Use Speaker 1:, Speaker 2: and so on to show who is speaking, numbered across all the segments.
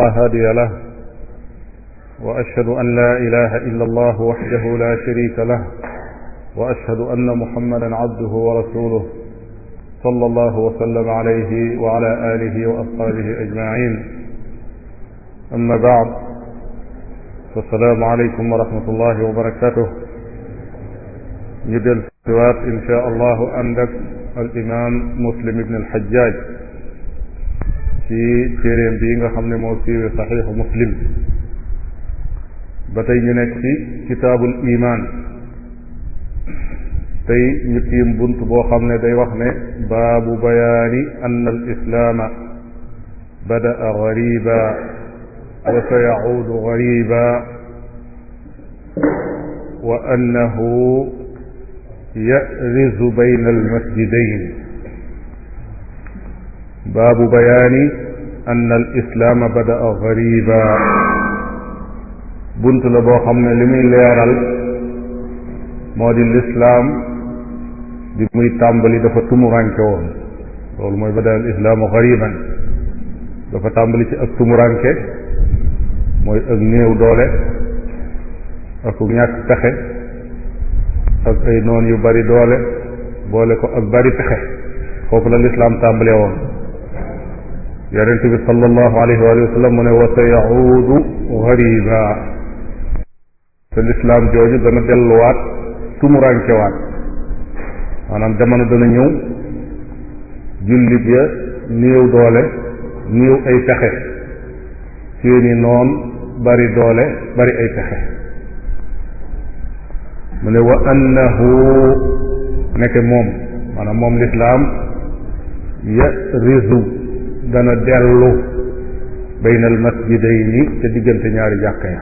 Speaker 1: لا هادي له وأشهد أن لا إله إلا الله وحده لا شريك له وأشهد أن محمدا عبده ورسوله صلى الله وسلم عليه وعلى آله وأصحابه أجمعين أما بعد فالسلام عليكم ورحمة الله وبركاته يدل سوات إن شاء الله عندك الإمام مسلم بن الحجاج ci téeréem bii nga xam ne moo siiwee saxiixu muslim ba tey ñu nekk ci kitaabul iman tey ñu tiim bunt boo xam ne day wax ne baabu bayaani ann al islaama bada'a gariba wa sayacuudu gariba wa annahu yarizu bayna al masjidayn باب بيان أن الإسلام بدأ غريبا bunt la boo xam ne li muy leeral moo di lislaam bi muy tàmbali dafa tumuranke woon loolu mooy bada al islaamu xariban dafa tàmbali ci ak tumuranke mooy ak néew doole ak ñàkk pexe ak ay noon yu bari doole boole ko ak bari pexe foofu la lislaam tàmbalee woon yonent bi sallallahu alayhi wa sallam mu ne wa sa yahuudu gariba te lislaam jooju dana delluwaat tumurankewaat maanaam jamono dana ñëw jullit ya néew doole néew ay pexe seeni noon bari doole bari ay pexe mu ne wa annahu nekk moom maanaam moom lislaam ya rizu dana dellu baynal masjidayni te diggante ñaari jàkka ya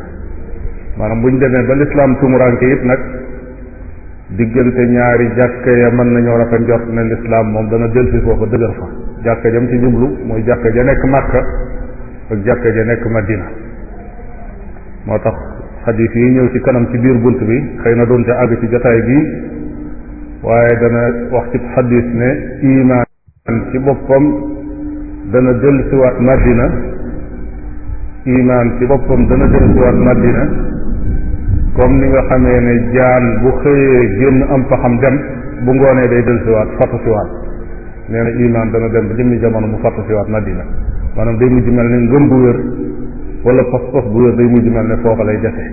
Speaker 1: maanaam bu ñu demee ba lislaam tumuranke it nag diggante ñaari jàkka ya mën nañoo rafet njort ne lislaam moom dana delsi foofa dëgër fa jàkka jam ci jublu mooy jàkka ja nekk Makka ak jàkka ja nekk Madina moo tax xadis yi ñëw ci kanam ci biir bunt bi xëy na doon ca àgg ci jataay bi waaye dana wax ci xadis ne imaan ci boppam dana dellusiwaat Madina imaan ci boppam dana dellusiwaat Madina comme ni nga xamee ne jaan bu xëyee génn am paxam dem bu ngoonee day dellusiwaat fattu siwaat nee na imaan dana dem ba jëmmi jamono mu fattu siwaat Madina maanaam day mujj mel ne ngëm bu wér wala pas-pas bu wér day mujj mel ne foofa lay jafe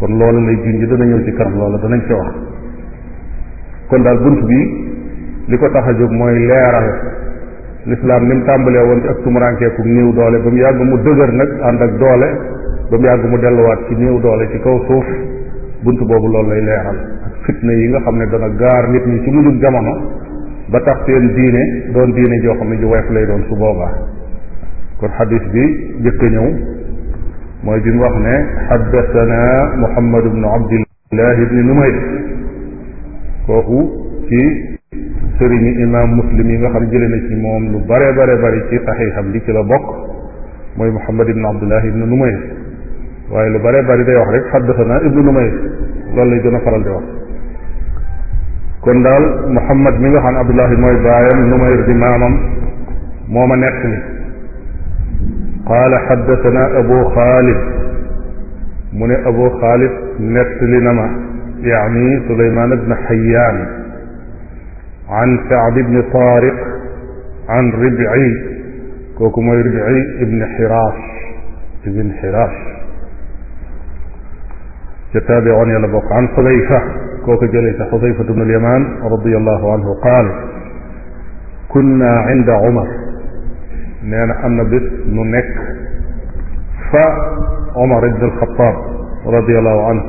Speaker 1: kon loolu lay junj dana ñëw ci kanam loola danañ ci wax kon daal bunt bi li ko tax a jóg mooy leeral lislaam ni mu tàmbalee woon ci ak tumurankeeku néew doole ba mu yàgg mu dëgër nag ànd ak doole ba mu yàgg mu dellowaat ci néew doole ci kaw suuf bunt boobu loolu lay leeral ak fitna yi nga xam ne dana gaar nit ñi ci mujjug jamono ba tax seen diine doon diine joo xam ne ju woyof lay doon su boobaa kon xadis bi jëkk a ñëw mooy bi mu wax ne xaddathana muhammad ibnu abdillah ibni numayr kooku ci sëriñu imam muslim yi nga xam jëlee na ci moom lu bare bare bari ci saxiixam bi ci la bokk mooy muhammad ibn abdullah ibnu numayr waaye lu bare bari day wax rek xaddasana ibnu numayr loolu lay gën a faral di wax kon daal muhammad mi nga xam ne abdullahi mooy baayam numayr di maamam moo ma nekk ni qaala xaddasana abu xaalid mu ne abu xaalid nettali na ma yaani suleymaan ibn xayaan an Saad ibni Taariq an Ribi kooku mooy Ribi ibni Xiraash ibni Xiraash ca taabicoon ya la bokk an Xudayfa kooku jëlee ca Xudayfa ibn al-Yaman radiyallahu anhu qaal kunna inda Umar nee na am na bés nu nekk fa Umar ibn al-Xattaab radiyallahu anhu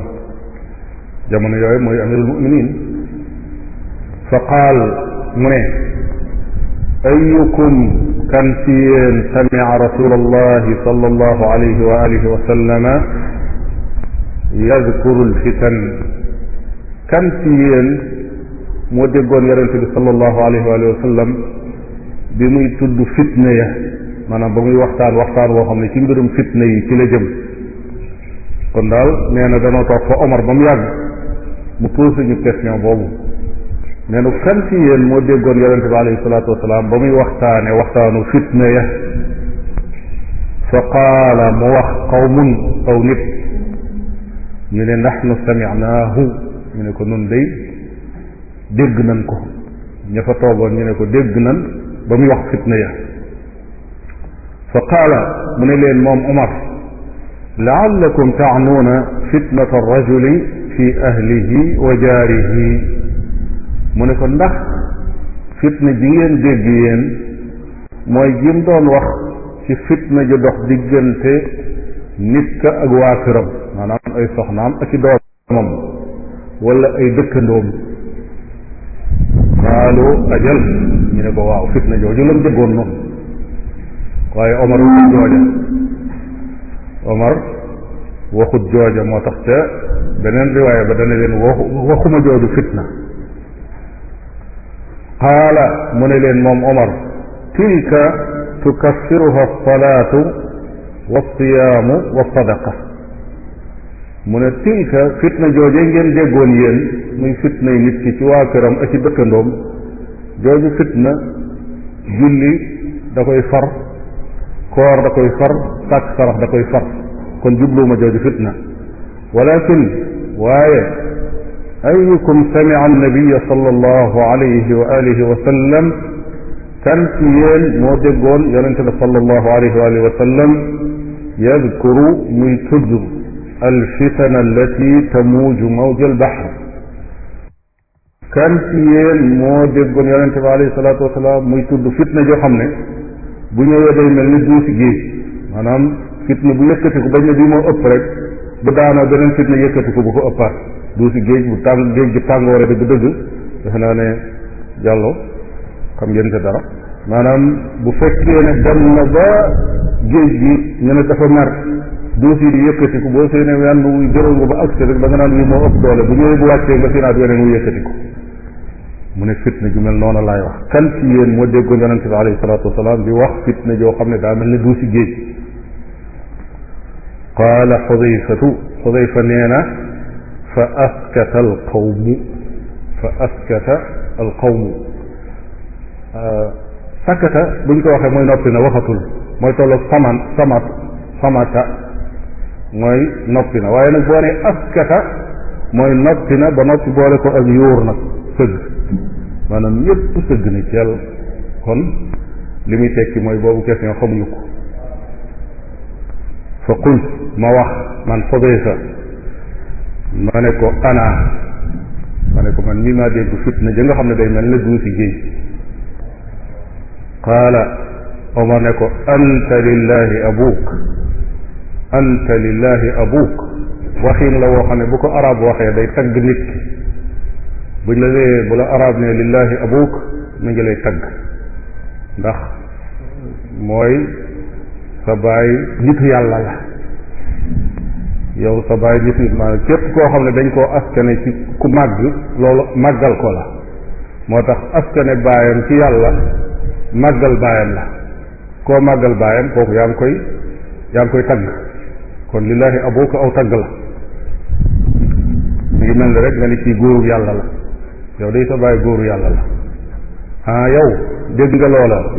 Speaker 1: jamono yooyu mooy amirul muminin fa qaal mu ne ayukum kan ci yéen samica rasul allahi sal allahu alayhi wa alihi wa sallama yadkuru lfitan kan ci yéen moo déggoon yonente bi sal allahu alayhi wa alihi wa sallam bi muy tudd fitna ya maanaam ba muy waxtaan waxtaan woo xam ne ci mbirum fitna yi ci la jëm kon daal nee na danoo toog fa Omar ba mu yàgg mu posé ñu question boobu nee na kan ci yéen moo déggoon yonente bi alayhi salaatu wasalaam ba muy waxtaane waxtaanu fitna ya fa qaala mu wax qawmun aw nit ñu ne nahnu sami'naahu ñu ne ko nun day dégg nañ ko ña fa toogoon ñu ne ko dégg nañ ba muy wax fitna ya fa qaala mu ne leen moom Omar la'allakum ta'nuuna fitnata rajuli fi ahlihi wa jaarihi mu ne ko ndax fitna ji ngeen dégg yéen mooy jim doon wax ci fitna ju dox diggante nit ka ak waa këram maanaam ay soxnaam ak i doomam wala ay dëkkandoom qaalu ajal ñu ne ko waaw fitna jooju lam déggoon noonu waaye Omar waxut jooja Omar waxut jooja moo tax ca beneen riwaaya ba dana leen waxu waxuma jooju fitna qaala mu ne leen moom Omar tilka tukaffiruha alsalaatu walsiyaamu walsadaqa mu ne tilka fitna jooje ngeen déggoon yéen muy fitnay nit ki ci waa këram ak ci dëkkandoom jooju fitna julli da koy far koor da koy far sàkk sarax da koy far kon jubluuma jooju fitna walakin waaye أيكم سمع النبي صلى الله عليه وآله وسلم kan ci yéen moo déggoon yonente bi sallallahu alayhi wa alihi wa sallam yadkuru muy tudd alfitana allati tamuuju mawj albahr kan ci yéen moo déggoon yonente bi alayhi salatu wasalaam muy tudd fitna joo xam ne bu ñëwee day mel ni duusi géej maanaam fitna bu yëkkatiku bañ ne bii moo ëpp rek bu daanoo beneen fitna yëkkatiku bu ko ëppaat duusi géej bu tàng géej gi tàngoore dëgg dëgg defe naa ne jàllo xam ngeen te dara maanaam bu fekkee ne dem na gi ñu dafa mer duus yi di boo seenee wenn wuy jëróon nga ba agsi rek da naan wi moo ëpp doole bu ñëwee bu wàccee nga seenaat weneen wu ko mu ne fitna ju mel noonu laay wax kan ci yéen moo déggoon yonent bi alayhi salaatu wasalaam bi wax fitna joo xam ne daa mel ne duusi géej qaala xudayfatu xudayfa nee na fa askata al qawmu fa askata al qawmu euh, sakata buñ ko waxee mooy noppi na waxatul mooy tolloog saman samat samata mooy noppi na waaye nag boo ne askata mooy noppi na ba noppi boole ko ak yuur nag sëgg maanaam ñépp sëgg ni ceel kon li muy tekki mooy boobu question xamuñu ko fa qult ma wax man Xudayfa ma ko ana ma ne ko man mii maa dégg fitna ja xam ne day mel ne duusi géej qaala Omar ko anta lillahi abuuk anta lillahi abuuk waxiin la xam ne bu ko arab waxee day tag nit ki buñ la bu la arab ne lillahi abuuk mi ngi lay tagg ndax mooy sa baay nitu yow sa baay gis maanaam képp koo xam ne dañ koo askane ci ku màgg loolu màggal ko la moo tax askane baayam ci yàlla màggal baayam la koo màggal baayam kooku yaa koy yaa ngi koy tagg kon lillaahi abuka aw tagg la mel ni rek nga yàlla la yow day sa baay yàlla la ah yow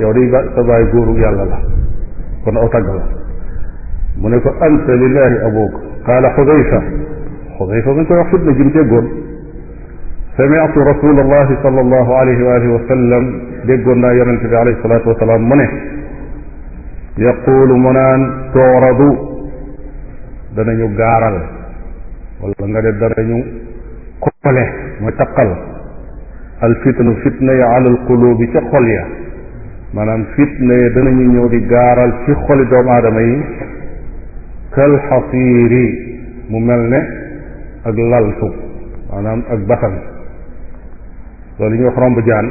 Speaker 1: yow day sa baay góoru yàlla mu ne ko anta lillaahi abuka qaala xudayfa xudayfa bañ koy wax fitna jim déggoon samitu rasul allahi sal allahu alayhi wa alihi wa sallam déggoon naa yonente bi alayhi salatu wasalaam mu ne yaquulu mu naan tooradu danañu gaaral wala nga ne danañu kole mooy taqal al fitnu fitna ya ala al qulubi ca xol ya maanaam fitna ya danañu ñëw di gaaral ci xoli doomu aadama yi kal xasiiri mu mel ne ak laltu maanaam ak batan loolu yi ñuy wax romb jaan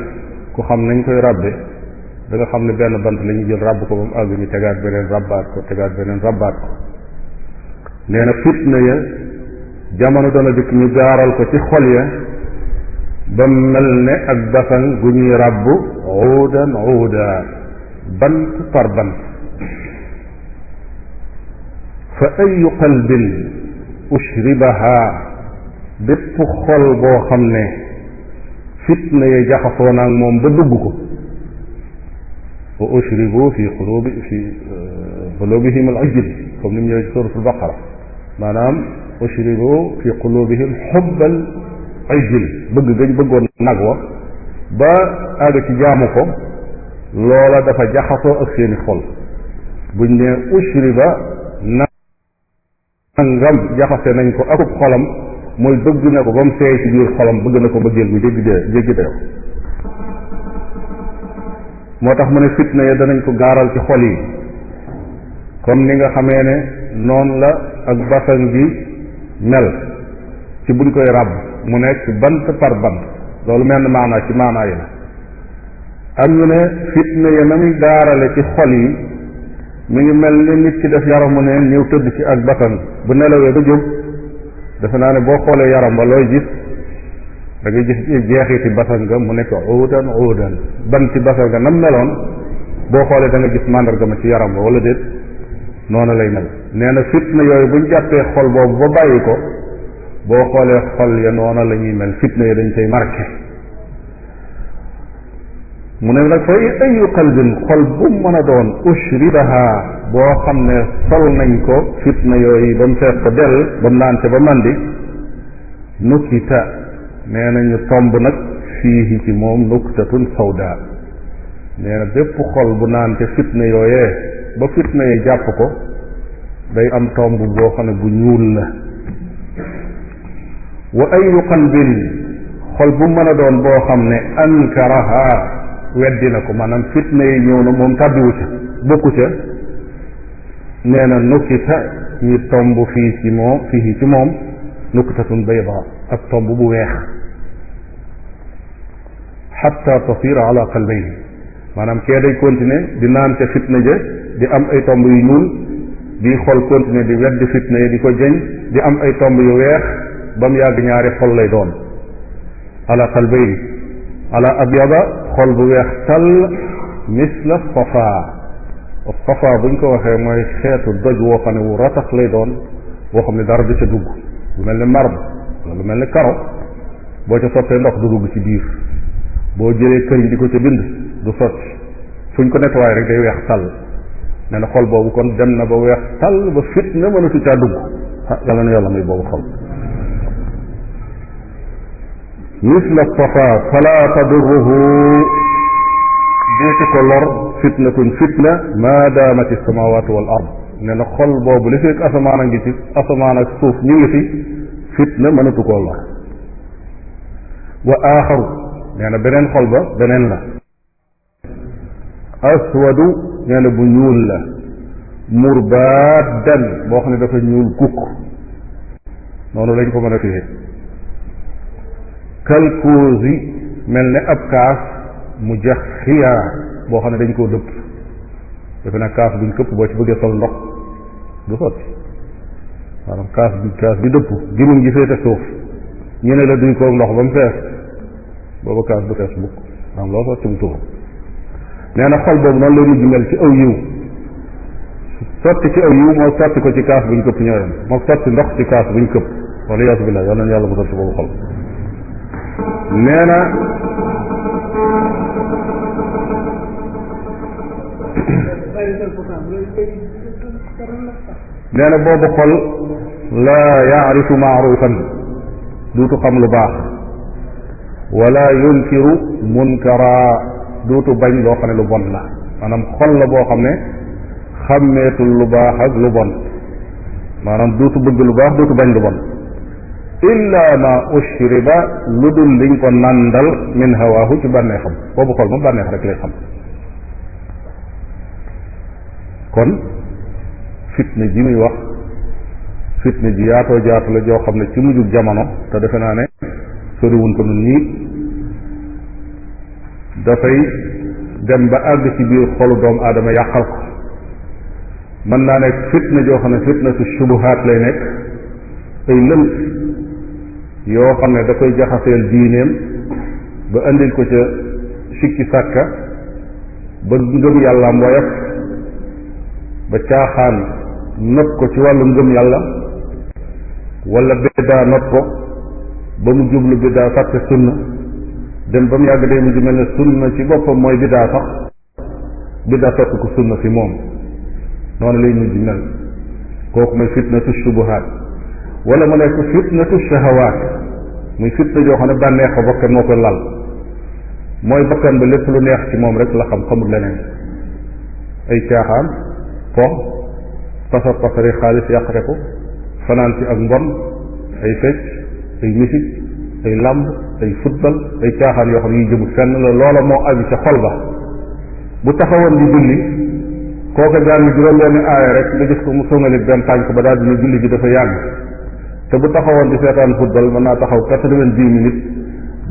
Speaker 1: ku xam nañ koy rabbe da xam ne benn bant la ñuy jël ràbb ko ba mu àgg ñu tegaat beneen rabbaat ko tegaat beneen rabbaat ko nee na fitna ya jamono dana dikk ñu gaaral ko ci xol ya ba mel ne ak basan gu ñuy ràbb uudan uuda bant par bant fa ayu qalbin ushribaha bépp xol boo xam ne fitna ya jaxasoo naag moom ba dugg ko wa ushribu fi qulubi fi euh, qulubihim al ajl comme ni mu ñëwee ci suratul baqara maanaam ushribu fi qulubihim xubbal ajl bëgg gañ bëggoon nag wa ba àgg ci jaamu ko loola dafa jaxasoo ak seeni xol buñ ne ushriba nangam jaxase nañ ko akub xolam mooy bëgg na ko ba mu seey ci biir xolam bëgg na ko bëggeel bu dee jéggi dayoo moo tax mu ne fitna ya danañ ko gaaral ci xol yi comme ni nga xamee ne noon la ak basan gi mel ci buñ koy ràbb mu nekk bant par bant loolu mel ni maanaa ci maanaa yi la am ñu ne fitna ya na muy gaarale ci xol yi mi ngi mel ni nit ki def mu ne ñëw tëdd ci ak batan bu nelawee ba jóg defe naa ne boo xoolee yaram ba looy gis da ngay gis jeexiti batan nga mu nekk uudan uudan ban ci batan nga nam meloon boo xoolee da gis màndarga ma ci yaram ba wala déet noonu lay mel nee na fitna yooyu buñ jàppee xol boobu ba bàyyi ko boo xoolee xol ya noonu la ñuy mel fitna ya dañ koy marqué mu ne nag fa ayu qalbin xol bu mën a doon ushribaha boo xam ne sol nañ ko fitna yooyu ba mu fees ko dell ba mu naan ca ba mandi nukkita nee nañu tomb nag fii ci moom nuktatun sawda nee na bépp xol bu naan ca fitna yooyee ba fitna yi jàpp ko day am tomb boo xam ne bu ñuul la wa ayu qalbin xol bu mën a doon boo xam ne ankaraha weddi na ko maanaam fitna yi ñëw na moom tàbbiwu ca bokku ca nee na nukkita ñi tomb fii ci moom fii ci moom nukkitatun bayda ak tomb bu weex xatta tasira ala qalbayni maanaam kee day continuer di naan ca fitna ja di am ay tomb yu ñuul di xol continuer di weddi fitne yi di ko jëñ di am ay tomb yu weex ba mu yàgg ñaari xol lay doon ala qalbayni ala abyada xol bu weex tàll misla safa safa buñ ko waxee mooy xeetu doj woo xam ne wu ratax lay doon boo xam ne dara du ca dugg lu mel ni marbre wala lu mel ni karo boo ca sottee ndox du dugg ci biir boo jëlee këriñ di ko ca bind du sotti fuñ ko nettoyé rek day weex tàll nee na xol boobu kon dem na ba weex tàll ba fit na mënatu caa dugg ah yàlla na yàlla muy boobu xol misla safa fala tadurruhu déeti ko lor fitnatun fitna ma daamat alsamawatu wal ard ne na xol boobu li fekk asamaan a ngi ci asamaan ak suuf ñu ngi fi fitna mënatu koo lor wa aaxaru nee na beneen xol ba beneen la aswadu nee na bu ñuul la murbaadan boo xam ne dafa ñuul kukk noonu lañ ko mën a fiyee kalkoosi mel ni ab kaas mu jax xiyaa boo xam ne dañ koo dëpp defe nag kaas buñ këpp boo ci bëggee sol ndox du sotti maanaam kaas bi kaas bi dëpp gimum gi féete suuf ñu ne la duy koog ndox ba mu fees booba kaas du fees mukk maanaam loo sotti mu tuur nee xol boobu noonu lay mujj mel ci aw yiw sotti ci aw yiw moo sotti ko ci kaas buñ këpp ñooyam moo sotti ndox ci kaas buñ këpp wala yaasu billah yal nañu yàlla musal ci boobu xol nee na nee na boobu xol laa yaarifu maarufan lu baax wala yunkiru munkara duutu bañ loo xam ne lu bon la maanaam xol la boo xam ne xàmmeetul lu baax ak lu bon maanaam duutu bëgg lu baax duutu bañ lu illa ma ushriba lu dul liñ ko nàndal min hawaahu ci bànneexam boobu xol ma bànneex rek lay xam kon fitna ji muy wax fitna ji yaatoo jaatu la joo xam ne ci mujjug jamono te defe naa ne soriwuñ ko nun ñii dafay dem ba àgg ci biir xolu doomu aadama yàqal ko mën naa nekk fitna joo xam ne fitna su subuhaat lay nekk ay lënt yoo xam ne da koy jaxaseel diineem ba indil ko ca sikki sàkka ba ngëm yàlla woyof ba caaxaan nopp ko ci wàllu ngëm yàlla wala biddaa nopp ko ba mu jublu biddaa fàtte sunna dem ba mu yàgg day mujj mel ne sunna ci boppam mooy biddaa sax biddaa fekk ko sunna fi moom noonu lay mujj mel kooku mooy fitnatu shubuhaat wala mu nekk fitnatu shahawaat muy fitna yoo xam ne bànneexu bakkan moo koy lal mooy bakkan ba lépp lu neex ci moom rek la xam xamul leneen ay caaxaan po pasar pasari xaalis yàqre ko fanaan ci ak mbon ay fecc ay musique ay làmb ay football ay caaxaan yoo xam ne yuy jëmul fenn la loola moo aju ca xol ba bu taxawoon di julli kooka jàng juróom benn aaya rek nga gis ko mu songalik benn tànk ba daal dina julli gi dafa yàgg te bu taxawoon di seetaan football mën naa taxaw quatre-vingt-dix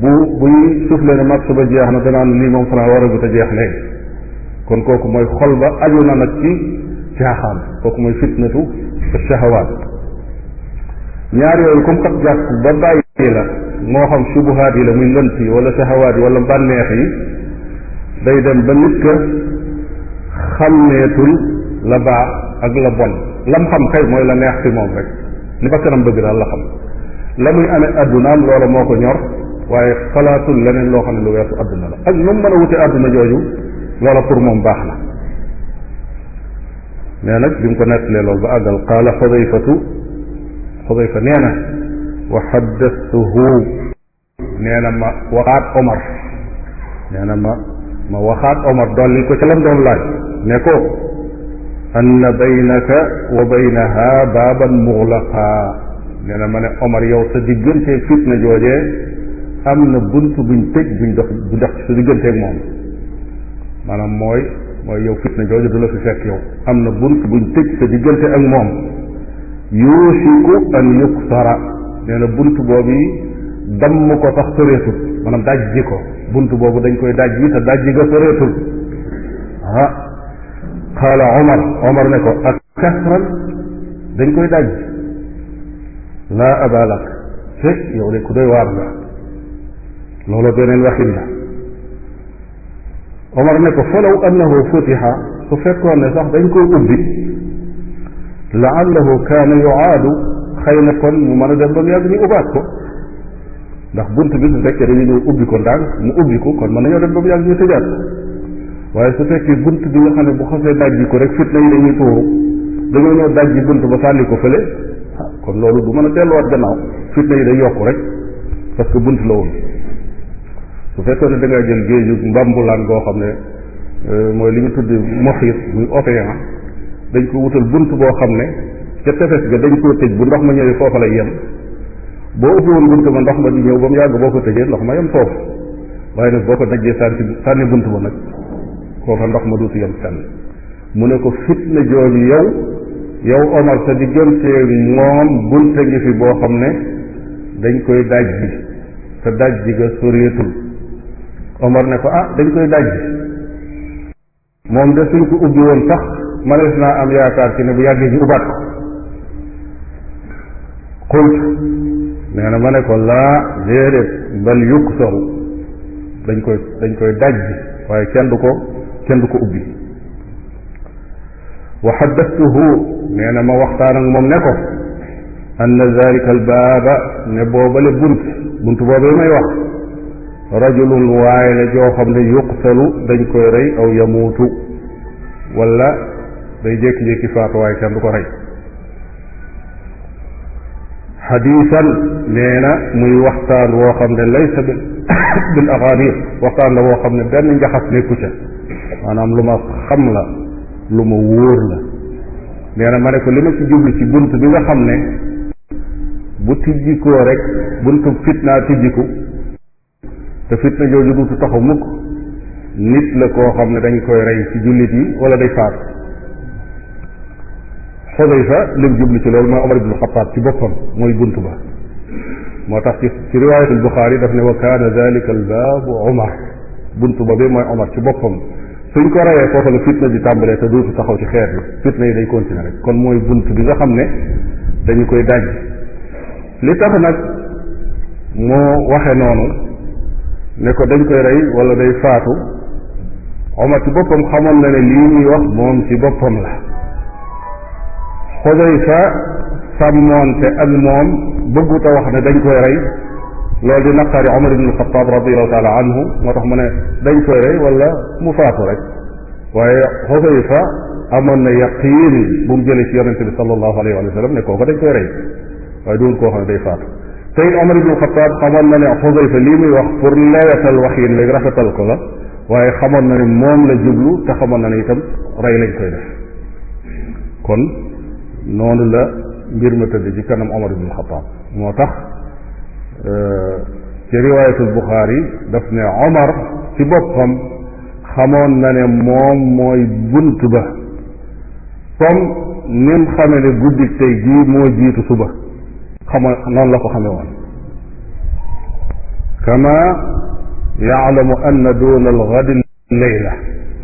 Speaker 1: bu buy soufflé ne match ba jeex na danaan lii moom Franc waragut a jeex léegi kon kooku mooy xol ba aju na nag ci caaxaan kooku mooy fitnatu shahawaat ñaar yooyu comme kat ba bàyyi la moo xam subuhaat yi la muy lënt yi wala shahawaat yi wala bànneex yi day dem ba nit ka xàmmeetul la baax ak la bon lam xam kay mooy la neex ci moom rek ni bakkanam bëgg daal la xam la muy amee loola moo ko ñor waaye xalaatul leneen loo ne lu weesu adduna la ak mu mën a wute adduna jooju loola pour moom baax na mu ko nettalee loolu ba àggal qaala xodayfatu xodayfa nee na wa nee na ma waxaat omar nee na ma ma waxaat omar dolli ko ca doon laaj ne ko anna baynaka wa baynaha baaban muxlaqa nee na ma ne Omar yow sa diggante fitna joojee am na bunt buñ tëj buñ dox bu dox ci sa digganteeg mooy mooy yow fitna jooje du la fi yow am na bunt buñ tëj sa diggante ak moom yuusiku an yuksara nee na bunt boobu damm ko tax soreetul maanaam daj ko bunt boobu dañ koy daj ji te daj ji nga soreetul ah, qaala omar omar ne ko ak kasran dañ koy daj laa abalak fekk yow de ku doy waar nga loolu beneen waxin la omar ne ko falaw annahu futiha su fekkoon ne sax dañ koy ubbi laallahu kaana yuaadu xëy na kon mu mën a dem ba mu yàgg ñu ubaat ko ndax bunt bi su fekkee dañu ñëw ubbi ko ndànk mu ubbi ko kon mën nañoo dem ba mu yàgg ñu tëjaat ko waaye su fekkee bunt bi nga xam ne bu xasee dajji ko rek fitna yi dañuy tuuru dañoo ñëw dajji bunt ba sànni ko fële ah, kon loolu bu mën a delluwaat gannaaw fitna yi day yokku rek parce que bunt la woon su fekkoon ne da ngaa jël géeju mbambulaan goo xam ne euh, mooy li ñu tudd moxiit muy océan dañ ko wutal bunt boo xam ne ca tefes ga dañ koo tëj bu ndox ma ñëwee foofa la yem boo ubbi woon bunt ba ndox ma di ñëw ba mu yàgg boo ko tëjee ndox ma yem foofu waaye boo ko dajjee sànni sànni bunt ba nag foofa ndox ma duutu yem fenn mu ne ko fitna jooju yow yow Omar sa diggante moom bunte ngi fi boo xam ne dañ koy daj bi te daj gi nga soreetul Omar ne ko ah dañ koy daj bi moom de suñ ko ubbi woon sax mënees naa am yaakaar ci ne bu yàggee ñu ubaat ko xultu nee na ma ne ko laa déedéet bal yukk soru dañ koy dañ koy daj bi waaye kenn du ko kenn du ko ubbi wa xaddastuhu nee na ma waxtaan ak moom ne ko ann dalika albaaba ne boobale bunt bunt boobee may wax rajulun waaye la joo xam ne yuqtalu dañ koy rey aw yamuutu wala day jékki-jékki faatu waaye kenn du ko rey xadiisan nee na muy waxtaan woo xam ne laysa bil aqarir waxtaan la woo xam ne benn njaxas nekku ca maanaam lu ma xam la lu ma wóor la nee ma ne ko li ma ci jublu ci bunt bi ma xam ne bu tijjikoo rek buntu fitnaa tijjiku te fitna jooju du fi taxaw mukk nit la koo xam ne dañ koy rey ci jullit yi wala day faat Xudayfa lim jublu ci loolu mooy Omar ibnu Xataab ci boppam mooy bunt ba moo tax ci ci riwaayatul Buxaari daf ne wa kaana dalika al baabu Omar bunt ba bi mooy Omar ci boppam suñ ko rayee foofa la fitna di tàmbalee te dootu taxaw ci xeet bi fitna yi day continuer rek kon mooy bunt bi nga xam ne dañu koy daj li tax nag moo waxe noonu ne ko dañ koy rey wala day faatu Omar ci boppam xamoon na ne lii ñuy wax moom ci boppam la Xudayfa sàmmoonte ak moom bëgguta wax ne dañ koy rey loolu di naqaari Omar ibn Xataab radiallahu taala anhu moo tax mu ne dañ koy rey wala mu faatu rek waaye Xudayfa amoon na yaqiin bu mu jëlee ci yonente bi sallallahu alayhi wa sallam ne kooku dañ koy rey waaye duwul ne day faatu te it Omar Xataab xamoon na ne Xudayfa lii muy wax pour lewetal wax yi léegi rafetal ko la waaye xamoon na ne moom la jublu te xamoon na ne itam rey lañ koy def kon noonu la mbir ma tëdd ci kanam Omar ibn Xataab moo tax ci riwaayatul Buxaari daf ne Omar ci boppam xamoon na ne moom mooy bunt ba comme ni mu xame ne guddik tey jii moo jiitu suba xamoon noonu la ko xame woon kama yaalamu anna duuna algadi leyla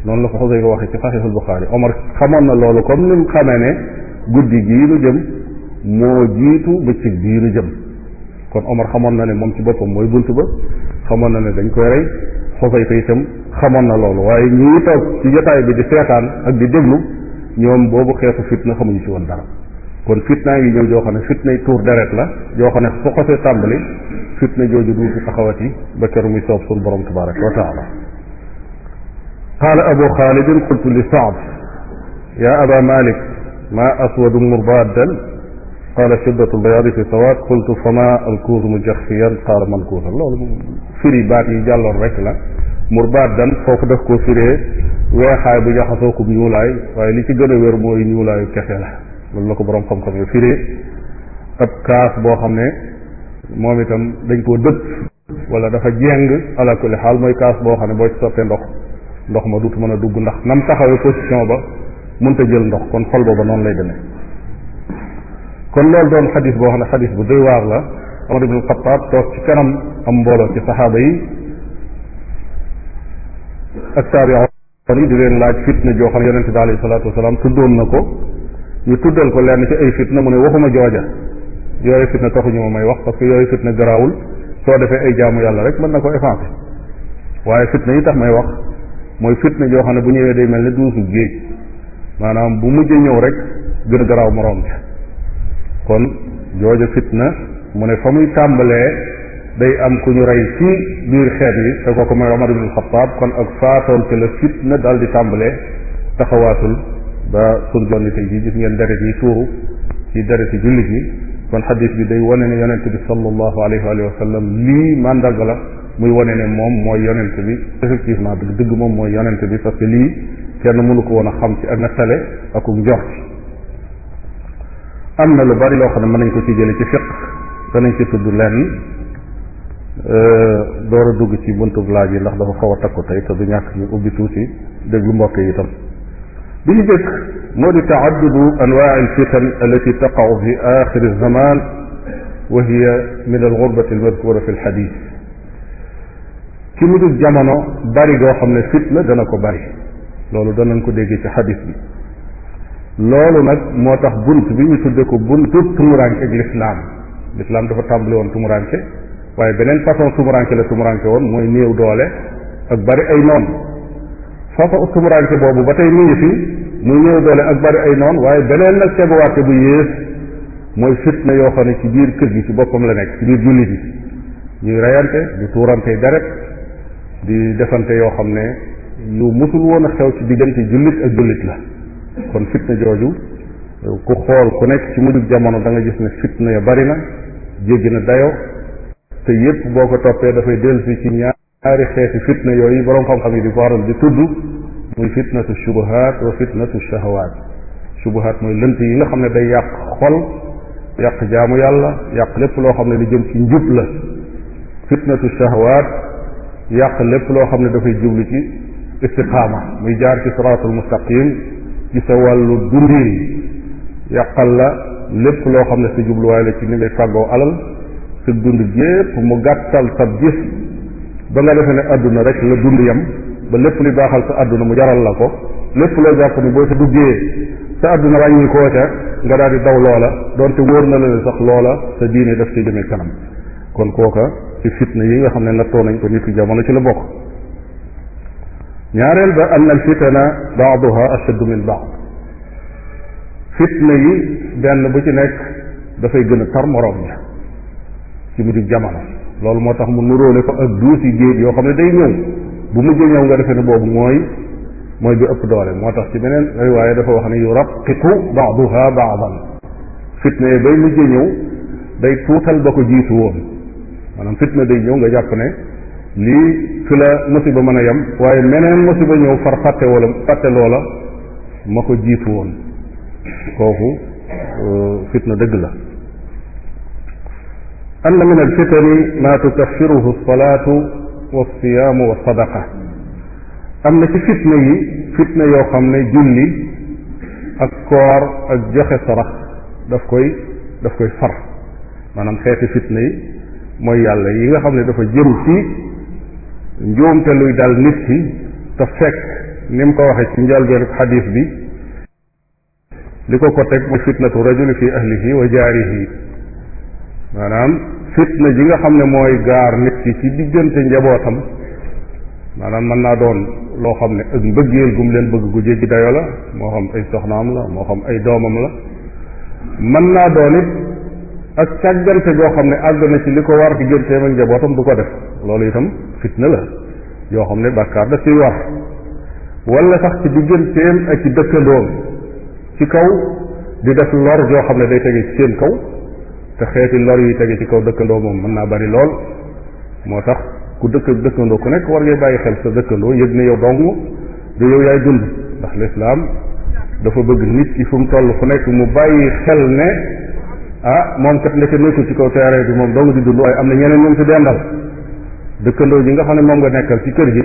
Speaker 1: noonu la ko xoseyko waxee ci saxiixul Buxaari Omar xamoon na loolu comme ni mu xame ne guddi gii nu jëm moo jiitu bëccëg bii nu jëm kon Omar xamoon na ne moom ci boppam mooy bunt ba xamoon na ne dañ koy rey xosay ko itam xamoon na loolu waaye ñi toog ci ak di deglu ñoom boobu xeetu fitna xamuñu ci woon dara kon fitna ngi ñëw joo xam ne fitnay tuur deret la joo xam ne su xosee tàmbali fitna jooju du taxawati ba keru muy soob suñu borom tabaraka wa taala qaala abu xaalidin qultu li saad ya aba malik ma aswadu murbaddan qaala shiddatu lbayaadi fi sawaad qultu fama alkuur mujaxiyan qaala mankuuran loolu firi baat yi jàlloon rek la baat dan foofu def koo firee weexaay bu jaxasoo ko ñuulaay waaye li ci gën a wér mooy ñuulaayu kefe la loolu la ko boroom xam-xam yi firee ab kaas boo xam ne moom itam dañ koo dëpp wala dafa jeng ala kulli xaal mooy kaas boo xam ne boo ci sottee ndox ndox ma dutu mën a dugg ndax nam taxawee position ba mënta jël ndox kon xol booba noonu lay kon loolu doon xadis boo xam ne xadis bu doy waar la Omar ibn Xataab toog ci kanam am mbooloo ci saxaaba yi ak taabi'oon yi di leen laaj fitna joo xam ne yonente bi alayhi salaatu wasalaam tuddoon na ko ñu tuddal ko lenn ci ay fitna mu ne waxuma jooja yooyu fitna taxuñu ma may wax parce que yooyu fitna garaawul soo defee ay jaamu yàlla rek mën na ko effacé waaye fitna yi tax may wax mooy fitna joo xam ne bu ñëwee day mel ni duusu géej maanaam bu mujjee ñëw rek gën garaaw moroom kon jooja fitna mu ne fa muy tàmbalee day am ku ñu rey ci biir xeet yi te kooku mooy Omar ibn Xattaab kon ak faatoon ci la fitna daal di tàmbalee taxawaatul ba sun jonni tey jii gis ngeen deret yi tuuru ci deret yi jullit yi kon xadis bi day wane ne yonent bi sallallahu alayhi wa sallam lii màndarga la muy wane ne moom mooy yonent bi effectivement dëgg dëgg moom mooy yonent bi parce que lii kenn mënu ko woon a xam ci ak nga tale ak njort am na lu bari loo xam ne man nañ ko ci jële ci fiq danañ ci tudd lenn euh, door a dugg ci buntub laaj yi ndax dafa xaw a takku tey te du ñàkk ñu ubbi tuuti déglu mbokk yi itam bi ñu jëkk moo di taaddudu anwaa alfitan allati taqaw fi axiri zaman wa hiya min algurbati almadkura fi alxadis ci mujjub jamono bari goo xam ne la dana ko bari loolu da danañ ko déggee ci xadis bi loolu nag moo tax bunt bi ñu tuddee ko buntu tumuranke ak lislaam lislaam dafa tàmbali woon tumuranke waaye beneen façon tumuranke la tumuranke woon mooy néew doole ak bari ay noon façon tumuranke boobu ba tey mu fi muy néew doole ay noon waaye beneen nag teguwaate bu yées mooy fitna yoo xam ne ci biir kër gi ci boppam la nekk ci biir jullit yi ñuy reyante di tuurante deret di defante yoo xam ne yu musul woon a xew ci diggante jullit ak jullit la kon fitna jooju ku xool ku nekk ci mujjub jamono da nga gis ne fitna ya bari na jéggi na dayo te yépp boo ko toppee dafay dellusi ci ñaari xeeti fitna yooyu borom xam-xam yi di ko waral di tudd muy fitnatu shubuhaat wa fitnatu shahawaat shubuhaat mooy lënt yi nga xam ne day yàq xol yàq jaamu yàlla yàq lépp loo xam ne li jëm ci njub la fitnatu shahawaat yàq lépp loo xam ne dafay jublu ci istiqaama muy jaar ci siraatul mustaqim ci sa wàllu yi yàqal la lépp loo xam ne sa jubluwaay la ci ni ngay fàggoo alal sa dund gépp mu gàttal sa gis ba nga defee ne àdduna rek la dund yam ba lépp li baaxal sa àdduna mu jaral la ko lépp loo jàpp ni boo ca duggee sa àdduna wàññi koo ca nga daal di daw loola donte wóor na la ne sax loola sa diine daf ci jëmee kanam kon kooka ci fitna yi nga xam ne nattoo nañ ko nitu jamono ci la bokk ñaareel ba ann alfitana baaduha ashaddu min baad fitna yi benn bu ci nekk dafay gën a tar moroom ja ci mujjug jamono loolu moo tax mu nuróole ko ak duusi géej yoo xam ne day ñëw bu mujj ñëw nga defee ne boobu mooy mooy bi ëpp doole moo tax ci beneen riwaaye dafa wax ne yu raqiqu baaduha baadan fitna yi bay mujj ñëw day tuutal ba ko jiitu woon fitna day ñëw nga jàpp ne lii fi la musiba mën a yem waaye meneen musiba ñëw far fàtte wala fàtte loola ma ko jiitu woon kooku euh, fitna dëgg la ann min alfitani maa tukaffiruhu salaatu wa siyaamu wa sadaqa am na ci fitna yi fitna yoo xam ne julli ak koor ak joxe sarax daf koy daf koy far maanaam xeeti fitna yi mooy yàlla yi nga xam ne dafa jëm ci njuumte luy dal nit ki te fekk ni mu ko waxee ci njëlbeen xadis bi li ko ko teg mooy fitnatu rajuli fi ahlihi wa jaarihi maanaam fitna ji nga xam ne mooy gaar nit ki ci diggante njabootam maanaam mën naa doon loo xam ne ak mbëggeel gum leen bëgg gu jéggi dayo la moo xam ay soxnaam la moo xam ay doomam la mën naa doon it ak càggante goo xam ne àgg na ci li ko war digganteem ak njabootam du ko def loolu itam fitna la yoo xam ne bàkkaar daf ci war wala sax ci digganteem ak ci dëkkandoom ci kaw di def lor joo xam ne day tege ci seen kaw te xeeti lor yi tege ci kaw dëkkandoo moom mën naa bari lool moo tax ku dëkk dëkkandoo ku nekk war ngay bàyyi xel sa dëkkandoo yëg ne yow dong du yow yaay dund ndax lislaam dafa bëgg nit ki fu mu toll fu nekk mu bàyyi xel ne ah moom kat ndeke nekkul ci kaw terrain bi moom dong di dund waaye am na ñeneen ñoom ci dendal dëkkandoo ji nga xam ne moom nga nekkal ci kër gi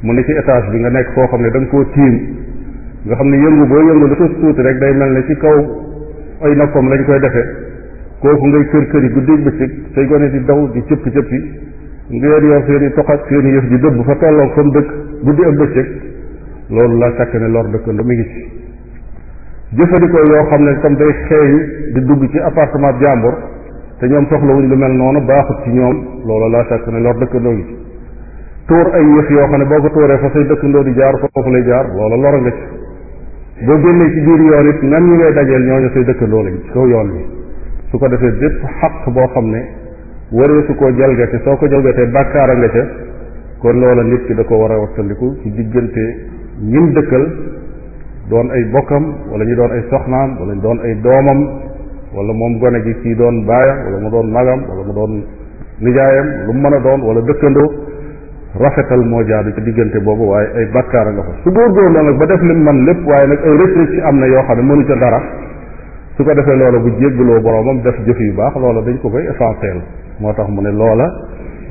Speaker 1: mu ne ci étage bi nga nekk koo xam ne da koo tiim nga xam ne yëngu boo yëngu lu tuuti tuuti rek day mel ne ci kaw ay noppam lañ koy defee kooku ngay kër kër yi guddi bëccëg say gone di daw di cëpp cëppi ngeen yor seen i toxat seen i yëf di dëbb fa tolloog fa dëkk guddi ak bëccëg loolu la sàkk ne lor dëkkandoo mi ngi ci jëfandikoo yoo xam ne tam day xeeyu di dugg ci appartement jàmbur te ñoom soxlawuñ lu mel noonu baaxut ci ñoom loolu laa fekk ne lor dëkkandoo gi ci tuur ay yëf yoo xam ne boo ko tuuree fa say dëkkandoo di jaar foofu lay jaar loola lor nga ci boo génnee ci biir yoon it ñan ñu ngay dajeel ñooñu say dëkkandoo lañ ci kaw yoon wi su ko defee bépp xaq boo xam ne waree su koo jalgate soo ko jalgatee bàkkaara nga ca kon loola nit ki da ko war a wattandiku ci diggante ñim dëkkal doon ay bokkam wala ñu doon ay soxnaam wala doon ay doomam wala moom gone gi kii doon baayam wala mu doon magam wala mu doon nijaayam lu mu mën a doon wala dëkkandoo rafetal moo jaadu ci diggante boobu waaye ay bakkaar a nga fa su góorgóorloo nag ba def lim man lépp waaye nag ay rëcc ci am na yoo xam ne mënu ca dara su ko defee loola bu jéggaloo boroomam def jëf yu baax loola dañ ko koy essentiel moo tax mu ne loola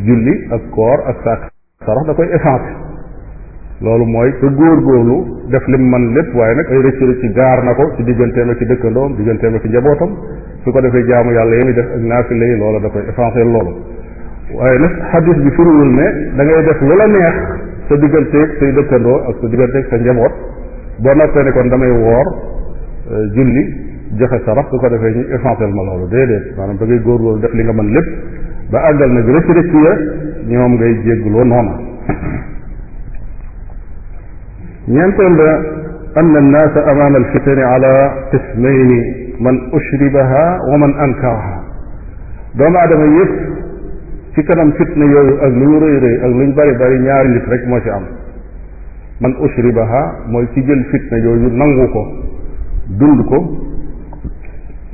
Speaker 1: julli ak koor ak sàkk sarax da koy essentiel loolu mooy góor góorlu def lim man lépp waaye nag ay rëcc rëcc gaar na ko ci digganteem ak dëkkandoom digganteem ak njabootam su ko defee jaamu yàlla yi muy def ak naafile yi loola da koy effacé loolu waaye nag xadis bi firiwul da ngay def lu la neex sa digganteeg say dëkkandoo ak sa digganteeg sa njaboot boo noppee ne kon damay woor euh, julli joxe sarax su ko defee ñu effacé ma loolu déedéet maanaam da ngay góorgóorlu def li nga mën lépp ba àggal nag rëcc rëcc ya ñoom ngay jégguloo noonu ñeenteel la ann annaasa amaama alfitani ala qismayni man ushribaha wa man ankaraha doomu aadama yëpp ci kanam fitna yooyu ak lu ñu rëy rëy ak lu ñu bari bari ñaari nit rek moo ci am man ushribaha mooy ci jël fitna yooyu nangu ko dund ko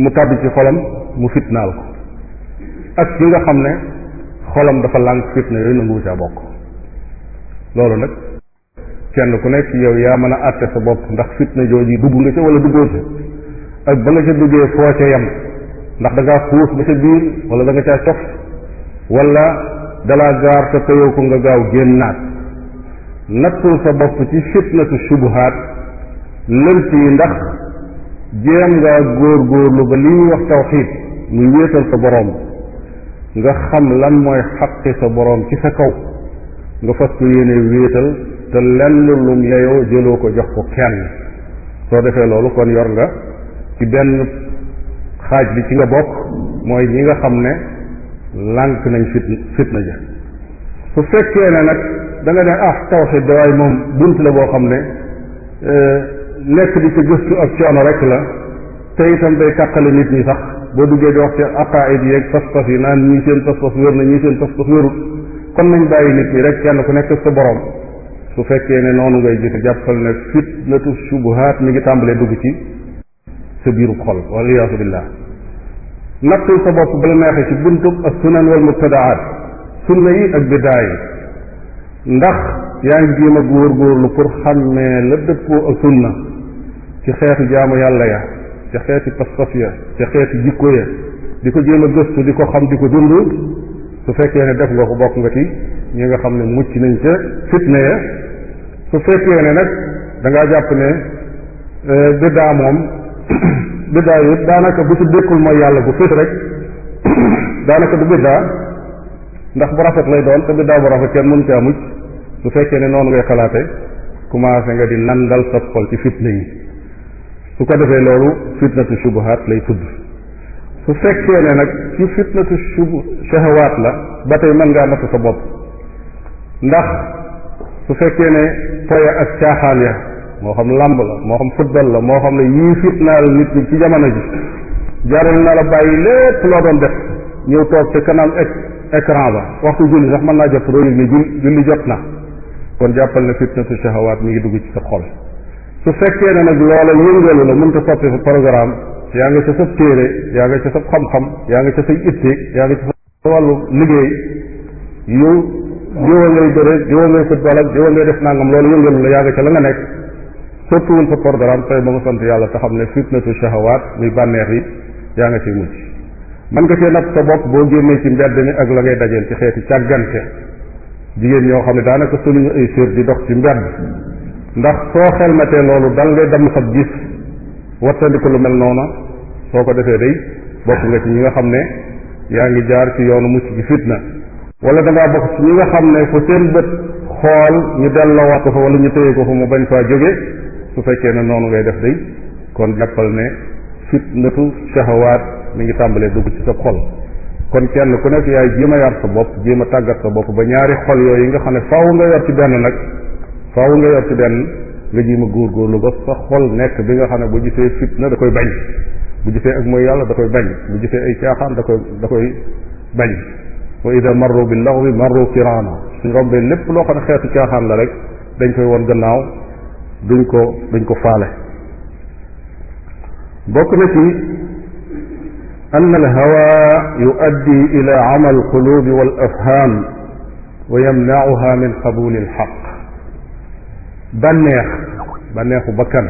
Speaker 1: mu tàbbi ci xolam mu fitnaal ko ak ki nga xam ne xolam dafa lànk fitna yooyu nangu caa bokk loolu nag kenn ku nekk yow yaa mën a àtte sa bopp ndax fitna jooju dugg nga ca wala duggoo ca ak ba nga ca duggee foo ca yem ndax da ngaa ba ca biir wala da nga caa cof wala dalaa gaar te tëyoo ko nga gaaw génnaat nattul sa bopp ci fitnatu subuhaat lënt yi ndax jéem ngaa góor góorlu ba li ñuy wax tawxiid muy wéetal sa boroom nga xam lan mooy xaqi sa boroom ci sa kaw nga fas ko yéene wéetal te lenn lum yeyoo jëloo ko jox ko kenn soo defee loolu kon yor nga ci benn xaaj bi ci nga bokk mooy ñi nga xam ne lànk nañ fit fitna ja su fekkee ne nag da nga ne ah tawxid dawaay moom bunt la boo xam ne euh, nekk di ci gëstu ak coono rek la te itam day tàqale nit ñi sax boo duggee di wax ci aqaid yi ak pas-pas yi naan ñii seen pas-pas wér na ñii seen pas-pas wérut kon nañ bàyyi nit ñi rek kenn ku nekk sa boroom su fekkee ne noonu ngay gise jàppal ne fitnatu subuhaat mi ngi tàmbalee dugg ci sa biiru xol waliyaasu billah nattul sa bopp bala neexee ci buntub ak sunan wal mubtadaat sunna yi ak biddaa yi ndax yaa ngi jéem a góorgóorlu pour xàmmee la dëppoo ak sunna ci xeetu jaamu yàlla ya ci xeeti pas-pas ya ci xeeti jikko ya di ko jéem a gëstu di ko xam di ko dund su fekkee ne def nga ko bokk nga ci ñi nga xam ne mucc nañ ca fitna ya su fekkee ne nag dangaa jàpp ne euh, biddaa moom biddaa yëpp daanaka bu ci dékkul mooy yàlla bu fés rek daanaka bu biddaa ndax bu rafet lay doon te biddaa bu rafet kenn mënu caa mucc su fekkee ne noonu ngay xalaate commencé nga di nandal sa xol ci fitna yi su ko defee loolu fitnatu shubuhaat lay tudd su fekkee ne nag ci fitnatu shubu shahawaat la ba tey mën ngaa natt sa bopp ndax su fekkee ne toya ak caaxaan ya moo xam làmb la moo xam football la moo xam ne yii fitnaal nit ñi ci jamono ji jaral naa la bàyyi lépp loo doon def ñëw toog ca kanam écran ba waxtu julli sax mën naa jot doo yëg julli jot na kon jàppal ne fitnatu shahawaat mi ngi dugg ci sa xol su fekkee ne nag loola yëngalu la mënta soppi sa programme yaa nga ca sa téere yaa nga ca sa xam-xam yaa nga ca say yaa nga ca sa liggéey yow diwa ngay bëre diwa ngay football def nangam loolu yëngalu la yaa nga ca la nga nekk sottiwul sa programme tey ba nga sant yàlla te xam ne fitnatu shahawaat muy bànneex yi yaa nga ciy mujj mën nga cee natt sa bopp boo génnee ci mbedd mi ak la ngay dajeel ci xeeti càggante jigéen ñoo xam ne daanaka soluñu ay sér di dox ci mbedd ndax soo xelmatee loolu dal ngay damm sab gis wattandiku lu mel noonu soo ko defee day bokk nga ci ñi nga xam ne yaa ngi jaar ci yoonu mucc gi fitna wala danga ngaa bokk ci ñi nga xam ne fu seen bët xool ñu delloowaat ko fa wala ñu téye ko fa mu bañ faa jóge su fekkee ne noonu ngay def day kon jàppal ne fitnatu shahawaat mi ngi tàmbalee dugg ci sa xol kon kenn ku nekk yaay jéem ma yar sa bopp jéem a tàggat sa bopp ba ñaari xol yooyu nga xam ne faaw nga yor ci benn nag faaw nga yor ci benn nga jéem a lu ba sa xol nekk bi nga xam ne bu gisee fitna da koy bañ bu gisee ak mooy yàlla da koy bañ bu gisee ay da koy da koy bañ wa ida marru bi laxwi marru kiraama suñ rombee lépp loo xam ne xeetu caaxaan la rek dañ koy woon gannaaw duñ ko duñ ko faale bokk na ci an alhawa yuaddi ila ama alqulubi wal afham wa yamnauha min qabuli alxaq bànneex bànneexu bakkan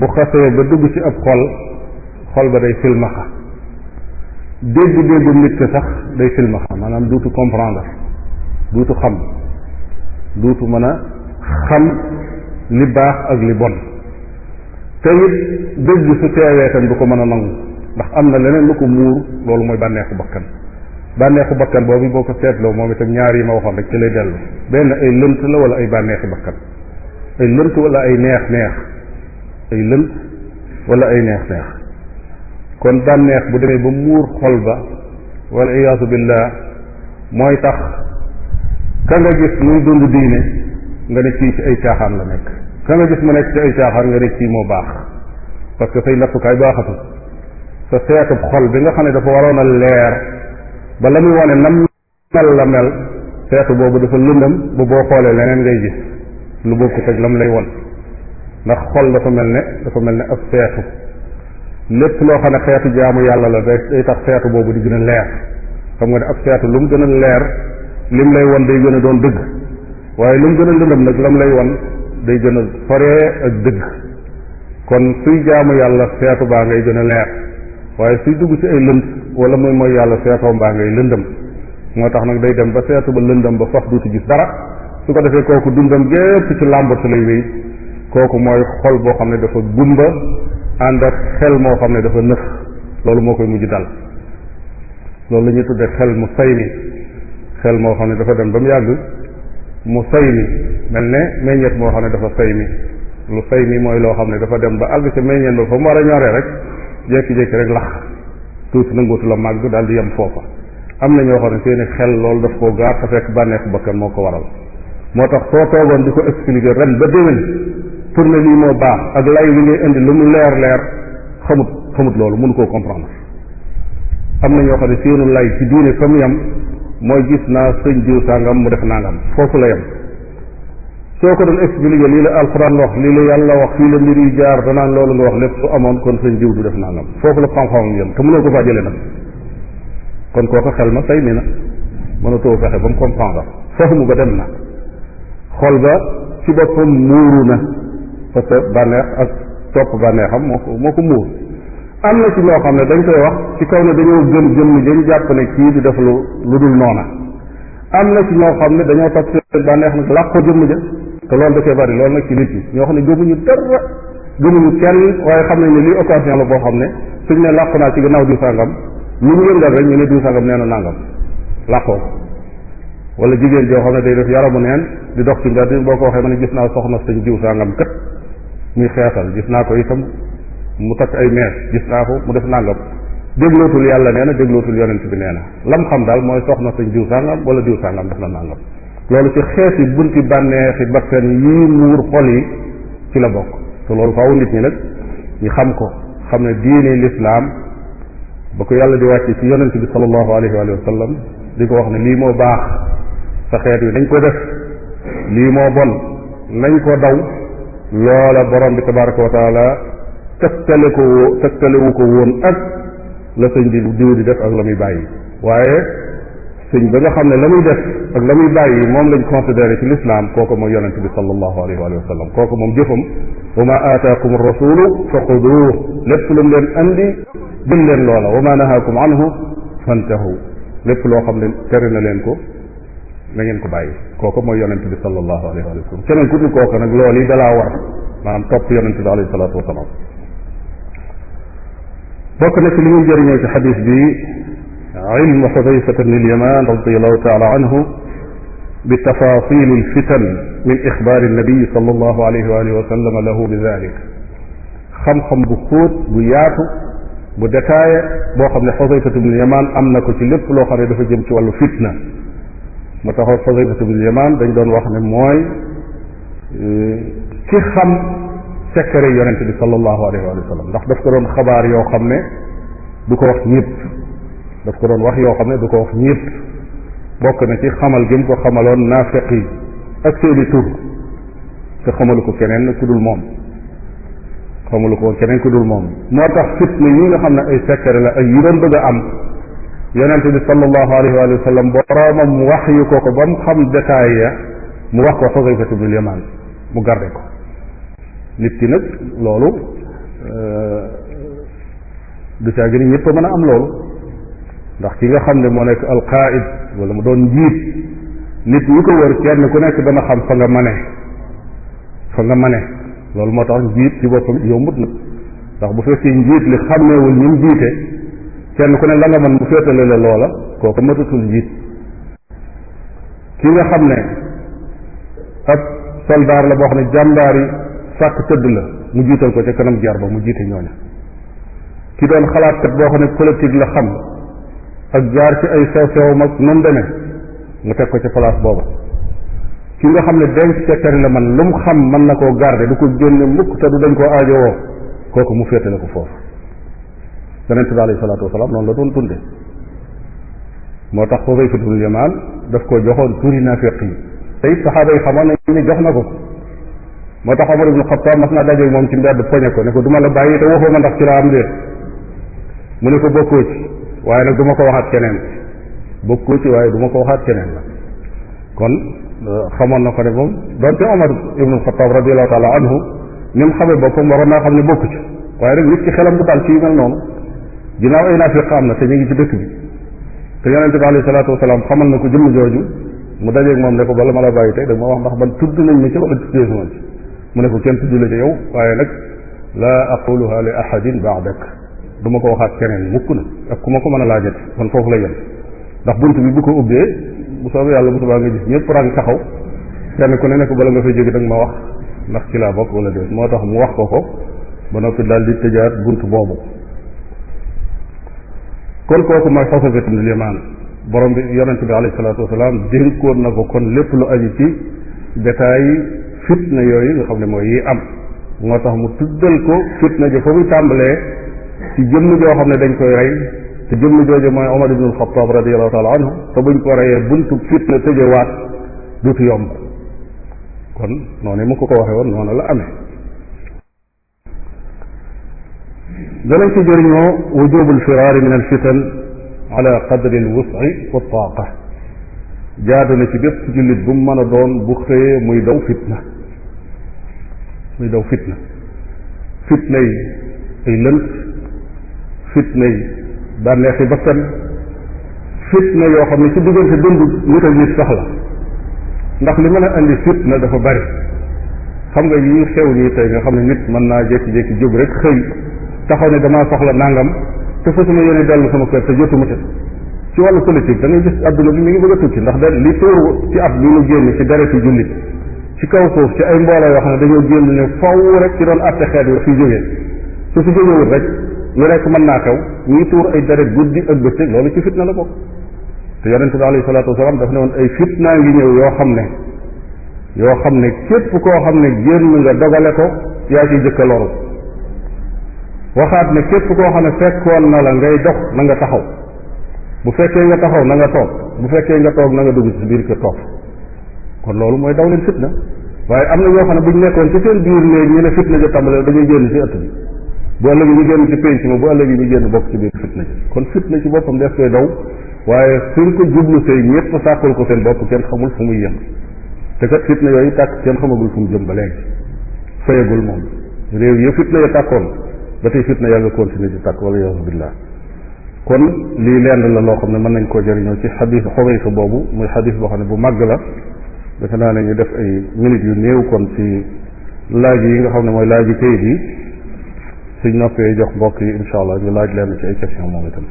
Speaker 1: bu xasee ba dugg ci ab xol xol ba day filmaxa dégg-déggu nit ki sax day filma xam maanaam duutu comprendre duutu xam duutu mën a xam li baax ak li bon te it dëgg su teewee tam du ko mën a nangu ndax am na leneen lu ko muur loolu mooy bànneexu bakkan bànneexu bakkan boobu boo ko seetloo moom itam ñaar yi ma waxoon rek ci lay dellu benn ay lënt la wala ay bànneexi bakkan ay lënt wala ay neex neex ay lënt wala ay neex neex kon bànneex bu demee ba muur xol ba wala iyaasu billah mooy tax ka nga gis muy dund diine nga ne kii ci ay caaxaan la nekk ka nga gis mu nekk ci ay caaxaan nga ne kii moo baax parce que say nattukaay baaxatul sa seetub xol bi nga xam ne dafa waroon a leer ba la muy wane nam mel la mel seetu boobu dafa lëndam ba boo xoolee leneen ngay gis lu bokkut ak lam lay won ndax xol dafa mel ne dafa mel ne ab seetu lépp loo xam ne xeetu jaamu yàlla la rek day tax seetu boobu di gën a leer xam nga ne ab seetu lu mu gën a leer lim lay won day gën a doon dëgg waaye lu mu nag lam lay won day gën a soree ak dëgg kon suy jaamu yàlla xeetu baa ngay gën a leer waaye suy dugg ci ay lënd wala muy mooy yàlla seetoom baa ngay lëndëm moo tax nag day dem ba seetu ba lëndëm ba faf duuti gis dara su ko defee kooku dundam gépp ci làmbatu lay wéy kooku mooy xol boo xam ne dafa gumba ànd ak xel moo xam ne dafa nëx loolu moo koy mujj dal loolu la ñuy tuddee xel mu say mi xel moo xam ne dafa dem ba mu yàgg mu say mel ne meññeet moo xam ne dafa say mi lu say mooy loo xam ne dafa dem ba àgg ca meññeet ba fa mu war a ñoree rek jékki-jékki rek lax tuuti nanguutu la màgg daal di yem foofa am na ñoo xam ne seeni xel loolu daf koo gaar te fekk bànneexu bakkan moo ko waral moo tax soo toogoon di ko expliquer ren ba déwén pour ne lii moo baax ak lay wi ngay indi lu mu leer leer xamut xamut loolu mënu koo comprendre am na ñoo xam ne seenu lay ci diine fa mu mooy gis naa sëñ diw sàngam mu def nangam foofu la yem soo ko doon expliqué lii la alxuraan wax lii la yàlla wax fii la mbir yi jaar danaan loolu nga wax lépp su amoon kon sëñ diw du def nangam foofu la xam-xamam ko faa jëlee nag kon kooku na mënatoo fexe ba mu comprendre foofu mu ba dem na xol ba ci boppam muuru na parce que bànneex ak topp bànneexam moo ko moo ko muur am na ci ñoo xam ne dañ koy wax ci kaw ne dañoo gën jëmm dañ jàpp ne kii di def lu lu dul noona am na ci ñoo xam ne dañoo topp seen bànneex nag làq ko jëmm ja te loolu da koy bari loolu nag ci nit ñoo xam ne gëmuñu dara gëmuñu kenn waaye xam nañ ne lii occasion la boo xam ne suñ ne làqu naa ci gannaaw diw sàngam lu ñu yëngal rek ñu ne diw sàngam nee na nàngam làqoo wala jigéen joo xam ne day def yaramu neen di dox ci mbedd boo ko waxee ma ne gis naa soxna sëñ diw sàngam kat muy xeesal gis naa ko itam mu takk ay mees gis naa ko mu def nangam déglootul yàlla nee na déglootul yonent bi nee na lam xam daal mooy soxna sañ diw sàngam wala diw sàngam def na nangam loolu ci xeesi bunti bànneexi bakkan yii muur xol yi ci la bokk te loolu faaw nit ñi nag ñu xam ko xam ne diini lislaam ba ko yàlla di wàcce ci yonent bi sallallahu alayhi wa di ko wax ne lii moo baax sa xeet wi nañ ko def lii moo bon nañ ko daw loola borom bi tabaraka wa taala ko woo ko woon ak la sëñ bi diw di def ak la muy bàyyi waaye sëñ ba nga xam ne la muy def ak la muy bàyyi moom lañ considéré ci l'islam kooku mooy yonente bi sallallahu alayhi wa sallam kooku moom jëfam wa ma aataakum rasulu fa xuduuh lépp lu leen andi jël leen loola wa ma anhu fantahu lépp loo xam ne tere na leen ko na ngeen ko bàyyi kooku mooy yonente bi sallallahu alayhi wa sallam keneen ku dul kooku nag loolu yi dalaa war maanaam topp yonente bi alayhi salatu wasalaam bokk na ci li muy jëriñoo ci xadis bi ilmu xudayfata bni lyaman radiallahu taala anhu bi tafasil alfitan min ixbaari alnabiyi sallallahu alayhi wa alihi wa sallam lahu bi dalik xam-xam bu xóot bu yaatu bu détaillé boo xam ne xudayfata bni lyaman am na ko ci lépp loo xam ne dafa jëm ci wàllu fitna ma taxaw fadilatu bil yamaan dañ doon wax ne mooy e, ki xam secret yonent bi sallallahu alayhi wa sallam ndax daf ko doon xabaar yoo xam ne du ko wax ñëpp ko doon wax yoo xam ne du ko wax bokk na ci xamal gi mu ko xamaloon naafiq yi ak seeni tur te xamalu ko keneen ku dul moom xamalu ko keneen ku dul moom moo tax fitna yi nga xam ne ay secret la ay yu doon bëgg a am yeneen yonente bi sallallahu alayhi wa sallam boroomam wax yu ko ko ba mu xam détail ya mu wax ko Xusayfatu bnul Yamaan mu garde ko nit ki nag loolu euh, du caa gën ñëpp a mën a am loolu ndax ki nga xam ne moo nekk alqaid wala mu doon njiit nit ñi ko wër kenn ku nekk dana xam fa nga mane fa nga mane loolu moo tax njiit ci boppam yombut nag ndax bu fekkee njiit li xàmmeewul ñi mu jiite kenn ku ne la nga mën mu féetale la loola kooku matatul njiit ki nga xam ne ab soldaar la boo xam ne jàmbaari sàkk tëdd la mu jiital ko ca kanam jar ba mu jiite ñooña ki doon xalaatkat boo xam ne politique la xam ak jaar ci ay sew sew mag noonu demee mu teg ko ca place booba ki nga xam ne denc sectari la man lu mu xam mën na koo garder du ko génne mukk te dañ koo aajowoo kooku mu féetale ko foofu yonent bi alayhi salaatu wasalaam noonu la doon dunde moo tax Xudayfatul Yamaan daf ko joxoon turi naafiq yi te it saxaaba yi xamoon nañ ne jox na ko moo tax Omar ibnu Xattaab mas naa dajeeg moom ci mbedd poñe ko ne ko du ma la bàyyi te waxoo ma ndax ci la am déet mu ne ko bokkoo ci waaye nag du ma ko waxaat keneen bokkoo ci waaye du ma ko waxaat keneen la kon euh, xamoon na ko ne moom donte Omar ibnu Xattaab radiallahu taala anhu ni mu xamee boppam waroon naa xam ne bokku ci waaye ginnaaw ay naafiq am na te ñu ngi ci dëkk bi te yonente bi alayhi salaatu wasalaam xamal na ko jëmm jooju mu dajeeg moom ne ko bala ma la bàyyi tey da ma wax ndax man tudd nañ ma mu ne ko kenn tudd la ci yow waaye nag laa aquluha li ahadin baadak du ma ko waxaat keneen mukk na ak ku ma ko mën a laajat man foofu la yem ndax bunt bu ko ubbee bu soobee yàlla bu subaa nga gis taxaw kenn ku ne ne ko bala nga fay jóge danga ma wax ndax kilaa laa bokk wala déet moo tax mu wax ko ko ba noppi daal di tëjaat bunt boobu kon kooku mooy xasabatul limaan borom bi yonente bi alayhi salaatu wasalaam dénkoon na ko kon lépp lu aju ci détails fitna yooyu nga xam ne mooy yi am moo tax mu tuddal ko fitna ji fa muy tàmbalee ci jëmm joo xam ne dañ koy rey te jëmm jooju mooy Omar ibn al-Khattab radiyallahu taala ko reyee buntu fitna tëjewaat dutu yomb kon noonu mu ko ko waxee woon noonu la amee danañ ci jëriñoo wujubul firaari min al fitan ala qadri al wusi wa na ci bépp jullit bu mu mën a doon bu xëyee muy daw fitna muy daw fitna fitna yi ay lënt fitna yi bànneexi bakkan fitna yoo xam ne ci diggante dund nit ak nit sax la ndax li mën a andi fitna dafa bari xam nga yi xew nii tey nga xam ne nit mën naa jékki-jékki rek taxaw ne damaa soxla nangam te fasuma yéene dellu sama kër te jotuma te ci wàllu politique da ngay gis bi mi ngi bëgg a tukki ndax da li tuuru ci at bi ñu génn ci dereti jullit ci kaw suuf ci ay mbooloo yoo xam ne dañoo génn ne faw rek ci doon atte xeet yoo fi jógee su fi jógewut rek lu nekk mën naa xew ñuy tuur ay deret guddi ak bëccëg loolu ci fitna la bokk te yonente bi alayhi salaatu wasalaam daf ne woon ay fitnaa ngi ñëw yoo xam ne yoo xam ne képp koo xam ne génn nga dogale ko yaa ciy jëkka loru waxaat ne képp koo xam ne fekkoon na la ngay dox na nga taxaw bu fekkee nga taxaw na nga toog bu fekkee nga toog na nga dugg ci biir kër toog kon loolu mooy daw leen fitna waaye am na ñoo xam ne bu ñu nekkoon ci seen biir néeg ñu ne fitna ja tàmbalee dañuy génn ci ëtt bi bu ëllëgee ñu génn ci penc ma bu ëllëgee ñu génn bokk ci biir fitna ji kon fitna ci boppam def koy daw waaye suñ ko jublu tey ñëpp sàkkul ko seen bopp kenn xamul fu muy yem te kat fitna yooyu tàkk kenn xamagul fu mu jëm fayagul moom réew ya fitna ya ba tey fitna yaa nga continuer di tàkk wala yaasu billah kon lii lend la loo xam ne mën nañ koo jëriñoo ci xadis xobeysa boobu muy xadis boo xam ne bu màgg la defe naa ne ñu def ay minutes yu néew kon ci laaj yi nga xam ne mooy laaj yi kayit yi suñ noppee jox mbokk yi incha allah ñu laaj leen ci ay question moom itam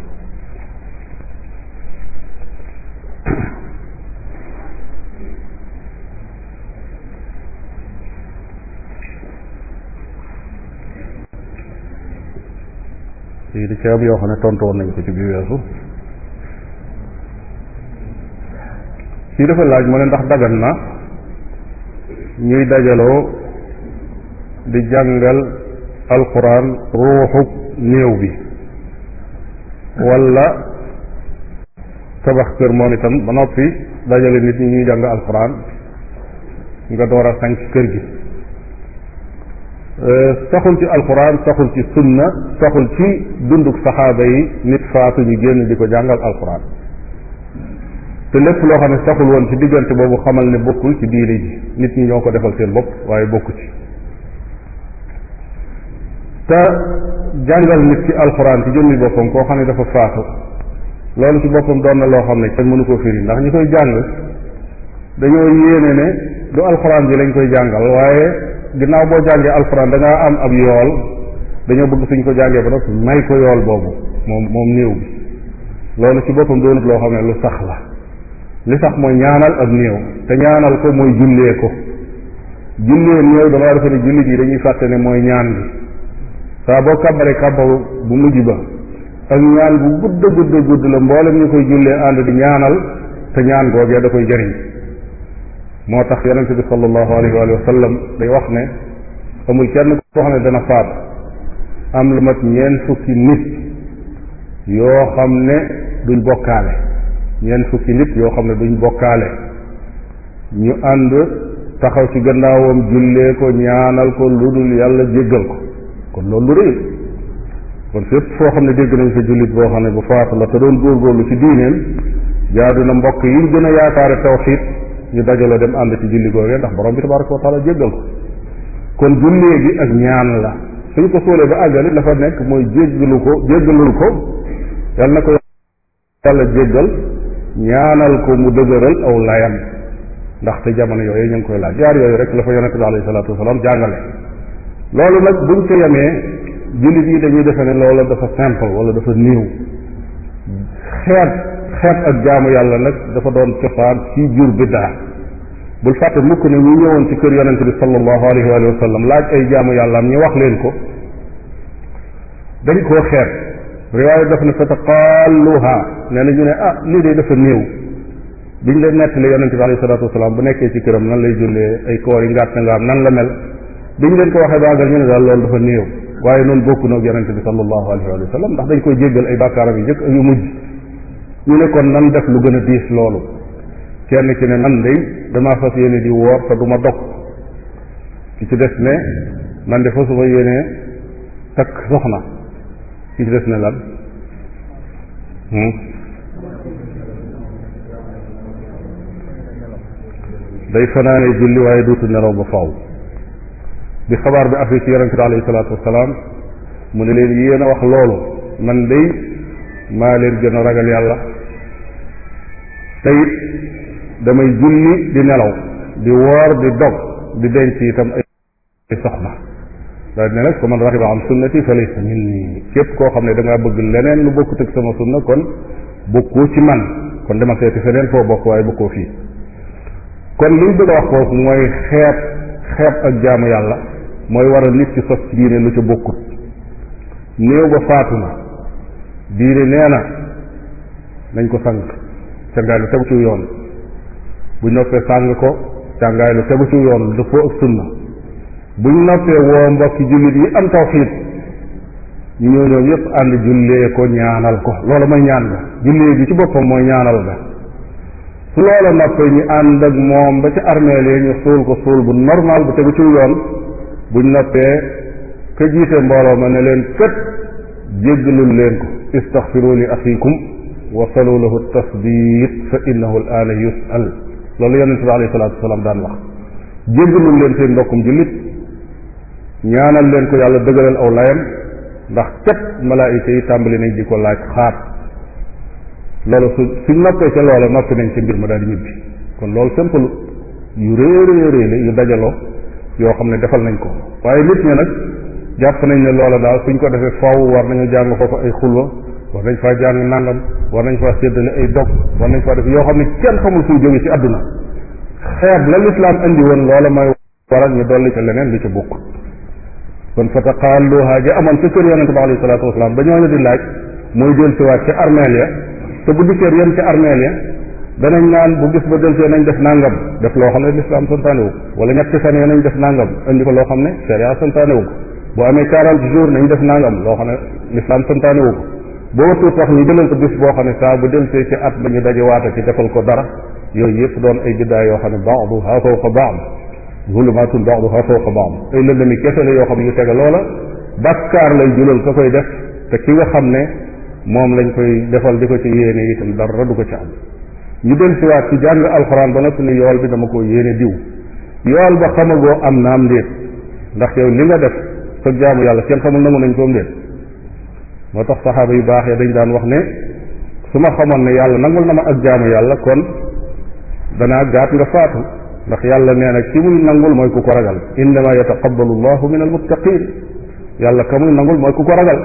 Speaker 1: yii di ci yoo xam ne tontu woon nañ ko ci bi weesu kii dafa laaj mu ne ndax dagan na ñuy dajaloo di jàngal alquran ruuxu néew bi wala tabax kër moom itam ba noppi dajale nit ñi ñuy jàng alquran nga door a sanc kër gi saxul ci alquran saxul ci sunna saxul ci dunduk saxaaba yi nit faatu ñu génn di ko jàngal alquran te lépp loo xam ne saxul woon ci diggante boobu xamal ne bokkul ci diine ji nit ñi ñoo ko defal seen bopp waaye bokku ci te jàngal nit ci alquran ci jëmmi boppam koo xam ne dafa faatu loolu ci boppam doon na loo xam ne kenn mënu koo firi ndax ñu koy jàng dañoo yéene ne du alxuraan bi lañ koy jàngal waaye ginnaaw boo jàngee alxuraan da am ab yool dañoo bëgg suñ ko jàngee ba nag may ko yool boobu moom moom néew bi loolu ci boppam doonut loo xam ne lu sax la li sax mooy ñaanal ak néew te ñaanal ko mooy jullee ko jullee néew dangaa defe ne julli gi dañuy fàtte ne mooy ñaan bi saa boo kàbbare kàbba bu mujj ba ak ñaan bu gudd gudd gudd la mboolem ñu koy jullee ànd di ñaanal te ñaan googee da koy jëriñ moo tax yonente bi sallallahu alayhi wa sallam day wax ne amul kenn koo xam ne dana faat am lu mat ñeent fukki nit yoo xam ne duñ bokkaale ñeent fukki nit yoo xam ne duñ bokkaale ñu ànd taxaw ci gannaawam jullee ko ñaanal ko lu dul yàlla jéggal ko kon loolu lu rëy kon fépp foo xam ne dégg nañ fa jullit boo xam ne bu faatu la te doon góorgóorlu ci diineem jaadu na mbokk yi gën a yaakaare tawxiid ñu dajale dem ànd ci julli googee ndax borom bi tabaraka wa taala jéggal ko kon jullee gi ak ñaan la suñ ko sóolee ba àggali dafa nekk mooy jéggalu ko jéggalul ko yal na ko yàlla jéggal ñaanal ko mu dëgëral aw ndax te jamono yooyu ñu ngi koy laaj yaar yooyu rek la fa yonente bi alayhi salaatu wasalaam jàngale loolu nag buñ ko yemee jullit yi dañuy defe ne loolu dafa simple wala dafa niiw xeet xeet ak jaamu yàlla nag dafa doon cosaan ci jur biddaa bul fàtte mukk ne ñi ñëwoon ci kër yonente bi sallallahu alayhi wa sallam laaj ay jaamu yàllaam ñu wax leen ko dañ koo xeet riwaaya daf ne fataqaaluha nee na ñu ne ah lii de dafa néew biñ leen nettali yonente bi alayhi salatu wasalaam bu nekkee ci këram nan lay jullee ay koor yi ngàtt nga am nan la mel biñ leen ko waxee baagal ñu ne daal loolu dafa néew waaye noonu bokku noog yonente bi sallallahu alayhi wa sallam ndax dañ koy jéggal ay bàkkaaram yu jëkk ak yu mujj ñu ne kon nan def lu gën a diis loolu kenn ci ne man day damaa fas yéene di woor te du ma dog ki ci des ne man de fasuma yéene takk soxna ki ci des ne lan hmm? day fanaane julli waaye duutu nelaw ba faaw di xabaar bi afee ci yonente bi alayhi salaatu wasalaam mu ne leen yéen a wax loolu man day maa leen gën a ragal yàlla te damay julli di nelaw di woor di dog di denc itam ay soxna daal ne nag ko man raxiba an sunnati fa laysa minni képp koo xam ne da ngaa bëgg leneen lu bokkut ak sama sunna kon bokkoo ci man kon dama seeti feneen foo bokk waaye bokkoo fii kon liñ bëgg a wax foofu mooy xeeb xeeb ak jaamu yàlla mooy waral nit ci sos ci diine lu ca bokkut néew ba faatu na diine nee nañ ko sang càngaay lu tegu ci yoon bu noppee sàng ko càngaay lu tegu ci yoon lu dëppoo ak sunna buñ noppee woo mbokki jullit yi am tawxiid ñu ñëw ñoom yépp ànd jullee ko ñaanal ko loola mooy ñaan ga jullee gi ci boppam mooy ñaanal ga su loola noppee ñu ànd ak moom ba ci armeel yi ñu suul ko suul bu normal bu tegu ci yoon buñ noppee ka jiite mbooloo ma ne leen kët jéggalul leen ko istaxfiru li axikum wasalu lahu tasdiq fa innahu al aana yusal loolu yonente bi alayhi salatu wasalaam daan wax jéggalul leen seen mbokkum jullit ñaanal leen ko yàlla dëgëral aw layam ndax kat malaayika yi tàmbali nañ di ko laaj xaar loolu su suñ noppee ca loola noppi nañ ca mbir ma daal di ñibbi kon loolu simple yu réeréeréy la yu dajaloo yoo xam ne defal nañ ko waaye nit ñi nag jàpp nañ ne loola daal suñ ko defee faw war nañu jàng foofu ay xulwa war nañ faa jàng nangam war nañ faa séddale ay dog war nañ faa def yoo xam ne kenn xamul fu jóge ci àdduna xeeb la lislaam indi woon loola mooy waral ñu dolli ca leneen lu ca bokk kon fataqaalluha ja amoon ca kër yonente bi alayhi salaatu wasalaam ba ñooñu di laaj mooy jël si waat ca armeel ya te bu dikkee yem ca armeel ya danañ naan bu gis ba jël see nañ def nangam def loo xam ne lislaam santaane wu wala ñetti fan ya nañ def nangam indi ko loo xam ne sharia santaane wu bu amee quarante jours nañ def nangam loo xam ne lislaam santaane wu boo wattu sax ñu jëlal ko boo xam ne saa bu delsee ci at ba ñu dajewaata ci defal ko dara yooyu yëpp doon ay biddaa yoo xam ne baax ko baaduha fawqa baad zulumaatun baaduha fawqa baad ay lëndami kese la yoo xam ne yu tege loola bàkkaar lay julal ka koy def te ki nga xam ne moom lañ koy defal di ko ci yéene itam dara du ko ci am ñu del waat ci jàng alxuraan ba noppi ni yool bi dama ko yéene diw yool ba xamagoo am naam ndéet ndax yow li nga def sa jaamu yàlla kenn xamul nangu nañ koom ndéet moo tax saxaaba yu baax ya daan wax ne su ma xamoon ne yàlla nangul na ma ak jaamu yàlla kon danaa gaat nga faatu ndax yàlla nee na ki muy nangul mooy ku ko ragal innama yataqabbalu llahu min almuttaqin yàlla ka muy nangul mooy ku ko ragal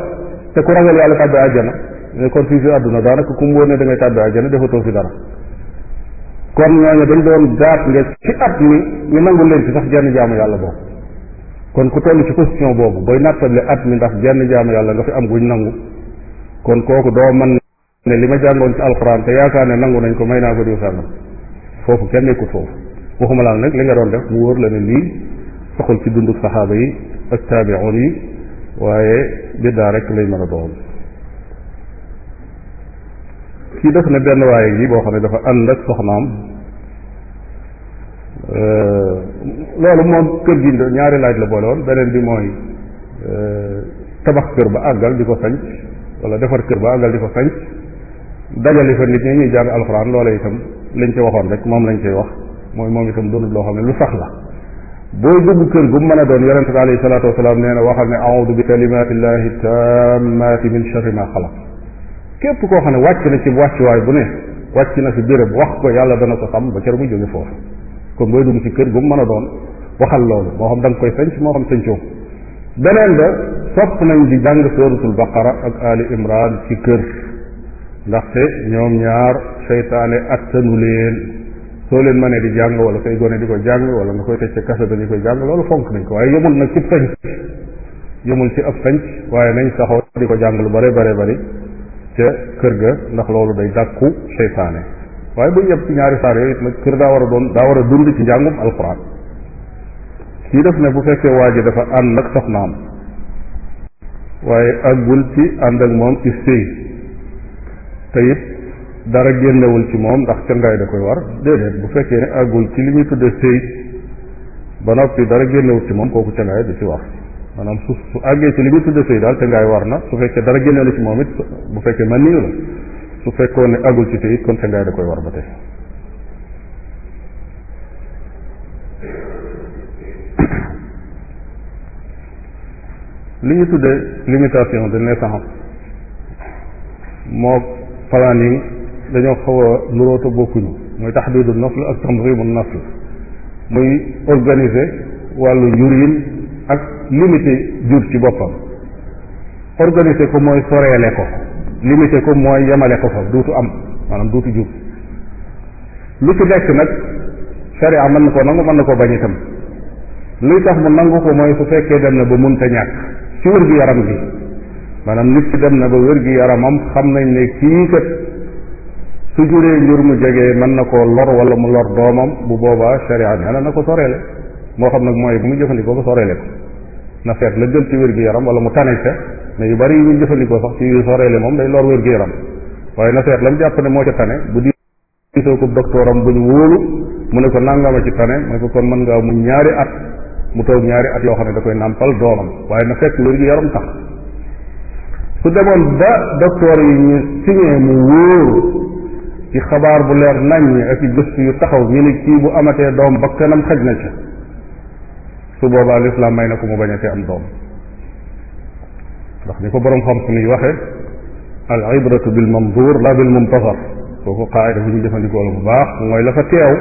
Speaker 1: te ku ragal yàlla tàbbi àjjana ne kon fii fi àdduna daanaka ku mu wóor ne da ngay tàbbi àjjana defatoo fi dara kon ñooñu dañ doon gaat nga ci at mi ñu nangul leen ci sax jenn jaamu yàlla boo kon ku toll ci position boobu booy nattable at mi ndax jenn jaamu yàlla nga fi am guñ nangu kon kooku doo man ne li ma jàngoon ci alxuraan te yaakaar ne nangu nañ ko may naa ko diw sàngam foofu kenn nekkut foofu waxuma laa nag li nga doon def mu wóor la ne lii saxul ci dundu saxaaba yi ak taabi'un yi waaye biddaa rek lay mën a doon kii def na benn waaye gi boo xam ne dafa ànd ak soxnaam Euh, loolu moom kër gi ñaari laaj la boole woon beneen bi mooy euh, tabax kër ba àggal di ko sanc wala defar kër ba àggal di ko sanc dajale fa nit ñi ñuy jàng alxuraan loola itam lañ ci waxoon rek moom lañ cay wax mooy moom itam doonut loo xam ne lu sax la booy dugg kër gu mu mën a doon yonente bi alayhi salaatu wasalaam nee na waxal ne audu bi kalimatillahi tammati min sharri ma xalaq képp koo xam ne wàcc na ci wàccuwaay bu ne wàcc na fi béréb wax ko yàlla dana ko xam ba kër mu jóge foofu kon booy dugg ci kër gu mu mën a doon waxal loolu moo xam da nga koy sanc moo xam sancoo beneen ba sopp nañ di jàng suratul baqara ak ali imran ci kër ndaxte ñoom ñaar seytaane attanu leen soo leen mënee di jàng wala say gone di ko jàng wala nga koy tëj ca kasa ba di ko jàng loolu fonk nañ ko waaye yëmul nag ci sanc yëmul ci ab sanc waaye nañ taxaw di ko jàng lu bare bare bari ca kër ga ndax loolu day dàkku seytaane waaye bu yem ñaari saar yooyu it nag kër daa war a doon daa war a dund ci njàngum alquran kii def nag bu fekkee waa ji dafa ànd nag soxnaam waaye àggul ci ànd ak moom ci sëy te it dara génnewul ci moom ndax ca ngaay da koy war déedéet bu fekkee ne àggul ci li muy tuddee sëy ba noppi dara génnewul ci moom kooku ca ngaay da ci war maanaam su su àggee ci li ñuy tuddee sëy daal ca ngaay war na su fekkee dara génnewu ci moom it bu fekkee man niñu la su fekkoon ne agul ci te it kon sangaay da koy war ba tey li ñu tuddee limitation de naissance moo planning dañoo xaw a bokkuñu mooy taxdiidu nasl ak tanzimu nasl muy organise wàllu njur njuriin ak limité jur ci boppam organiser ko mooy soreele ko limité ko mooy yemale ko fa duutu am maanaam duutu jub lu ci nekk nag sharia mën na koo nangu mën na koo bañ itam luy tax mu nangu ko mooy su fekkee dem na ba munta ñàkk ci wér gi yaram gi maanaam nit ki dem na ba wér gi yaramam xam nañ ne kii kat su juree njur mu jege mën na koo lor wala mu lor doomam bu boobaa sharia nee na na ko soreele moo xam nag mooy bu mu jëfandikoo ba soreele ko na seet la gën ci wér gi yaram wala mu tane ca ne yu bari yu ñu jëfandikoo sax ci yu soreele moom day lor wér-gu-yaram waaye na seet lam jàpp ne moo ca tane bu di gisoo ko docteuram bu ñu wóolu mu ne ko nangama ci tane mu ne ko kon mën nga mu ñaari at mu toog ñaari at yoo xam ne da koy nàmpal doomam waaye na fekk wér-gu-yaram tax su demoon ba docteur yi ñu signé mu wóoru ci xabaar bu leer nañ ak i yu taxaw ñu ne kii bu amatee doom bakkanam xaj na ci su boobaa lislaam may na ko mu bañatee am doom ndax ni ko borom xam-xam yi waxe al ibratu bil mandur la bil muntazar kooku qaayida bu ñu jëfandikoo la bu baax mooy la fa teew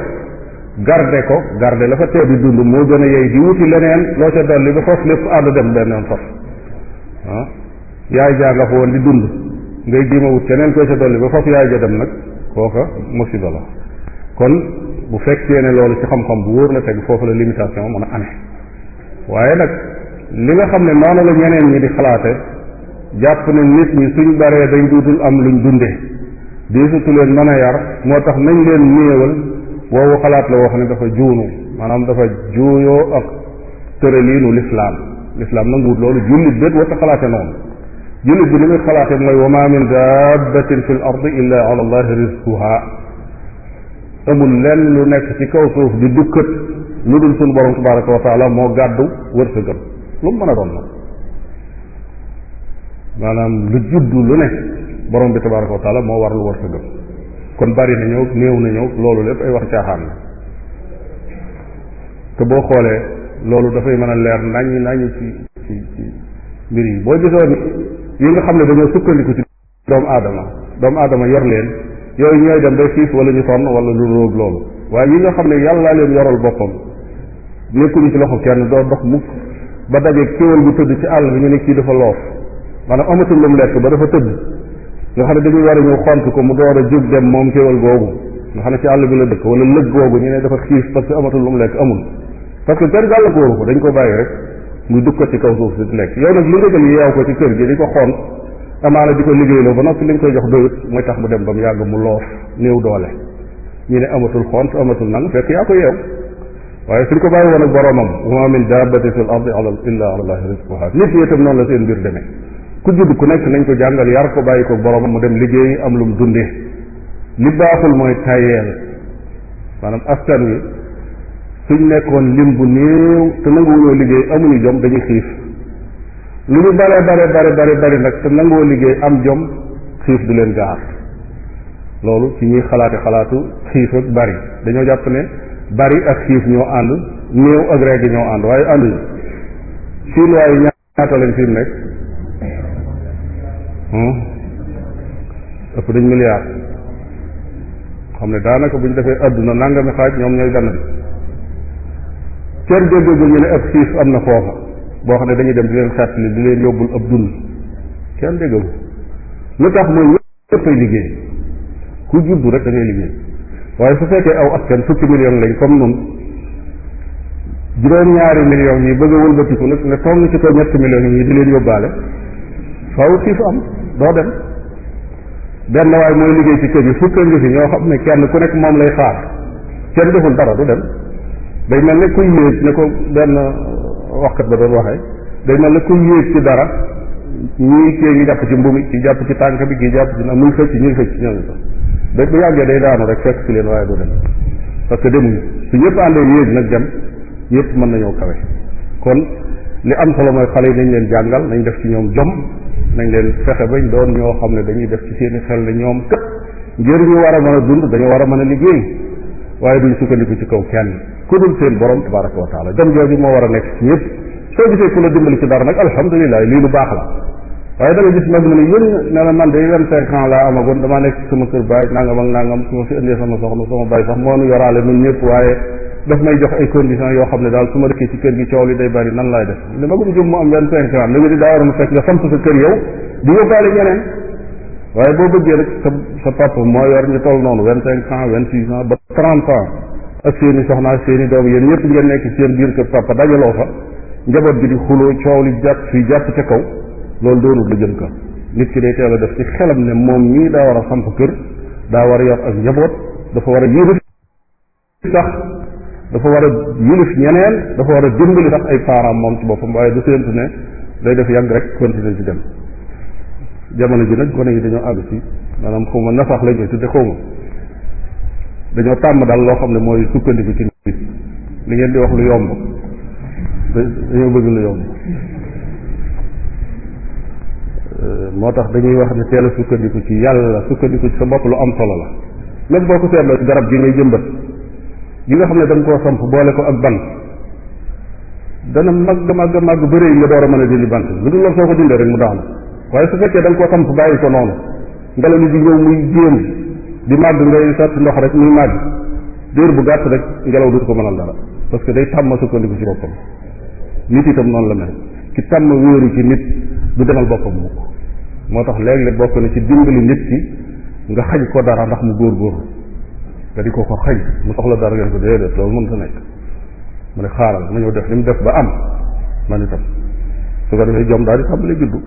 Speaker 1: garde ko garde la fa teew di dund moo gën a yey di wuti leneen loo ca dolli ba foofu lépp ànd dem beneen faf ah yaay jaa nga fa woon di dund ngay jéem a wut keneen ca dolli ba yaay ja dem nag kooka musiba la kon bu fekk ne loolu ci xam-xam bu wóor la teg foofu la limitation mën a amee waaye nag li nga xam ne noonu la ñeneen ñi di xalaate jàpp ne nit ñi suñ baree dañ duutul am luñ dundee diisutu leen mën a yar moo tax nañ leen néewal woowu xalaat la woo xam ne dafa juunu maanaam dafa juuyoo ak tëraliinu lislaam lislaam nanguwut loolu xalaate noonu jullit bi ni muy xalaate mooy wa ma min dabbatin fi l ardi illa ala allahi rizquha lenn lu nekk ci kaw suuf di dukkat lu dul suñu borom tabaraka wa moo gàddu wërsëgam lu mu mën a doon nag maanaam lu juddu lu ne borom bi tabaraka wa taala moo war lu war sa gëm kon bari na ñëw néew na ñëw loolu lépp ay wax caaxaan la te boo xoolee loolu dafay mën a leer naññ naññ ci ci ci mbir yi boo gisoon yi nga xam ne dañoo sukkandiku ci doomu aadama doomu aadama yor leen yooyu ñooy dem ba xiif wala ñu sonn wala lu róog loolu waaye yi nga xam ne yàllaa leen yoral boppam nekkuñu ci loxo kenn doo dox mukk ba dajeeg kéwal bu tëdd ci àll bi ñu ne kii dafa loof maanaam amatul lu mu lekk ba dafa tëdd nga xam ne dañuy war a ñëw xont ko mu door a jóg dem moom kéwal googu nga xam ne ci àll bi la dëkk wala lëg googu ñu ne dafa xiif parce que amatul lu mu lekk amul parce que kenn gàllagóoru ko dañ ko bàyyi rek mu dugg ko kaw suuf si di lekk yow nag li nga jël yeew ko ci kër gi di ko xont amaana di ko liggéeyloo ba noppi li nga koy jox doyut mooy tax mu dem ba mu yàgg mu loo néew doole ñu ne amatul xont amatul nang fekk yaa ko yeew waaye suñ ko bàyyi woon ak boromam wa ma min dabbatin fil ardi illa ala allahi rizquha la seen mbir demee ku judd ku nekk nañ ko jàngal yar ko bàyyi ko boromam mu dem liggéey am lu mu dundee li baaxul mooy tayeel maanaam askan wi suñ nekkoon lim bu néew te nanguwuloo liggéey amuñu jom dañuy xiif lu ñu bare bare bare bare bari te nangoo liggéey am jom xiif du leen gaar loolu ci ñuy xalaate xalaatu xiif ak bari dañoo jàpp ne bari ak xiif ñoo ànd néew ak regg ñoo ànd waaye ànduñu chinois yi ñaata lañ fi nekk Hmm? ëpp dañ milliard xam ne daanaka bu ñu defee adduna nangami xaaj ñoom ñooy benn bi cër déggagul ñu ne ab xiif am na foofa boo xam ne dañuy dem di leen xett li di leen yóbbul ab dund kenn déggagu lu tax mooy ñëppay liggéey ku juddu rek da ngay liggéey waaye su fekkee aw askan fukki million lañ comme nun juróom-ñaari million yi bëgg a wëlbatiku nag nga toog ci ko ñetti million yi di leen yóbbaale faaw xiif am doo dem benn waay mooy liggéey ci kër yi fukk nga fi ñoo xam ne kenn ku nekk moom lay xaar kenn deful dara du dem day mel ne kuy yéeg ne ko benn waxkat ba doon waxee day mel ne kuy yéeg ci dara ñii kii ngi jàpp ci mbumi ki jàpp ci tànk bi kii jàpp ci na muy fecc ñuy fecc ñooñu sax day bu yàggee day daanu rek fekk si leen waaye du dem parce que demuñu su ñëpp àndoon yéeg nag dem ñëpp mën nañoo kawe kon li am solo mooy xale yi nañ leen jàngal nañ def ci ñoom jom nañ leen fexe bañ doon ñoo xam ne dañuy def ci seeni xel ne ñoom kat ngir war a mën a dund dañu war a mën a liggéey waaye duñ sukkandiku ci kaw kenn ku dul seen borom tabaraka wa taala a nekk ci ñëpp soo gisee ku la dimbali ci dara nag alhamdulilah lii lu baax la waaye da nga gis nag mu ne yéen la man de vingt cinq ans a amagoon damaa nekk sama kër baay nangam ak nangam su fi indee sama soxna sama baay sax moo yoraale ñun ñëpp waaye daf may jox ay condition yoo xam ne daal su ma dëkkee ci kër gi coow li day bari nan laay def li ma ko jub mu am vingt cinq ans léegi di daa waroon fekk nga samp sa kër yow di yóbbaale ñeneen waaye boo bëggee rek sa sa papa moo yor ñu toll noonu vingt cinq ans vingt six ans ba trente ans ak seen i soxna seen i doom yéen ñëpp ngeen nekk ci seen biir kër papa dajaloo fa njaboot bi di xuloo coow li jàpp fii jàpp ca kaw loolu doonul lu jëm ka nit ki day teel a def ci xelam ne moom ñii daa war a samp kër daa war a yor ak njaboot dafa war a yëngatu dafa war a yilif ñeneen dafa war a dimbali sax ay parents moom ci boppam waaye du séentu ne day def yàgg rek continuer di dem jamono ji nag gone yi dañoo àgg ci maanaam xaw ma nasax lañ koy tudde xaw ma dañoo tàmm daal loo xam ne mooy sukkandiku ci nit li ngeen di wax lu yomb dañoo bëgg lu yomb euh, moo tax dañuy wax ne teel a sukkandiku ci yàlla sukkandiku ci sa bopp lu am solo la même boo ko seetloo garab gi ngay jëmbat gi nga xam ne da nga koo samp boole ko ak bant dana màgg màgg màgg bëre yi nga door a mën a dindi bant lu dul la soo ko dindee rek mu daanu waaye su fekkee da nga koo samp bàyyi ko noonu ngelaw li di ñëw muy jéem di màgg ngay sotti ndox rek muy màgg diir bu gàtt rek ngelaw dootu ko mënal dara parce que day tàmm sukkandiku ci boppam nit tam noonu la mel ki tàmm wéeru ci nit du demal boppam mukk moo tax léeg-léeg bokk na ci dimbali nit ki nga xaj ko dara ndax mu góor góorlu nga di ko ko xëy mu soxla dara ngeen ko déedéet loolu mënta nekk mu ne xaaral ma ñëw def li mu def ba am man itam su ko defee jom daal di tàmbali juddu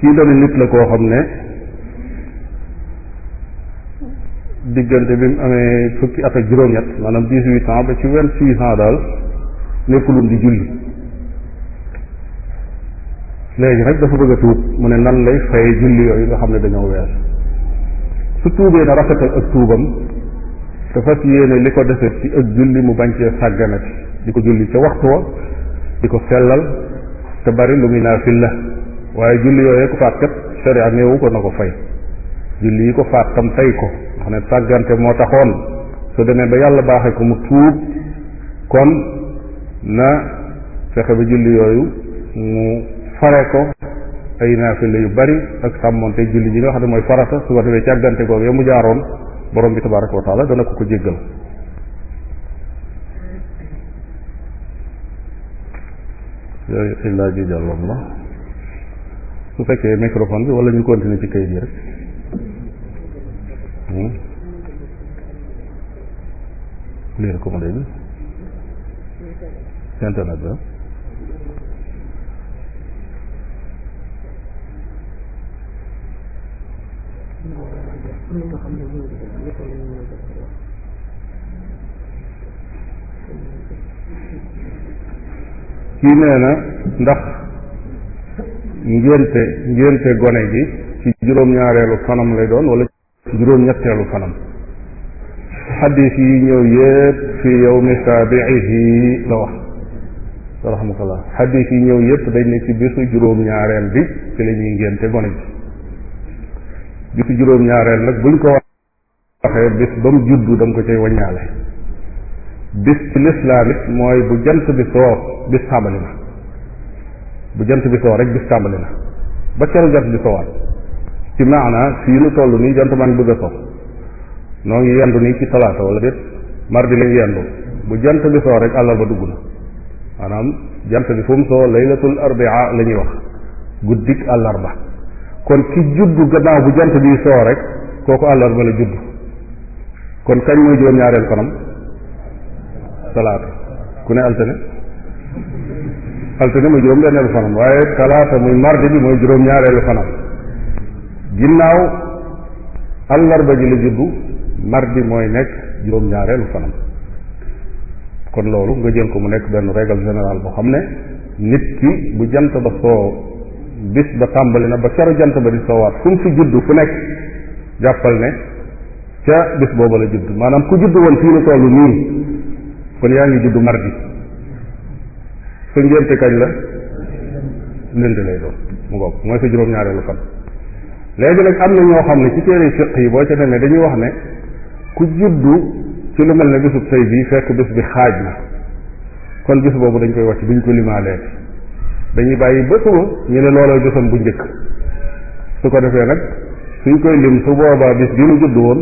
Speaker 1: kii dana nit la koo xam ne diggante bi mu amee fukki at ak juróom-ñett maanaam dix-huit ans ba ci vingt-six ans daal nekkul di julli léegi nag dafa bëgg a tuub mu ne nan lay fay julli yooyu nga xam ne dañoo wees su tuubee na rafetal ak tuubam te fas yéene li ko deset ci ak julli mu bañ cee sàgganati di ko julli ca waxtu wa di ko sellal te bari lu muy naafil la waaye julli yooyu ko faat kat sharia néewu ko na ko fay julli yi ko faat tam tey ko nga xam moo taxoon su demee ba yàlla baaxee ko mu tuub kon na fexe ba julli yooyu mu fare ko ay naafila yu bari ak sàmmonte julli yi nga xam ne mooy farata su ko defee càggante googu ya mu jaaroon borom bi tabaraka wa taala dana ko ko jéggal yooyu ay laaj yu jàlloon la su fekkee microphone bi wala ñu continuer ci kayit yi rek hmm? lii ko ma internet bi ah.
Speaker 2: lépp ne kii
Speaker 1: nee na ndax ngénte ngénte gone gi ci juróom-ñaareelu fanam lay doon wala ci juróom-ñetteelu fanam xadis yi ñëw yépp fi yowmi saabiihi la wax rahmatullah xadis yi ñëw yépp dañ ne ci bisu juróom-ñaareel bi ci la ñuy ngénte gone gi bisu juróom-ñaareel nag buñ ko waxee bis ba mu juddu dam ko cay waññaale bis ci lislaamit mooy bu jant bi soo bis tàmbali na bu jant bi tàmbali na ba keroog jant bi soowaat ci maana fii nu toll nii jant man bëgg a so noo ngi yendu nii ci talaata wala déet mardi lañ yendu bu jant bi soow rek àllarba dugg na maanaam jant bi fu mu soo laylatul arbia la wax guddik àllarba kon ki juddu gannaaw bu jant bi soo rek kooku àllarba la juddu kon kañ mooy juróom-ñaareel fanam talaata ku ne altine altine mooy juróom-benneelu fanam waaye talaata muy mardi bi mooy juróom-ñaareelu fanam ginnaaw àllarba ji la juddu mardi mooy nekk juróom-ñaareelu fanam kon loolu nga jël ko mu nekk benn règle générale boo xam ne nit ki bu jant ba soo bis ba tàmbali na ba keru jant ba di soowaat fu mu fi juddu fu nekk jàppal ne ca bis boobu la judd maanaam ku judd woon fii nu toll nii kon yaa ngi juddu mardi su ngénte kañ la lundi lay doon mu ngoog mooy sa juróom-ñaareelu fan léegi nag am na ñoo xam ne ci téere fiq yi boo ca demee dañuy wax ne ku juddu ci lu mel ne bisub tey bii fekk bis bi xaaj la kon bis boobu dañ koy wàcc duñ ko limaalee dañuy bàyyi ba suba ñu ne looloo josam bu njëkk su ko defee nag suñ koy lim su boobaa bis bi mu judd woon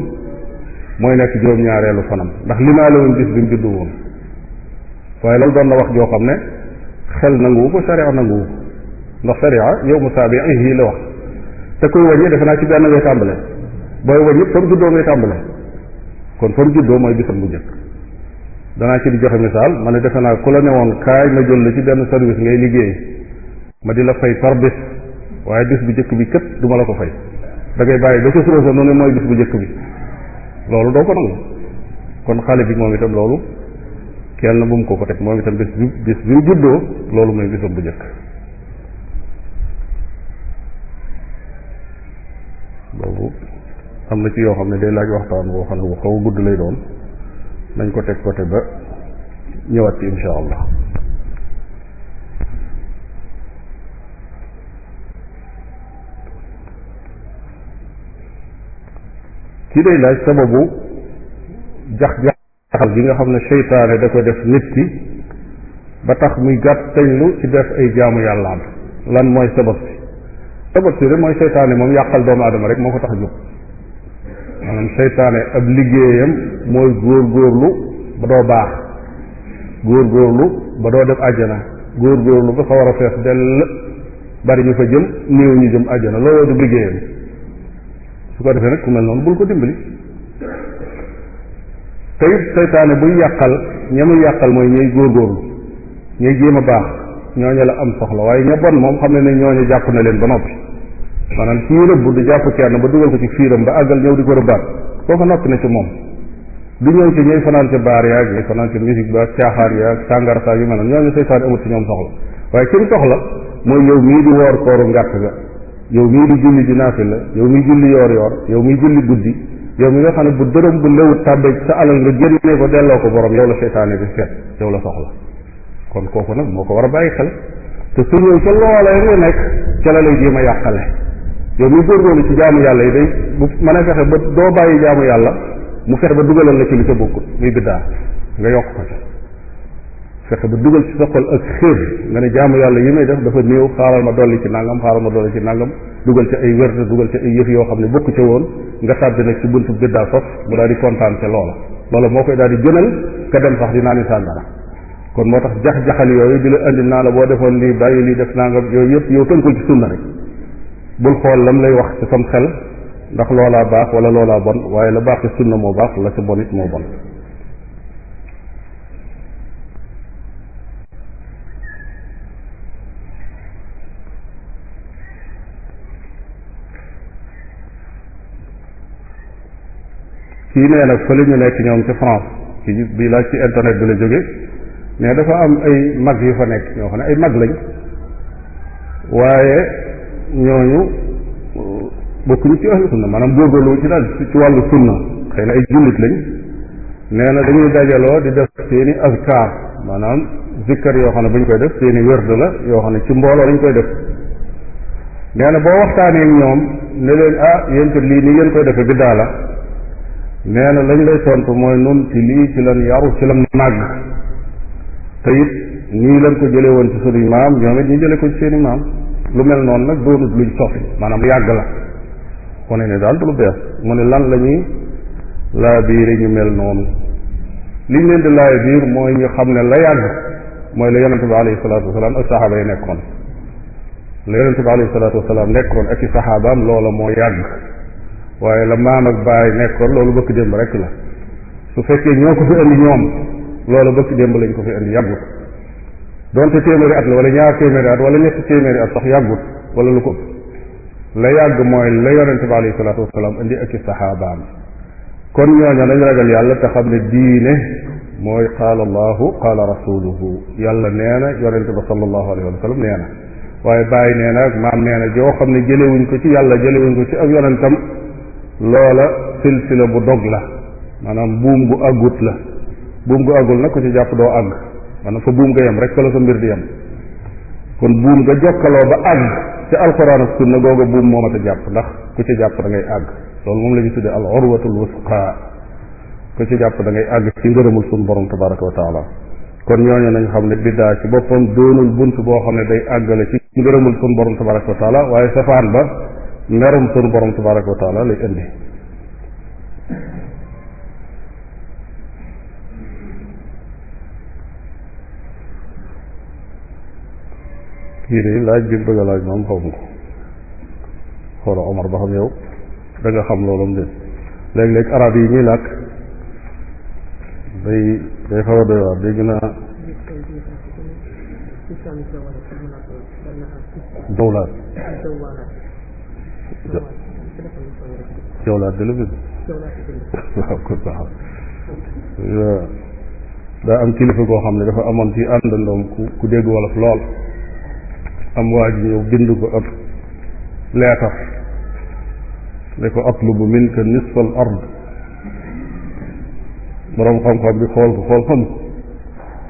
Speaker 1: mooy nekk juróom-ñaareelu fanam ndax limaale woon bis bi mu judd woon waaye loolu doon na wax joo xam ne xel nanguwu ko sariya nanguwu ko ndax sariya yow mu saabi ay la wax te koy wàññi defe naa ci benn ngay tàmbale booy wàññi fa mu juddoo ngay tàmbale kon fa juddoo mooy bisam bu njëkk danaa ci di joxe misaal ma ne defe naa ku la ne woon kaay ma ci benn service ngay liggéey ma di la fay par bés waaye bis bu jëkk bi kët du ma la ko fay dangay ngay bàyyi ba sa suróo sa noonu mooy bis bu jëkk bi loolu doo ko nangu kon xale bi moom itam loolu kenn bu mu ko ko teg moom itam bis bi bis bi mu juddoo loolu mooy bisam bu jëkk boobu am na ci yoo xam ne day laaj waxtaan boo xam ne bu xaw a gudd lay doon nañ ko teg côté ba ñëwaat ci insha allah ki day laaj sababu jax jaxal gi nga xam ne seytaane da ko def nit ki ba tax muy gàttañlu ci def ay jaamu yàllaam lan mooy sabab si sabab si rek mooy seytaane moom yàqal doomu aadama rek moo ko tax jóg maanaam seytaane ab liggéeyam mooy góorgóorlu ba doo baax góorgóorlu ba doo def àjjana góorgóorlu ba sa war a fees dell bari ñu fa jëm néew ñu jëm àjjana looloo du liggéeyam su ko defee nag ku mel noonu bul ko dimbali te it seytaane buy yàqal ña yàqal mooy ñooy góorgóorlu ñooy jéem a baax ñooña la am soxla waaye ña bon moom xam ne ne ñooña jàpp na leen ba noppi maanaam kii rëbb du jàpp kenn ba dugal ko ci fiiram ba àggal ñëw di ko rëbbaat kooku noppi na ci moom du ñëw ci ñooy fanaan ca baar yaag ñooy fanaan ca musique ba caaxaar yaag sàngartaa yu mel noonu ñooñu seytaane amut ci ñoom soxla waaye ki mu soxla mooy yow mii di yow mii di julli di naafila yow mii julli yoor yoor yow mii julli guddi yow mi nga xam ne bu dërëm bu lewut tàbbee sa alal nga génne ko delloo ko borom yow la seytaane bi seet yow la soxla kon kooku nag moo ko war a bàyyi xel te su ñëw ca loolee nga nekk ca la lay jéem a yàqale yow mi góorgóorlu ci jaamu yàlla yi day bu mën a fexe ba doo bàyyi jaamu yàlla mu fexe ba dugalal la ci li ca bokkut muy biddaa nga yokk ko ca fexe bi dugal ci sa ak xër nga ne jaamu yàlla yi may def dafa néew xaaral ma dolli ci nangam xaaral ma dolli ci nangam dugal ci ay wérte dugal ci ay yëf yoo xam ne bokk ca woon nga tàbbi nag ci buntu biddaa foof mu daal di kontaan ca loola loola moo koy daal di gënal ka dem sax di naani sàngara kon moo tax jax-jaxal yooyu di la indi naa la boo defoon lii bàyyi lii def nangam yooyu yëpp yow tënkul ci sunna rek bul xool lam lay wax ci sam xel ndax loolaa baax wala loolaa bon waaye la baax ci sunna moo baax la ca bon it moo kii nee na fële ñu nekk ñoom ci France ci bi laa ci internet bi la jóge mais dafa am ay mag yu fa nekk ñoo xam ne ay mag lañ waaye ñooñu euh, bokkuñu ci ahlu sunna maanaam góorgóorlu ci daal ci wàllu sunna xëy na ay jullit lañ nee na dañuy dajaloo di def seeni azkar maanaam zikkar yoo xam ne buñ ñu koy def seeni wérd la yoo xam ne ci mbooloo lañ koy def nee na boo waxtaanee ñoom ne leen ah yéen kat lii nii ngeen koy defee biddaa la nee na lañ lay tontu mooy nun ci lii ci lan yaru ci lan màgg te it nii ko jëlee woon ci sunuy maam ñoom it ñu jëlee ko ci seen i maam lu mel noonu nag doonut luñ soppi maanaam lu yàgg la wane ne daal du lu bees mu ne lan la ñuy laa biire ñu mel noonu liñ leen di laay biir mooy ñu xam ne la yàgg mooy la yonente bi alayhi salatu wasalaam ak saxaaba yi nekkoon la yonente bi alayhi salatu wasalaam nekkoon ak i saxaabaam loola moo yàgg waaye la maam ak baay nekkoon loolu bëkk démb rek la su fekkee ñoo ko fi indi ñoom loolu bëkk démb lañ ko fi indi yàggut donte téeméeri at la wala ñaar téeméeri at wala ñetti téeméeri at sax yàggut wala lu ko la yàgg mooy la yonente bi alayhi salaatu indi ak i saxaabaam kon ñooñu nañ ragal yàlla te xam ne diine mooy qaala allahu qaala rasuluhu yàlla nee na yonente ba sallallahu alayhi wa sallam nee na waaye bàyyi nee na ak maam nee na xam ne jëlewuñ yàlla jëlewuñ ci ak yonentam loola silsila bu dog la maanaam buum gu àggut la buum gu àggul nag ko ci jàpp doo àgg maanaam fa buum nga yem rek fa la sa mbir di yem kon buum ga jokkaloo ba àgg ci alquran ak na googa buum moom mat a jàpp ndax ku ci jàpp da ngay àgg loolu moom la ñu tuddee al urwatul wusqa ci jàpp da ngay àgg ci ngërëmul sun borom tabaraka wa taala kon ñooñu nañ xam ne biddaa ci boppam doonul bunt boo xam ne day àggale ci ngërëmul sun borom tabaraka wa taala waaye safaan ba merum sunu borom tabaraka wa taala lay indi kii de laaj bi bëgg a laaj moom xaw ma ko xoola Omar ba xam yow da xam loolu mu dén léeg-léeg arab yi ñuy làkk day day xaw a doy waar dégg naa
Speaker 2: dowlaat yow laa télévisé waaw
Speaker 1: daa am kilifa goo xam ne dafa amoon ci àndandoom ku ku dégg wolof lool am waa ji ñëw bind ko ab leetar ne ko atlubu minka nisfal ard boroom xam-xam bi xool ko xool xam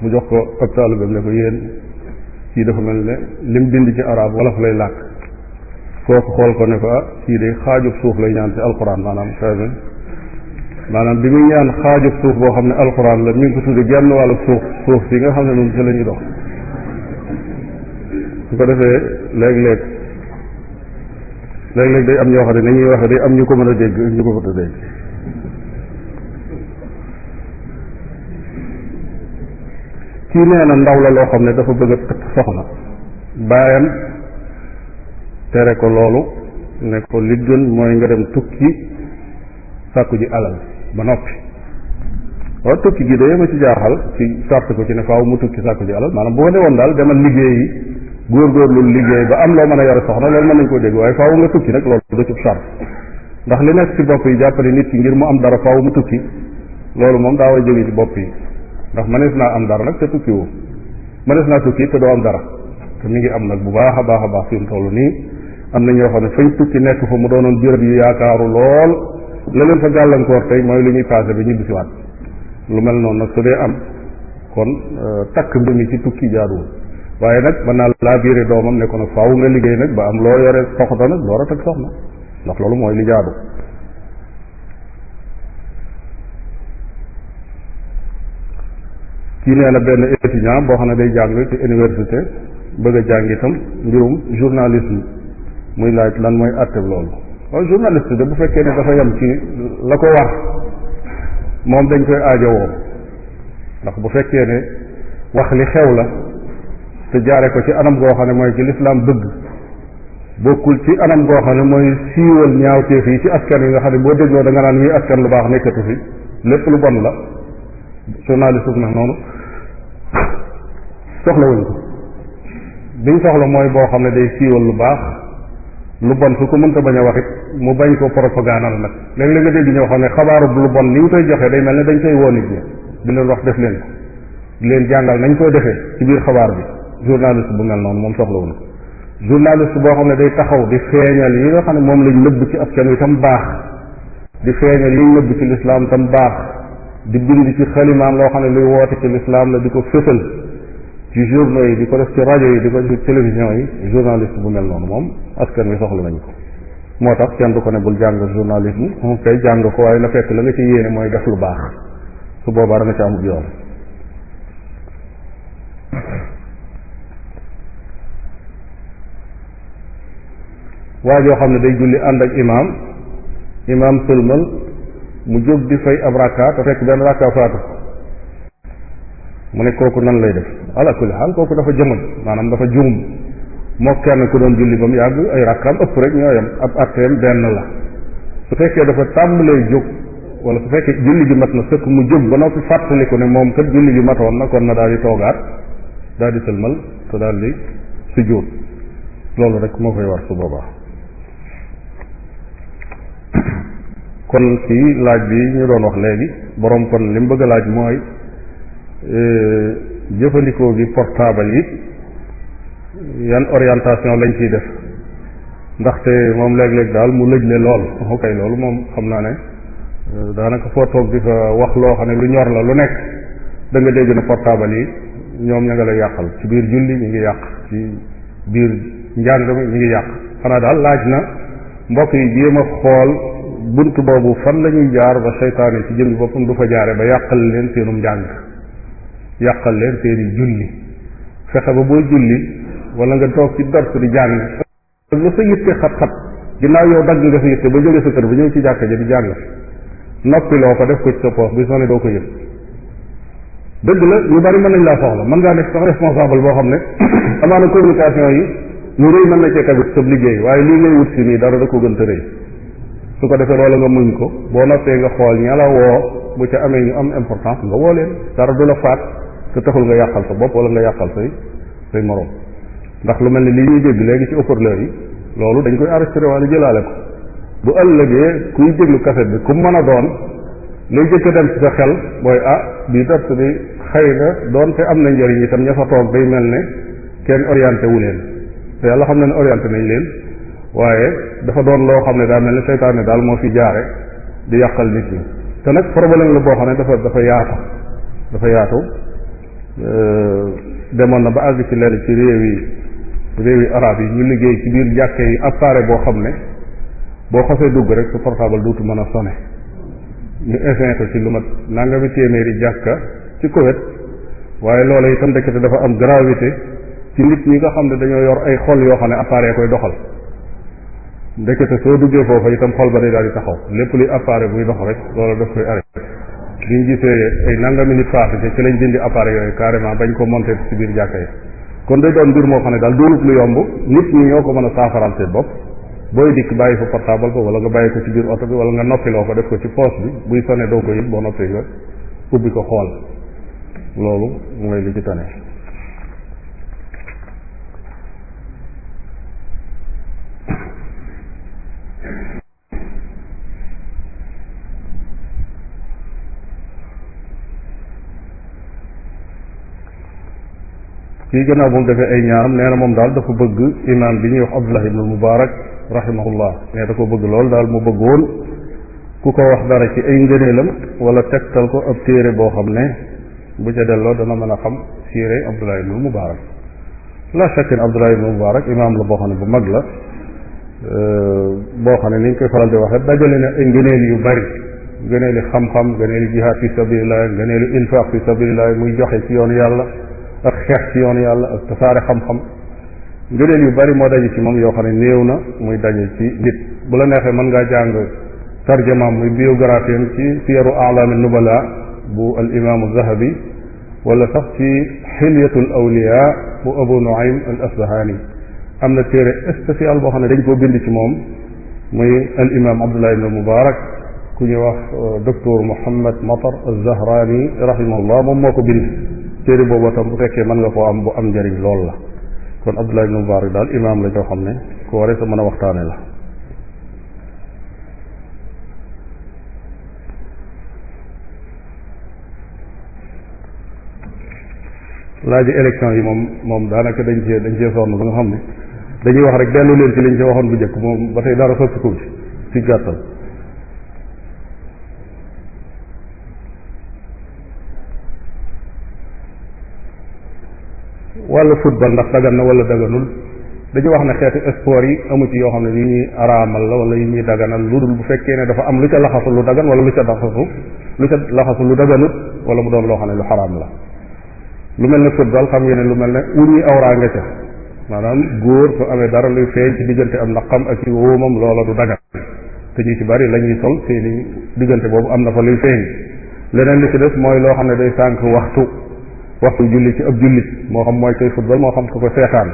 Speaker 1: mu jox ko ab taalibam ne ko yéen kii dafa mel ne lim bind ci araab wolof lay làkk kooku xool ko ne ko ah kii de xaajub suuf lay ñaan ci alquran maanaam kaamil maanaam bi muy ñaan xaajub suuf boo xam ne alquran la mi ko tudde genn wàllu suuf suuf si nga xam ne moom ci la ñuy dox su ko defee léeg-léeg léeg-léeg day am ñoo xam ne nañuy waxe day am ñu ko mën a dégg ñu ko ndaw la loo xam ne dafa bëgg a soxna baayam tere ko loolu ne ko li gën mooy nga dem tukki sàkku ji alal ba noppi waaw tukki gi dayema ci jaaxal ci sart ko ci ne faaw mu tukki sàkku ji alal maanaam boo ne woon daal demal liggéeyi góorgóorlu liggéey ba am loo mën a yore soxna loolu mën nañ koo dégg waaye faaw nga tukki nag loolu du ci sart ndax li nekk ci bopp yi jàppale nit ki ngir mu am dara faaw mu tukki loolu moom daa war jóge ci bopp yi ndax mënees naa am dara nag te tukki wu mënees naa tukki te doo am dara te mi ngi am nag bu baax a baax a baax fi mu toll nii am na ñoo xam ne fañ tukki nekk fa mu doonoon béréb yu yaakaaru lool la leen fa gàllankoor tey mooy lu ñuy passé ba ñibbi siwaat lu mel noonu nag su dee am kon euh, takk mbir mi ci tukki jaaduwul waaye nag mën naa laa biire doomam ne ko nag faaw nga liggéey nag ba am loo yore soxna nag loo rafet ndax loolu mooy li jaadu kii nee na benn étudiant boo xam ne day jàng ci université bëgg jàngitam mbirum journalisme muy laaj lan mooy àtte loolu waaw journaliste de bu fekkee ne dafa yam ci la ko war moom dañ koy aajowoo ndax bu fekkee ne wax li xew la te jaare ko ci anam goo xam ne mooy ci lislaam bëgg bokkul ci anam goo xam ne mooy siiwal ñaawteef yi ci askan yi nga xam ne boo dégloo da nga naan muy askan lu baax nekkatu fi lépp lu bon la journaliste bu ndax noonu soxlawuñ ko biñ soxla mooy boo xam ne day siiwal lu baax lu bon su ko mënta bañ a wax it mu bañ ko propagandal nag léeg-léeg nga dégg ñoo xam ne xabaaru lu bon ni ñu koy joxee day mel ne dañ koy woo nit ñi di leen wax def leen ko di leen jàngal nañ koy defee ci biir xabaar bi journaliste bu mel noonu moom soxlawul ko journaliste boo xam ne day taxaw di feeñal yi nga xam ne moom lañ nëbb ci ab can tam baax di feeñal yi nëbb ci lislaam tam baax di bind ci xalimaam loo xam ne luy woote ci lislaam la di ko fësal ci journaux di ko def ci rajo yi di ko def ci télévision yi journaliste bu mel noonu moom askan wi soxla nañ ko moo tax kenn ko ne bul jàng journalisme moom kay jàng ko waaye na fekk la nga ci yéene mooy def lu baax su boobaa danga ci amub yoon waa joo xam ne day julli ànd ak imaam imaam sëlmal mu jóg di fay ab rakka te benn rakka faatu mu ne kooku nan lay def ala kulli xaal kooku dafa jëmal maanaam dafa juum moo kenn ku doon julli ba mu yàgg ay rakkaam ëpp rek ñoo yem ab atteem benn la su fekkee dafa tàmbalee jóg wala su fekkee julli gi mat na sëkk mu jóg ba noppi fàttaliku ne moom kat julli gi matoon na kon na daal di toogaat daal di sëlmal te daal di sujjóot loolu rek moo koy war su boobaa kon ci laaj bi ñu doon wax léegi borom kon li mu bëgg laaj mooy Euh, jëfandikoo gi portable yi yan orientation lañ ciy def ndaxte moom léeg-léeg daal mu lëj le lool ok loolu moom xam naa ne euh, daanaka foo toog di fa wax loo xam ne lu ñor la lu nekk da nga dégg ne portable yi ñoom ña nga yàqal ci biir julli ñu ngi yàq ci biir njàng mi ngi yàq xanaa daal laaj na mbokk yi jéem a xool bunt boobu fan la ñuy jaar ba seytaane ci jëm boppam du fa jaare ba yàqal leen seenum njàng yàqal leen seeni julli fexe ba boo julli wala nga toog ci dors di jàng lu sa yitte xat-xat ginnaaw yow dagg nga sa yitte ba jóge sa kër ba ñëw ci jàkka ja di jàng noppi loo ko def ko ci sa poos bi doo ko yëg dëgg la ñu bari mën nañ laa soxla mën ngaa def sa responsable boo xam ne amaana communication yi ñu rëy mën na cee kabit sa liggéey waaye lii ngay wut si nii dara da ko gën te rëy su ko defee loola nga muñ ko boo noppee nga xool ña la woo amee ñu am importance nga woo leen dara du te taxul nga yàqal sa bopp wala nga yàqal say say morom ndax lu mel ni li ñuy dégg léegi ci haut-parleur yi loolu dañ koy enregistré wala jëlaale ko bu ëllëgee kuy déglu kaset bi ku mën a doon lay jëkk dem ci sa xel mooy ah bii dars bi xëy na doon te am na njëriñ itam ña fa toog day mel ne kenn orienté wu leen te yàlla xam na ne orienté nañ leen waaye dafa doon loo xam ne daal mel ne seytaane daal moo fi jaare di yàqal nit ñi te nag problème la boo xam ne dafa dafa yaatu dafa yaatu Euh, demoon na ba àgg ci lenn ci réew yi réew yi arab yi ñu liggéey ci biir jàkke yi appareil boo xam ne boo xasee dugg rek su portable dootu mën a sone ñu inventé ci lu mat nangami téeméeri jàkka ci Koweït waaye loola itam ndekete dafa am gravité ci nit ñi nga xam ne dañoo yor ay xol yoo xam ne appareil koy doxal ndekete soo duggee foofa itam xol ba day daal di taxaw lépp luy appareil buy dox rek loola daf koy arrêté biñ gisee ay nangami nit faatu ca ci lañ dindi appareil yooyu carrément bañ ko monté ci biir jàkka yi kon day doon mbir moo xam ne daal doonut lu yomb nit ñi ñoo ko mën a saafaral seen bopp booy dikk bàyyi fa portable ba wala nga bàyyi ko ci biir oto bi wala nga noppiloo ko def ko ci poche bi buy sone doo ko yëg boo noppee nga ubbi ko xool loolu mooy li ci tane kii gannaaw bu mu defee ay ñaanam nee na moom daal dafa bëgg imaam bi ñuy wax Abdullah ibn Mubarak rahimahullah nee da ko bëgg lool daal mu woon ku ko wax dara ci ay ngëneelam wala tegtal ko ab téere boo xam ne bu ca delloo dana mën a xam siire Abdullah ibn Mubarak la shakk ne Abdullah ibn Mubarak imaam la boo xam ne bu mag la euh, boo xam ne ni ñu koy faral di waxee dajale na ay ngëneel yu bari ngëneeli xam-xam ngëneeli jihaad fi sabilillah ngëneeli infaq fi sabilillah muy joxe ci yoonu yàlla ak xeex ci yoon yàlla ak tasaare xam-xam ngëneel yu bari moo daje ci moom yoo xam ne néew na muy daje ci nit bu la neexee mën ngaa jàng tarjamaam muy biographie am ci siyaru alaami nubala bu al imaamu zahabi wala sax ci xilyatul awliya bu abu nuaym al asbahani am na téere spécial boo xam ne dañ koo bind ci moom muy al imam abdullah ibn mubarak ku ñuy wax euh, docteur mohammad matar al zahrani rahimahullah moom moo ko bind téere boobu tam bu fekkee man nga koo am bu am njëriñ lool la kon Abdullah ibn Mubarak daal imaam la joo xam ne ku waree sa mën a waxtaane la laaji élection yi moom moom daanaka dañ cee dañ cee sonn ba nga xam ne dañuy wax rek dellu leen ci liñ ci waxoon bu njëkk moom ba tey dara soppiku ci gàttal wala football ndax dagan na wala daganul dañu wax na xeeti sport yi amu ci yoo xam ne yu ñuy araamal la wala yu ñuy daganal lu dul bu fekkee ne dafa am lu ca laxasu lu dagan wala lu ca laxasu lu ca laxasu lu daganut wala mu doon loo xam ne lu xaraam la lu mel ne football xam yeneen lu mel ne uñuy awraa nga ca maanaam góor su amee dara luy feeñ ci diggante am naqam ak ci wóomam loola du dagan te ñu ci bari la ñuy sol seeni diggante boobu am na fa luy feeñ leneen li loo xam ne day sànq waxtu waxtu julli ci ab jullit moo xam mooy koy football moo xam ko ko seetaan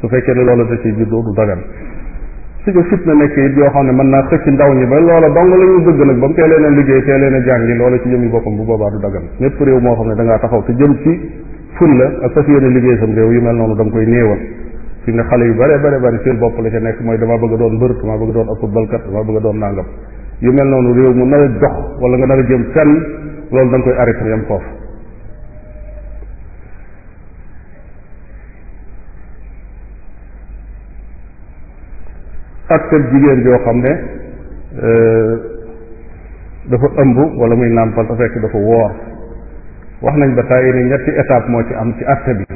Speaker 1: su fekkee ne loola da ciy juddoo du dagan su ko fitna nekk yoo xam ne mën naa ndaw ñi ba loola dong la ñu ba mu tee leen a liggéey tee leen a jàngi loola ci jëm yi bu boobaa du dagan ñépp réew moo xam ne da taxaw te jëm ci réew yu mel noonu da nga koy néewal fi ne xale yu bare bare bari seen bopp la ca nekk mooy damaa bëgg doon mbër damaa bëgg a doon ab footballkat damaa bëgg doon nangam yu mel noonu réew mu nar a dox wala nga nar a jëm fenn loolu da koy koy arrêté yam foofu ak jigéen joo xam ne euh, dafa ëmb wala muy nàmpal te fekk dafa woor wax nañ ba tàyyi ni ñetti étape moo ci am ci atte bi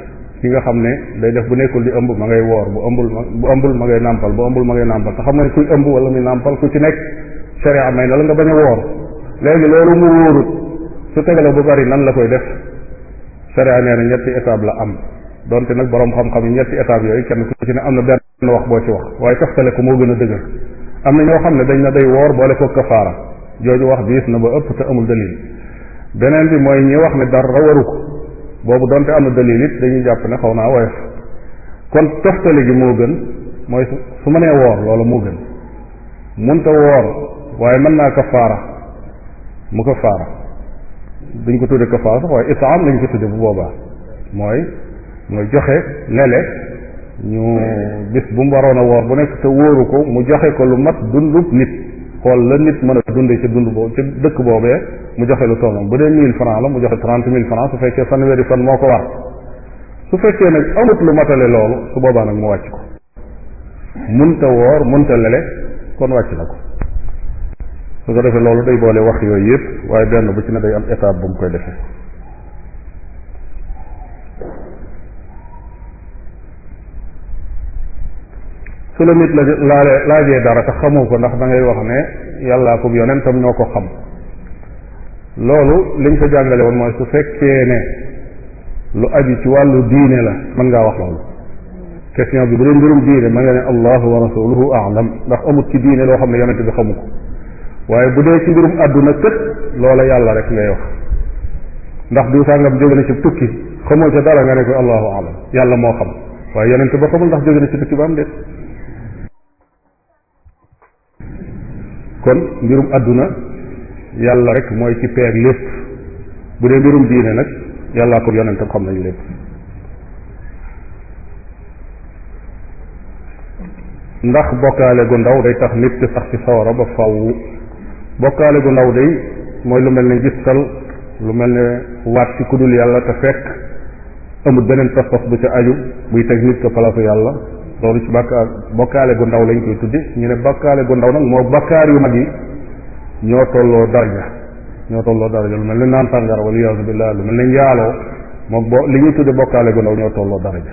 Speaker 1: ki nga xam ne day def bu nekkul di ëmb ma ngay woor bu ëmbul bu ëmbul ma ngay nàmpal bu ëmbul ma ngay nàmpal te xam nga ne kuy ëmb wala muy nàmpal ku ci nekk sharia may na la nga bañ a woor léegi loolu mu wóorut su tegale bu bari nan la koy def sharia nee na ñetti étape la am donte nag boroom xam-xam yi ñetti étape yooyu kenn ku ci ne am na benn wax boo ci wax waaye toftale ko moo gën a dëgër am na ñoo xam ne dañ na day woor boole ko kafaara jooju wax diis na ba ëpp te amul dalil beneen bi mooy ñi wax ne dara waru ko boobu donte am na dalil dañuy jàpp ne xaw naa woyof kon toftale gi gën mooy su ma nee woor loolu moo gën munta woor waaye mën naa kafaara mu kafaara duñ ko tudde kafaara sax waaye itaam lañ ko tudde bu boobaa mooy mooy joxe lele ñu bis bu mu waroon a woor bu nekk te wóoru ko mu joxe ko lu mat dundub nit xool la nit mën a dundee ca dund boobu ca dëkk boobee mu joxe lu tolloon bu dee mille francs la mu joxe trente mille francs su fekkee fan fanweeri fan moo ko war su fekkee nag amut lu matale loolu su boobaa nag mu wàcc ko munta woor munta lele kon wàcc na ko su ko defee loolu day boole wax yooyu yëpp waaye benn bu ci ne day am étape bu mu koy defee su la nit la laalee laajee dara te xamoo ko ndax da ngay wax ne yàllaa ko yonentam ñoo ko xam loolu liñ ko jàngale woon mooy su fekkee ne lu aju ci wàllu diine la mën ngaa wax loolu question bi bu dee mbirum diine mën nga ne ndax amut ci diine loo xam ne yonent bi xamu ko waaye bu dee ci mbirum àdduna kët loola yàlla rek ngay wax ndax diw sàngam jóge na ci tukki xamoo ca dara nga ne ko allahu alam yàlla moo xam waaye yonent ba xamul ndax jóge na tukki ba am déet kon mbirum adduna yàlla rek mooy ci peeg lépp bu dee mbirum diine nag yàllaa ko yonentam xam nañu lépp ndax bokkaale gu ndaw day tax nit ki sax ci sawara ba faww bokkaale gu ndaw day mooy lu mel ne gistal lu mel ne waat ci ku dul yàlla te fekk amul beneen pas bu ca aju buy teg ko palaasu yàlla loolu ci bàkkaar bokkaale gu ndaw lañ koy tudde ñu ne bokkaale gu ndaw nag moo bakkaar yu mag yi ñoo tolloo daraja ñoo tolloo daraja lu mel ne naan tàngara wala iyaasu billah lu mel ne njaaloo moom bo li ñuy tudde bokkaale gu ndaw ñoo tolloo daraja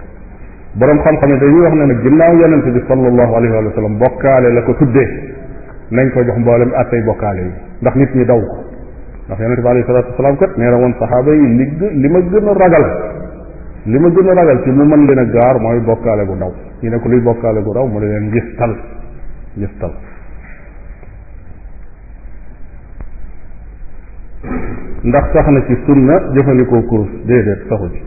Speaker 1: borom xam-xam ne dañuy wax ne nag ginnaaw yonente bi sallallahu alayhi wa sallam bokkaale la ko tuddee nañ ko jox mboolem attey bokkaale yi ndax nit ñi daw ko ndax yonente bi alayhi salatu wasalaam kat nee na li li ma gën a ragal li ma gën a ragal ci mu mën leen gaar mooy bokkaale gu ndaw ñu ne ko luy bokkaale gu raw mu ne leen ngistal ngistal ndax sax na ci sunna jëfandikoo kurus déedéet saxu ci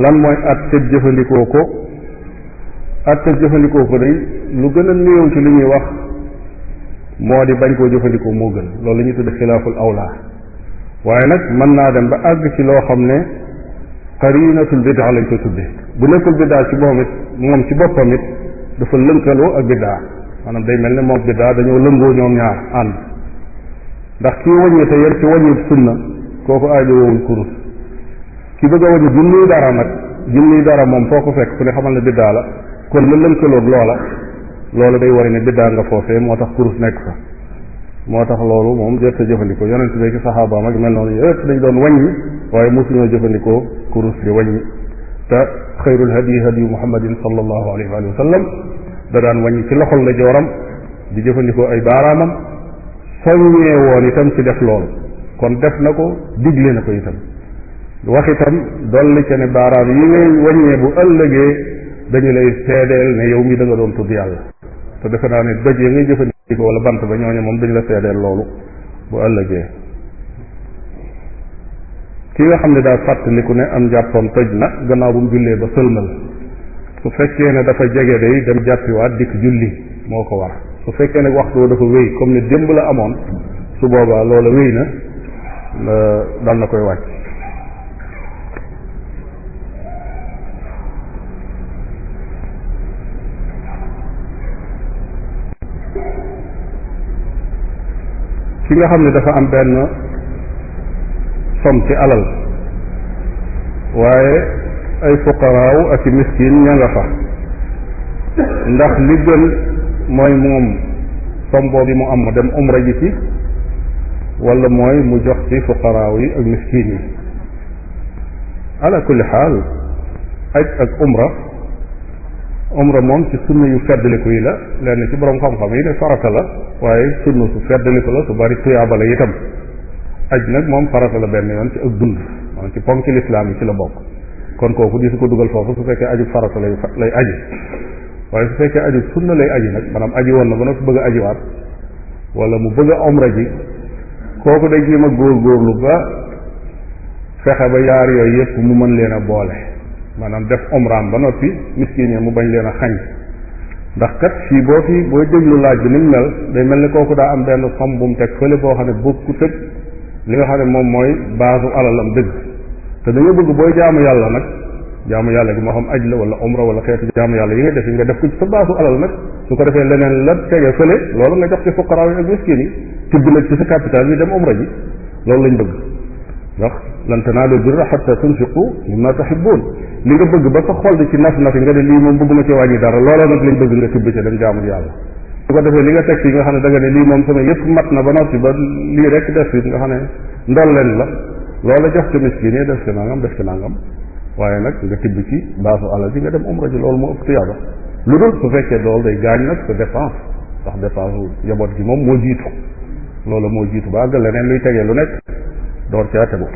Speaker 1: lan mooy at tëb jëfandikoo ko at tëb jëfandikoo ko day lu gën a néew ci li ñuy wax moo di bañ koo jëfandikoo moo gën loolu la ñuy tudde xilaaful awlaa waaye nag mën naa dem ba àgg ci loo xam ne qarinatul biddaa lañ koy tuddee bu nekkul biddaa ci moom it moom ci boppam it dafa lënkaloo ak biddaa maanaam day mel ne moom biddaa dañoo lëngoo ñoom ñaar ànd ndax kii wàññi te yar ci wàññi sunna kooku aajowul kurus ki bëgg a wàññi junniy dara nag junniy dara moom koo ko fekk ku ne xamal ne biddaa la kon la lënkaloog loola loola day wari ne biddaa nga foofee moo tax kurus nekk ko moo tax loolu moom jërte jëfandikoo yonent bi ak saxaabaam ak mel noonu yëpp dañ doon wàññi waaye mosuñoo jëfandikoo kurus di wàññi te xayrul hadi hadiyu muhammadin sallallahu alayhi wa sallam da daan wàññi ci loxol la jooram di jëfandikoo ay baaraamam soññee woon itam ci def lool kon def na ko digle na ko itam wax itam dolli ca ne baaraam yi ngay wàññee bu ëllëgee dañu lay seedeel ne yow mi da doon tudd yàlla te defe naa ne doj ya ngay jëfandikoo ko wala bant ba ñooñu moom dañ la seedeel loolu bu ëllëgee ki nga xam ne daa fàttaliku ne am jàppoon toj na gannaaw bu mu jullee ba sëlmal su fekkee ne dafa jege day dem jàppiwaat dikk julli moo ko war su fekkee ne waxtu woo dafa wéy comme ne démb la amoon su boobaa loola wéy na euh, dal na koy wàcc ki nga xam ne dafa am benn som ci alal waaye ay fuqaraaw ak i miskin ña nga ndax li gën mooy moom som boobu mu am dem umra ji ci wala mooy mu jox ci yi ak miskin ala kulli xaal aj ak umra umra moom ci sunna yu feddaliku yi la lenn ci borom xam-xam yi ne farata la waaye sunna su feddaliku la su bari tuyaaba la itam aj nag moom farata la benn yoon ci ak dund maanaam ci ponki lislaam yi ci la bokk kon kooku di su ko dugal foofu su fekkee aju farata lay lay aji waaye su fekkee aju sunna lay aji nag maanaam aji woon na ba noppi bëgg a ajiwaat wala mu bëgg a umra ji kooku day jéem a góorgóorlu ba fexe ba yaar yooyu yëpp mu mën leen a boole maanaam def omraam ba noppi miskin yi mu bañ leen a xañ ndax kat fii boo fi booy déglu laaj bi ni mu mel day mel ni kooku daa am benn som bu mu teg fële boo xam ne bokku tëj li nga xam ne moom mooy baasu alalam dëgg te dañoo bëgg booy jaamu yàlla nag jaamu yàlla gi moo xam aj la wala omra wala xeetu jaamu yàlla yi nga def yi nga def ko ci sa baasu alal nag su ko defee leneen la tege fële loolu nga jox ci fuqaraaw yi ak miskin yi tibb nag ci sa capital loolu lañ bëgg ndax lan tanaalu birra xatta tunfiqu mimma tuhibbun li nga bëgg ba sa xol di ci naf nafi nga ne lii moom bëgguma ci wàññi dara loola nag lañ bëgg nga tibb ca dem li nga teg fi nga xam ne da nga ne lii moom sama yëpp mat na ba noppi ba lii rek def fi nga xam ne ndolleen la loola jox ko miskin yi def ko nangam def ko nangam waaye nag nga tibb ci baasu alal ji nga dem umra ji loolu moo ëpp tuyaaba lu dul su fekkee loolu day gaañ nag sa dépense ndax dépense njaboot gi moom moo jiitu loolu moo jiitu ba àgg leneen luy tegee lu nekk door caa tegu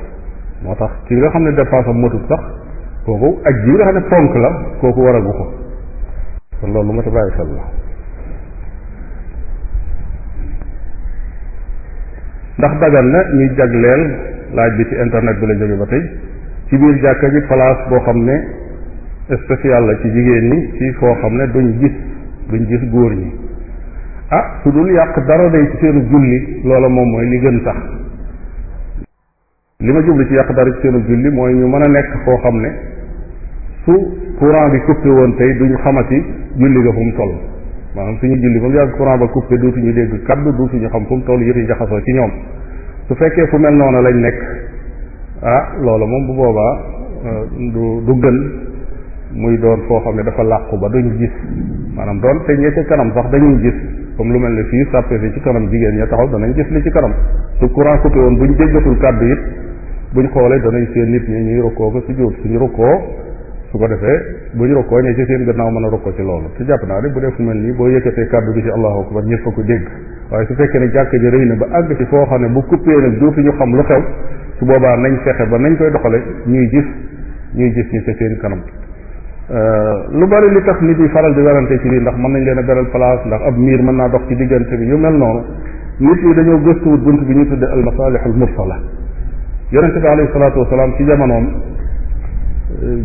Speaker 1: moo tax ki nga xam ne dépense am matut sax kooku ak ji nga xam ne ponk la kooku waragu ko kon loolu lu ma bàyyi xel la ndax dagan na ñuy jagleel laaj bi ci internet bi la jóge ba tey ci biir jàkka ji place boo xam ne spécial la ci jigéen ñi ci foo xam ne duñ gis duñ gis góor ñi ah su dul yàq dara day ci seenu julli loola moom mooy li gën sax li ma jublu ci yàq dara ci seenu julli mooy ñu mën a nekk foo xam ne su courant bi coupé woon tey du ñu xamati julli ga fu mu toll maanaam suñu julli ba mu yàgg courant ba coupé dootuñu dégg kaddu dootuñu xam fu mu toll yëf yi jaxasoo ci ñoom su fekkee fu mel noonu lañ nekk ah loolu moom bu boobaa euh, du du gën muy doon foo xam ne dafa làqu ba duñ gis maanaam doon te ñee ca kanam sax dañuy gis comme lu mel ne fii sàppe si ci kanam jigéen ña taxaw danañ gis li ci kanam su courant coupé woon buñ déggatul kàddu it buñ xoolee danañ seen nit ñi ñuy rukkoo ko sujjóot suñu rukkoo su ko defee buñ rukkoo ñe ci seen gannaaw mën a rukkoo ci loolu te jàpp naa ne bu dee fu mel nii boo yëkkatee kàddu gi ci allahu akbar ñëpp a ko dégg waaye su fekkee ne jàkk ji rëy na ba àgg ci foo xam ne bu coupé nag dootu ñu xam lu xew su boobaa nañ fexe ba nañ koy doxale ñuy gis ñuy gis ñi ci seen kanam euh, lu bari li tax nit ñi faral di werante ci lii ndax mën nañ leen a beral place ndax ab miir mën dox ci diggante bi yu mel noonu nit ñi dañoo gëstuwut bunt bi ñu tudde al masalih al mursala yonente bi alayhi salaatu wasalaam ci jamonoom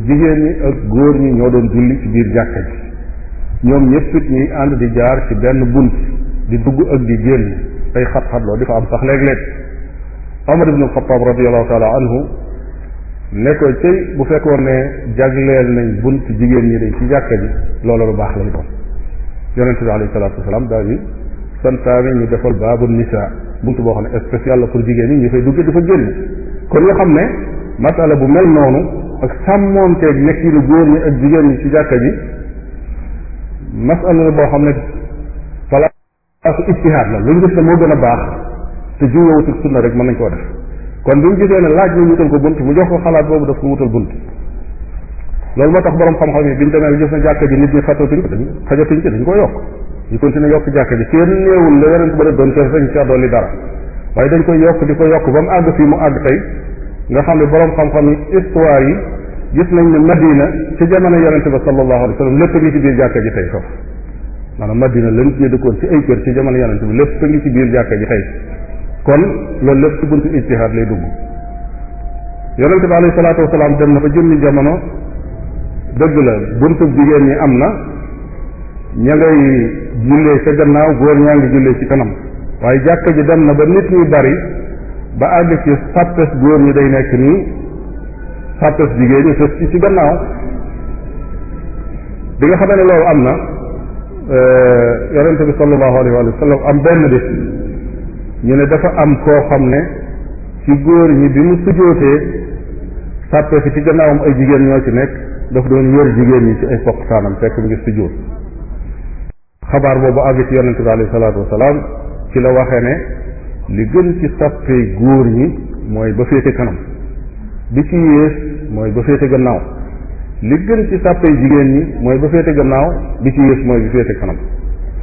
Speaker 1: jigéen ñi ak góor ñi ñoo doon julli ci biir jàkka ji ñoom ñëpp ñuy ànd di jaar ci benn bunt di dugg ak di génn tey xat-xatloo di fa am sax léeg-léeg Omar ibn Xattaab radiallahu taala anhu ne ko cëy bu fekkoon ne jagleel nañ bunt jigéen ñi dañ ci jàkka ji loolu lu baax lay doon yonente bi alayhi salaatu wasalaam daal di santaane ñu defal baabu nisa bunt boo xam ne spécial la pour jigéen ñi ñu fay dugge di fa génn kon nga xam ne masala bu mel noonu ak sàmmoonteeg nekkinu góor ñi ak jigéen ñi ci jàkka ji masala la boo xam ne palaasu ijtihaad la lu ñu gis ne moo gën a baax te juyowutul sunna rek mën nañ koo def kon bi mu gisee ne laaj nañ wutal ko bunt mu jox ko xalaat boobu daf ko wutal bunt loolu moo tax borom xam-xam yi biñ demee bi gis na jàkka ji nit ñi xatatuñ ko dañ xajatuñ ci dañ ko yokk ne continué yokk jàkka ji kenn néewul la yonent ba doon dara waaye dañ koy yokk di ko yokk ba mu àgg fii mu àgg tey nga xam ne borom xam-xam yi histoire yi gis nañ ne Madina ci jamono yonente ba sallallahu alayhi wa sallam lépp a ngi ci biir jàkka ji tey foofu maanaam Madina lañ ñu dëkkoon ci ay kër ci jamono yonente bi lépp a ngi ci biir jàkka ji tey kon loolu lépp ci buntu ijtihaad lay dugg yonente bi alayhi salaatu wasalaam dem na ba jëmmi jamono dëgg la buntu jigéen ñi am na ña ngay jullee ca gannaaw góor ñaa ngi jullee ci kanam waaye jàkka ji dem na ba nit ñi bari ba àgg ci sàppes góor ñi day nekk nii sàppes jigéen ñi sës ci ci gannaaw bi nga xamee ne loolu am na euh, yonente bi sallallahu alayhi wa sallam am benn bis ñu ne dafa am koo xam ne ci góor ñi bi mu sujootee sàppe si ci gannaawam ay jigéen ñoo ci nekk daf doon wër jigéen ñi ci ay poqtaanam fekk mu ngi sujoot xabaar boobu àgg ci yonente bi alayhi salaatu wasalaam ci la waxee ne li gën ci sappee góor ñi mooy ba féete kanam bi ci yées mooy ba féete gannaaw li gën ci sàppay jigéen ñi mooy ba féete gannaaw bi ci yées mooy bi féete kanam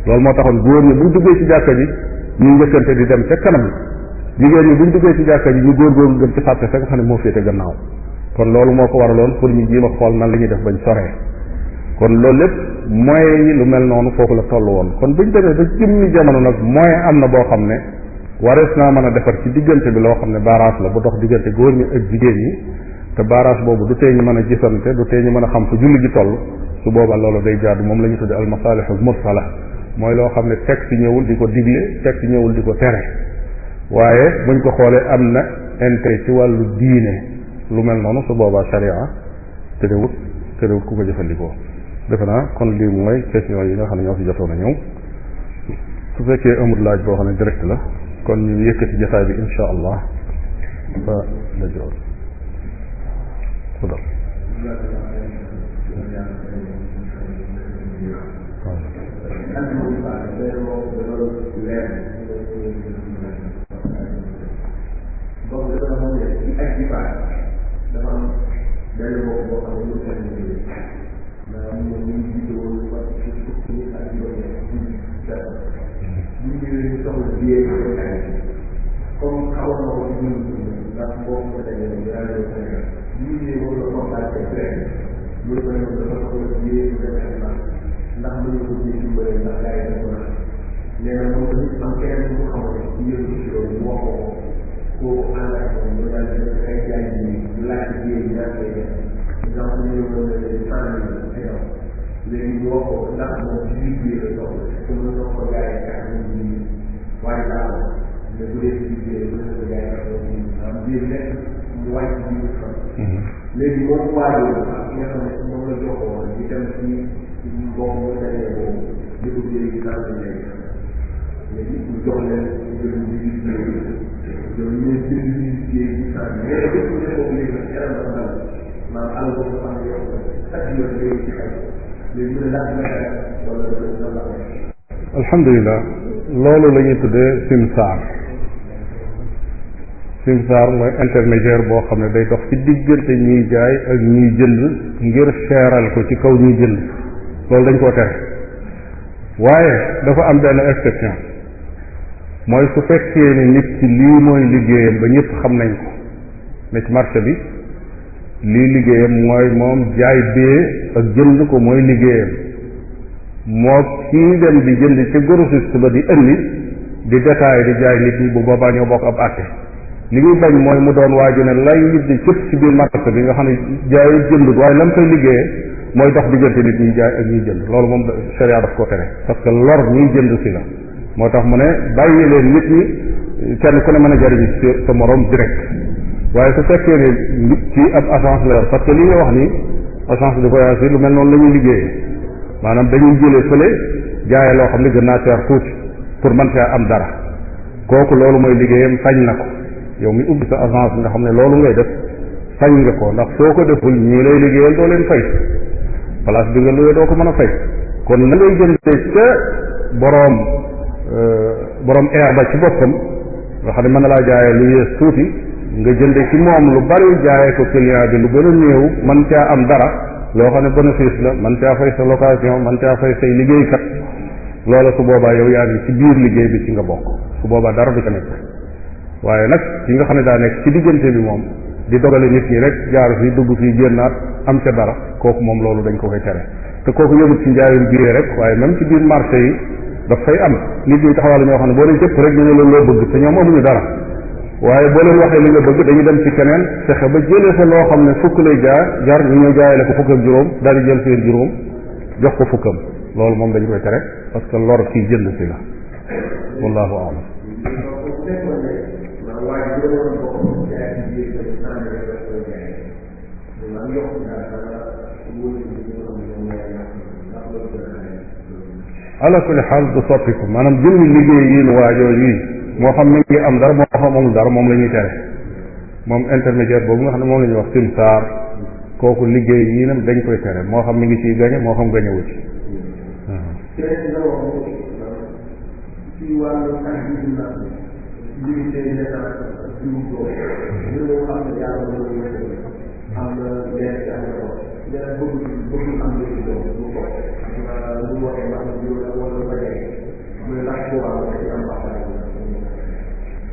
Speaker 1: loolu moo taxoon góor ñi buñ duggee ci jàkka ji ñuy njëkkante di dem ca kanam jigéen ñi buñ duggee ci jàkka ji ñu góor góor gën ci sàppe fa nga xam ne moo féete gannaaw kon loolu moo ko waraloon pour ñu jéem a xool na la ñuy def bañ soree kon loolu lépp moyens yi lu mel noonu foofu la toll woon kon buñ demee ba jëmmi jamono nag moyen am na boo xam ne warees naa mën a defar ci diggante bi loo xam ne barrage la bu dox diggante góor ñi ak jigéen yi te barrage boobu du tee mën a gisante du tee ñu mën a xam fu julli ji toll su boobaa loolu day jaar jaadu moom la ñu tudde almasalihu mursala mooy loo xam ne texte ñëwul di ko digle texte ñëwul di ko tere waaye buñ ko xoolee am na intérêt ci wàllu diine lu mel noonu su boobaa sharia tërewut tërewut ku ko jëfandikoo defe naa kon lii mooy question yi nga xam ne ñoo fi jotoon a ñëw su fekkee amul laaj boo xam ne direct la kon ñu yëkkati jotaay bi insha allah ba la joor
Speaker 2: ñu soxla biir comme xawoon na ko ci ñun ndax boo ko dajee ñu daal di Sénégal ñu ngi war a combattre train mu ne ko ñoom dafa soxla biir ndax mu ñu ko biir dimbale ndax gars yi dafa naan nee na moom tamit am keneen bu xamoon ci yéen ci loolu mu wax ko kooku ànd ak moom ñu daal di def ay jaay bi ñu laaj biir ñu daal koy def ndax mu ñu ko leen cent mille ay léegi ñu wax ko ndax moom ci biir biir la soxla te mu soxla gars yi waaye daaw nga bëree
Speaker 1: alhamdulilah loolu la ñuy tuddee simsaar simsaar mooy intermédiaire boo xam ne day dox ci diggante ñuy jaay ak ñuy jënd ngir seeral ko ci kaw ñuy jënd loolu dañ koo tere waaye dafa am benn exception mooy su fekkee ne nit ci lii mooy liggéeyam ba ñëpp xam nañ ko ne ci marché bi lii liggéeyam mooy moom jaay bee ak jënd ko mooy liggéeyam moo kii dem di jënd ci grossiste ba di ëndi di détaillé di jaay nit ñi bu boobaa ñoo bokk ab àtte li muy bañ mooy mu doon waaju ne lay nit di cëpp ci biir bi nga xam ne jaay jëndut waaye lam koy liggéeyee mooy dox diggante nit ñuy jaay ak ñuy jënd loolu moom sharia daf ko tere parce que lor ñuy jënd si la moo tax mu ne bàyyi leen nit ñi kenn ku ne mën a jariñu sa morom direct waaye su fekkee nit ci ab agence la yor parce que li nga wax ni agence de voyage lu mel noonu la ñuy liggéeyee maanaam dañuy jëlee fële jaaye loo xam ne gën naa seer tuuti pour mën fee am dara kooku loolu mooy liggéeyam sañ na ko yow mi ubbi sa agence nga xam ne loolu ngay def sañ nga ko ndax soo ko deful ñii lay liggéeyal doo leen fay place bi nga luwee doo ko mën a fay kon la ngay jëndee ca boroom euh, boroom air ba ci boppam nga xam ne mën na laa jaayee lu yées tuuti nga jënde ci moom lu bari jaaye ko client bi lu gën a néew man caa am dara loo xam ne bénéfice la man caa fay sa location man caa fay say liggéeykat loola su boobaa yow yaa ngi ci biir liggéey bi ci nga bokk su boobaa dara du ca nekk waaye nag yi nga xam ne daa nekk ci diggante bi moom di dogale nit ñi rek jaar fii dugg fii génnaat am ca dara kooku moom loolu dañ ko koy tere te kooku yëmut ci njaayum biir rek waaye même ci biir marché yi daf fay am nit ñi taxawal ñoo xam ne boo leen jëpp rek ñu ne loolu loo bëgg te ñoom amuñu dara waaye boo leen waxee li nga bëgg dañuy dem ci keneen fexe ba jëlee fa loo xam ne fukk lay jaar jar ñu ñëw jaayale ko fukk ak juróom daal di jël seen juróom jox ko fukkam loolu moom dañu koy tere parce que lor kii jënd si la wallahu aalam ala kulli maanaam jëmmi liggéey moo xam mi ngi am dara moo xam amul dara moom la ñuy tere moom intermédiaire boobu nga xam ne moom la ñuy wax simsaar kooku liggéey yi nam dañ koy tere moo xam mi ngi ciy gañe moo xam gañe wu ci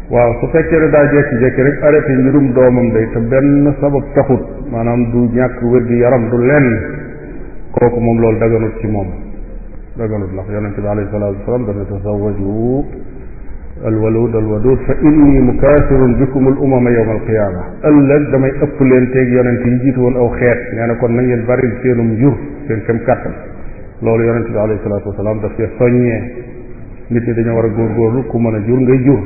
Speaker 1: waaw su fekkee ne daa jékki-jékki rek arrêté mbirum doomam day te benn sabab taxut maanaam du ñàkk wér-gi-yaram du lenn kooku moom loolu daganut ci moom daganut ndax yonente bi alayhi salatu wasalaam dana tasawaju alwalud alwadud fa inni mukaasirun bikum al umama yowma alqiyaama ëllëg damay ëpp leen teeg yonente yi jiitu woon aw xeet nee na kon na ngeen bari seenum jur seen kem kàttan loolu yonente bi alayhi salatu wasalaam daf cee soññee nit ñi dañoo war a góor góorgóorlu ku mën a jur ngay jur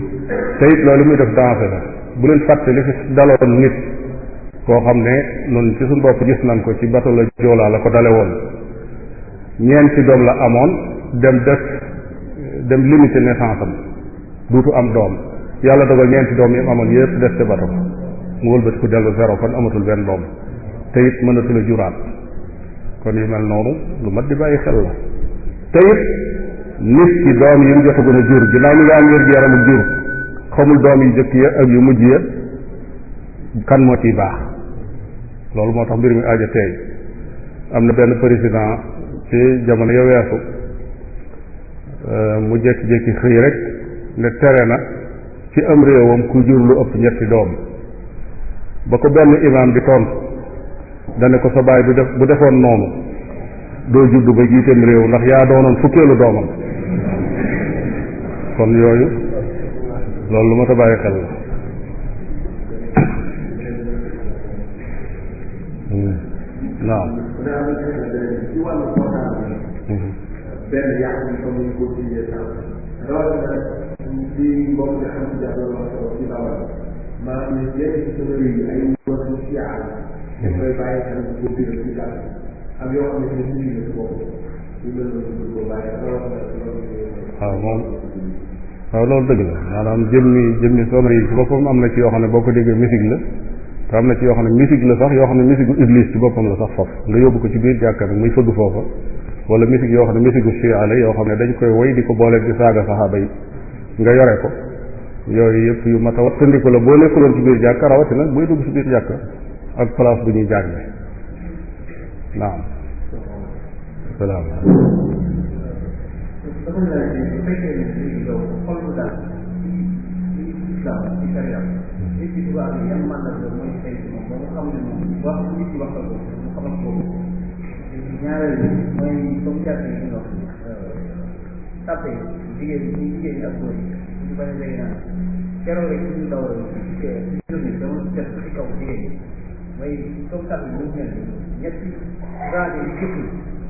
Speaker 1: te it loolu muy def danger la bu leen fàtte li fi daloon nit koo xam ne noonu ci suñu bopp gis nañ ko ci bato la joolaa la ko dale woon ñeenti doom la amoon dem def dem limité naissance am duutu am doom yàlla dogal ñeenti doom yi amoon yëpp def ci bato mu wëlbati ku dellu zéro kon amatul benn doom te it mënatul a juraat kon yu mel noonu lu mat di bàyyi xel la te nit ci doom yi mu jotagoon a jur ginnaaw am wér gi xamul doom yu jëkk ya ak yu mujj ya kan moo ciy baax loolu moo tax mbir mi aaja tey am na benn président ci jamono ya weesu euh, mu jékki-jékki xëy rek ne tere na ci am réewam ku jur lu ëpp ñetti doom ba ko benn imaam bi tontu dane ko sa baay bu def bu defoon noonu doo juddu ba jiiteem réew ndax yaa doonoon fukkeelu doomam kon yooyu loolu lu ma ta bàyyi xel
Speaker 2: la waaw benn yàq bi comme ni ñu ko jiyee sax rawatina ci mbokk nga xam ne jàll na solo ci lawal maanaam ne léegi sama yi ay wàllu ci àll. ñu koy bàyyi xel bu ko biir ci dàll ak yoo xam ne ñu ngi ko bokk. waaw
Speaker 1: moom waaw loolu dëgg la maanaam jëmmi jëmmi sonore yi ci boppam am na ci yoo xam ne boo ko déggee musique la te am na ci yoo xam ne musique la sax yoo xam ne musique iblis ci boppam la sax faf nga yóbbu ko ci biir jàkka nag muy fëgg foofa wala musique yoo xam ne musique chia la yoo xam ne dañ koy woy di ko boolee di saaga saxaaba yi nga yore ko yooyu yëpp yu mat a wattandiku la boo nekkuloon ci biir jàkka rawatina buy dugg ci biir jàkka ak place bu ñuy jànge
Speaker 2: salaam. ñaareel bi mooy comme jàpp yi ñu wax tàppe jigéen ñi jigéen ñi ak góor yi ñu bañ a day naan keroog rek ñu daw rek ci journée dama def ci kaw jigéen ñi mooy comme tàppe bu ñu mel ñetti rajo yi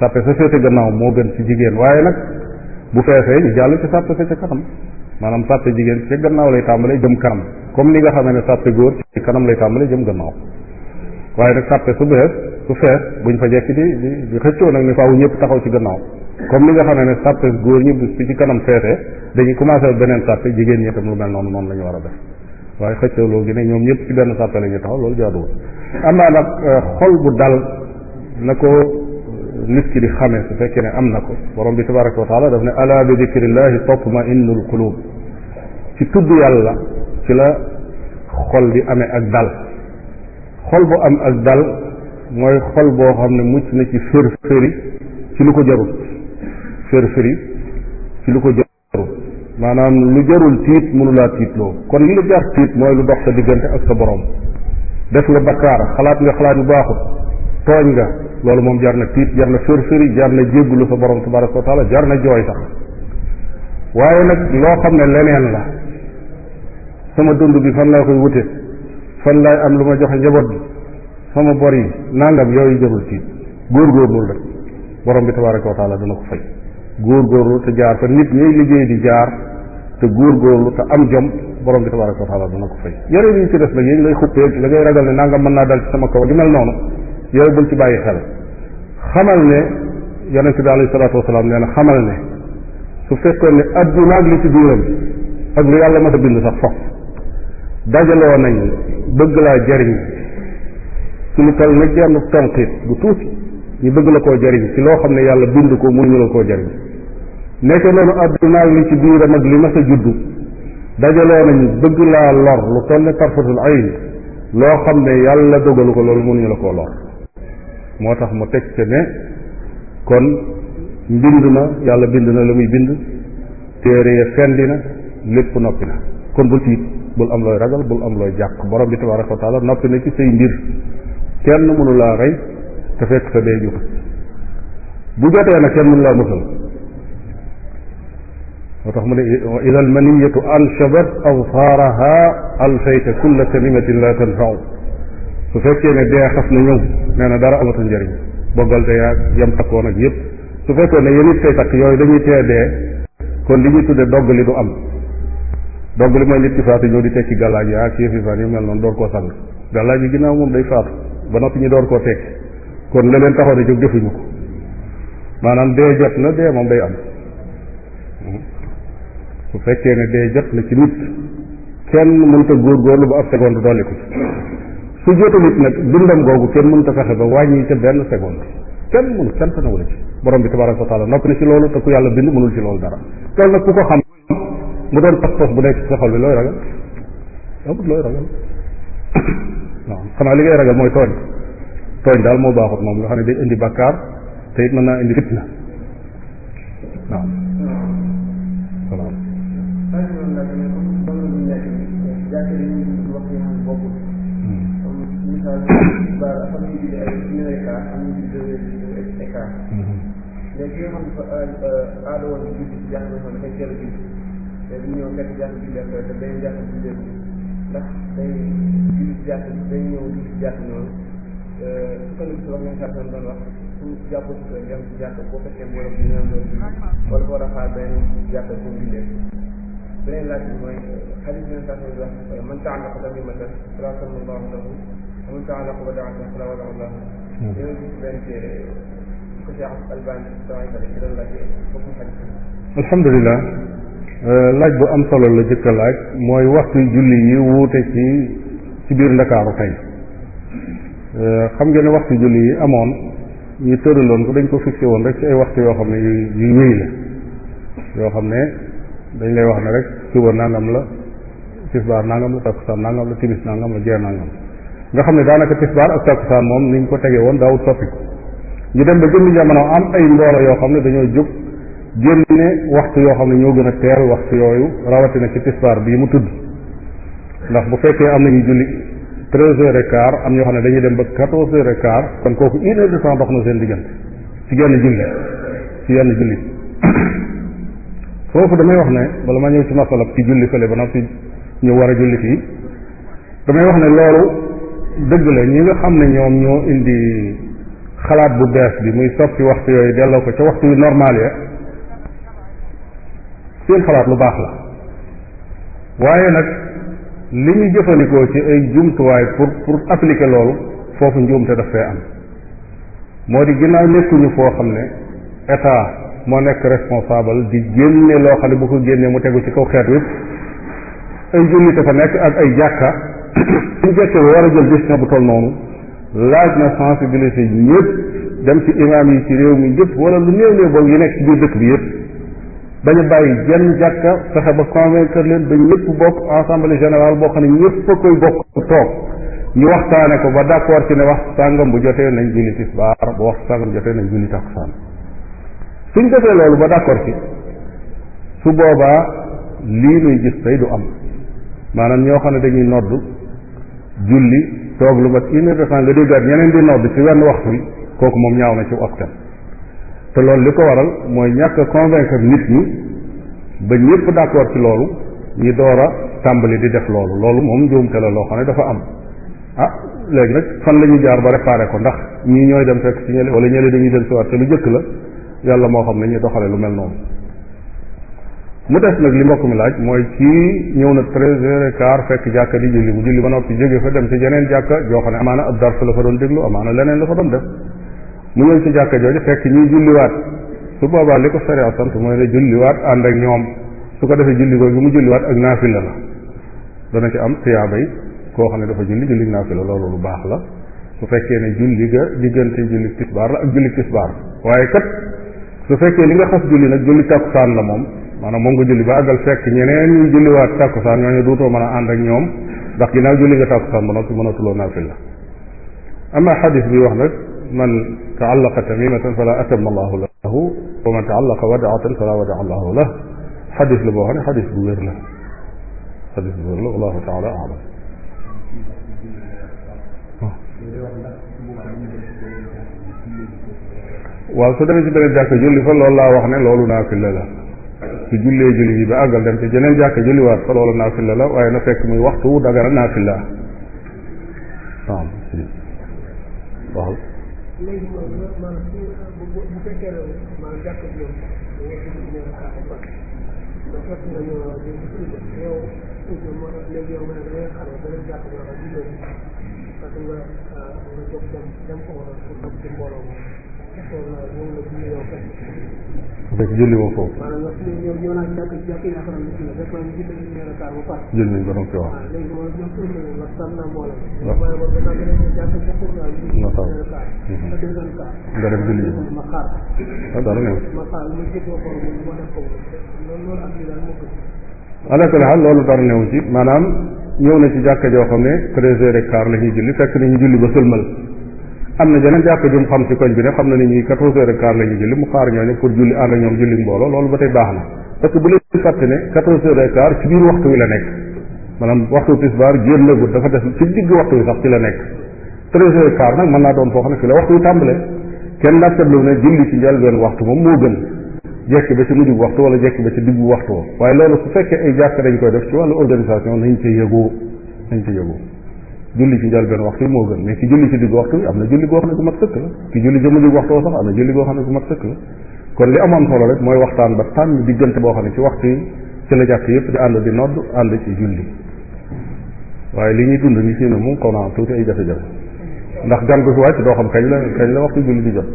Speaker 1: sàppe sa féete gannaaw moo gën ci jigéen waaye nag bu feesee ñu jàll ci sàppe sa ca kanam maanaam sàppe jigéen ci ca gannaaw lay tàmbalee jëm kanam comme ni nga xamee ne sàppe góor ci kanam lay tàmbalee jëm gannaaw waaye nag sàppe su bees ci kanam feesee dañuy commencé beneen sàppe jigéen ñi lu mel noonu noonu la war a def waaye xëccoo loo gi ne ñoom ñëpp ci benn sàppe la ñu taxaw loolu jaaduwul am naa nag euh, xol bu dal na ko nit ki di xamee su fekkee ne am na ko borom bi tabaraka wa taala daf ne ala bi dicrillahi tatma innul qulub ci tudd yàlla ci la xol di amee ak dal xol bu am ak dal mooy xol boo xam ne mucc na ci fërfëri ci lu ko jarul fërfëri ci lu ko jarul maanaam lu jarul tiit mënulaa tiitloo kon lu la jar tiit mooy lu dox sa diggante ak sa borom def nga bakkaar xalaat nga xalaat yu baaxut tooñ nga loolu moom jar na tiit jar na fërfëri jar na jéggulu sa borom tabaraka wa taala jar na jooy sax waaye nag loo xam ne leneen la sama dund bi fan laa koy wute fan laay am lu ma joxe njaboot bi sama bor yi nangam yooyu jarul tiit góorgóorlu rek borom bi tabaraka wa taala dana ko fay góorgóorlu te jaar fa nit ñuy liggéey di jaar te góorgóorlu te am jom borom bi tabaraka wa taala dana ko fay yeneen yi ci des nag yéen lay xuppee la ngay ragal ne nangam mën naa dal ci sama kaw li mel noonu yooyu bul ci bàyyi xel xamal ne yonente bi alayhi salaatu wasalaam nee na xamal ne su fekkoon ne adduna li ci biiram ak lu yàlla ma a bind sax fof dajaloo nañ bëgg laa jariñ ci lu toll bu tuuti bëgg la koo jariñ ci loo xam ne yàlla bind ko mënuñu la koo jariñ nekke noonu adduna ak li ci biiram ak li ma a juddu dajaloo nañ bëgg laa lor lu toll ne tarfatul ay loo xam ne yàlla dogalu ko loolu mënuñu la koo lor moo tax mu teg ca ne kon mbind na yàlla bind na la muy bind téere ya fendi na lépp noppi na kon bul tiit bul am looy ragal bul am looy jàq borom bi tabaraka wa taala noppi na ci say mbir kenn mënu rey te fekk sa dee bu jotee nag kenn mënu laa moo tax mu ne wa ida almaniyatu anshabat azfaaraha alfayta kulla kalimatin la tanfau su fekkee ne dee xas na ñëw nee na dara amatul njëriñ boggal de yaag yam takkoon ak yëpp su fekkoon ne yéen it say takk yooyu dañuy tee dee kon li ñuy tuddee doggali du am doggali mooy nit ki faatu ñëw di tekki gàllaaj yaa kii fi fan yi mel noonu door koo sang gàllaaj yi ginnaaw moom day faatu ba noppi ñu door koo tekki kon la leen taxoon a jóg defuñu ko maanaam dee jot na dee moom day am su fekkee ne dee jot na ci nit kenn mënta góorgóorlu ba ab ko su jotu nit nag dundam googu kenn mënut a fexe ba wàññi ca benn seconde kenn mënu kenn tanawu a ci borom bi tabaraka wa taala noppi na ci loolu te ku yàlla bind mënul ci loolu dara loolu nag ku ko xam mu doon pas-pas bu nekk ci xol bi looy ragal amut looy ragal waaw xanaa li ngay ragal mooy tooñ tooñ daal moo baaxut moom nga xam ne day indi bakkaar te it mën naa indi fitna
Speaker 2: waaw ba am ñu tuddee ay numéros écart am ñu tuddee numéros écart. léegi ki nga xam ne fa aada woon di julli si jàkka bi dafay teel a julli léegi ñëw fekk jàkka bi def te beneen jàkka bi def ndax day julli si jàkka bi day ñëw julli si jàkka noonu su ko defee wax nga xam ne doon wax su jàpp si sa dem si jàkka boo fekkee mbooloo bi ñu doon julli wala war a xaar benn jàkka bu mu jullee beneen laaj bi mooy xarit bi nga xam ne wax man tax na ko tamit ma def sallallahu alayhi wa sallam amul temps
Speaker 1: alhamdulilah laaj bu am solo la jëkk a laaj mooy waxtu julli yi wuute ci ci biir ndakaaru tey xam ngeen ne waxtu julli yi amoon ñu tëraloon ko dañ ko fixé woon rek ci ay waxtu yoo xam ne yu yu wéy la yoo xam ne dañ lay wax ne rek suba nangam la tisbaar nangam la takkusaan nangam la timis nangam la jeer nangam nga xam ne daanaka tisbaar ak takkusaan moom ñu ko tegee woon daawut soppiku ñu dem ba jëmmi jamono am ay mboolo yoo xam ne dañoo jóg génne waxtu yoo xam ne ñoo gën a teel waxtu yooyu rawatina ci tisbaar bii mu tudd ndax bu fekkee am nañu julli treize heures et quart am ñoo xam ne dañuy dem ba quatorze heures et quart kon kooku une heure de temps na seen diggante ci genn julli ci yenn julli foofu damay wax ne bala ma ñëw ci masalab ci julli fële ba noppi ñu war a julli fii dëgg la ñi nga xam ne ñoom ñoo indi xalaat bu bees bi muy soppi waxtu yooyu delloo ko ca waxtu yu normal ya seen xalaat lu baax la waaye nag li ñu jëfandikoo ci ay jumtuwaay pour pour appliquer loolu foofu njuumte te fee am moo di ginnaaw nekkuñu foo xam ne état moo nekk responsable di génne loo xam ne bu ko génnee mu tegu ci kaw xeet wi ay jullit fa nekk ak ay jàkka suñ fekkee war a jël décision bu toll noonu laaj na sensibiliser ñëpp dem ci imaam yi ci réew mi ñëpp wala lu néew néew boog yi nekk ci biir dëkk bi yëpp bañ a bàyyi jenn jàkka fexe ba convaincre leen ba ñëpp bokk assemblée générale boo xam ne ñëpp a koy bokk toog ñu waxtaane ko ba d'accord ci ne wax sàngam bu jotee nañ julli tisbaar bu wax sàngam jotee nañ julli takkusaan suñ defee loolu ba d'accord ci su boobaa lii nuy gis tey du am maanaam ñoo xam ne dañuy nodd julli toog lu ba une heure de temps nga déggaat ñeneen di nodd ci wenn waxtu wi kooku moom ñaaw na ci askan te loolu li ko waral mooy ñàkk a convaincre nit ñi ba ñëpp d'accord ci loolu ñi door a tàmbali di def loolu loolu moom njuumte la loo xam ne dafa am ah léegi nag fan la ñuy jaar ba réparé ko ndax ñii ñooy dem fekk ci ñële wala ñële dañuy dem si waat te lu jëkk la yàlla moo xam ne ñuy doxale lu mel noonu mu des nag li mbokk mi laaj mooy kii ñëw na treize heures et quart fekk jàkka di julli bu julli ba noppi jóge fa dem ci jeneen jàkka joo xam ne amaana ab dars la fa doon déglu amaana leneen la fa doon def mu ñëw ci jàkka jooju fekk ñuy julliwaat su boobaa li ko sariya sant mooy ne julliwaat ànd ak ñoom su ko defee julli googu mu julliwaat ak naafila la dana ci am tiyaabay koo xam ne dafa julli julli naafila loolu lu baax la su fekkee ne julli ga diggante julli tisbaar la ak julli tisbaar waaye kat su fekkee li nga xas julli nag julli takkusaan la moom maanaam moom nga julli ba àggal fekk ñeneen ñuy julliwaat tàkkusaan ñooñu duutoo mën a ànd ak ñoom ndax ginnaaw julli nga tàkkusaan ba noppi mënatuloo naafil la ama xadis bi wax nag man taallaqa tamimatan fala atama allahu lahu wa man taallaqa wadaatan fala wadaa allahu lah xadis la boo xam ne xadis bu wér la xadis bu wér la wallahu taala alam waaw su demee ci beneen jàkk julli fa loolu laa wax ne loolu naafil la su jullee julli bi ba àggal dem ci jeneen jàkk julliwaat fa loolu naafila la waaye na fekk muy waxtu wu dagara naafila waaw
Speaker 2: waaw fekk julli moom foofu. jël nañ ko doon ci na sax nga mhm. dem julli ji. ah dara ne
Speaker 1: alakul xaal loolu dara newu ci maanaam ñëw na ci jàkka joo xam ne treize heures et quart la ñuy julli fekk nañu julli ba sëlmal am na jeneen jàkk jum xam ci koñ bi ne xam na ni ñuy quatorze heures et quart la ñu julli mu xaar ñooñu pour julli ànd ñoom julli mbooloo loolu ba tey baax na parce que bu leen fàtte ne quatorze heures et ci biir waxtu wi la nekk maanaam waxtu tisbaar génn lagul dafa def ci digg waxtu wi sax ci la nekk treize heures et quart nag mën naa doon foo xam ne fi la waxtu wi tàmbale kenn naattablu ne julli ci njëlbeen waxtu moom moo gën jekki ba ci mujjub waxtu wala jekki ba ci diggu waxtu waaye loolu su fekkee ay jàkk dañ koy def ci wàllu organisation nañ ca yëgoo nañ ca yëgoo julli ci njëlbeen waxtu yi moo gën mais ki julli ci digg waxtu bi am na julli goo xam ne gu mat sëkk la ki julli ci mujj waxtu sax am na julli goo xam ne gu mat sëkk la kon li amoon solo rek mooy waxtaan ba tànn diggante boo xam ne ci waxtu yi ci la jàkk yëpp di ànd di nodd julli waaye li ñuy dund ni fii ne moom xaw naa tuuti ay jafe-jafe ndax gan gu fi wàcc doo xam kañ la kañ la waxtu julli di jot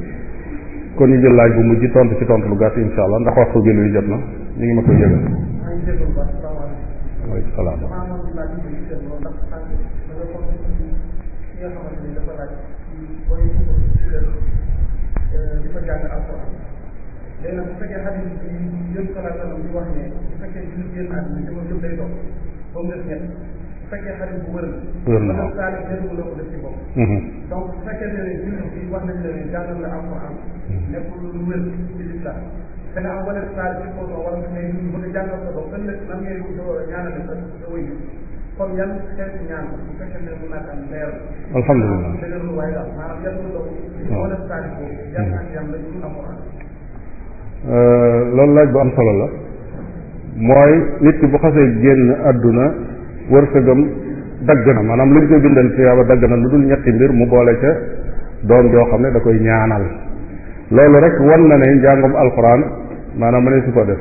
Speaker 1: kon ñu jël laaj bu mujj tontu ci tontu lu gàtt insha allah ndax waxtu julli di jot na ñu ngi ma koy yëgal.
Speaker 2: salaam jàng alxuraan léegi nag bu fekkee xadis wa sallam di wax ne bu fekkee jullit génn àddina jëmam yëpp day dox ba mu def ñett bu fekkee xadis bu wër la ba a comme yan alhamdulilah la ñu
Speaker 1: euh, loolu laaj bu am solo la mooy nit ki bu xasee génn àdduna wërsëgam dagg na maanaam lu ñu koy bindal tiyaaba dagg na lu dul ñetti mbir mu boole ca doom joo xam ne da koy ñaanal loolu rek wan na ne njàngum alxuraan maanaam mëneesu ko def.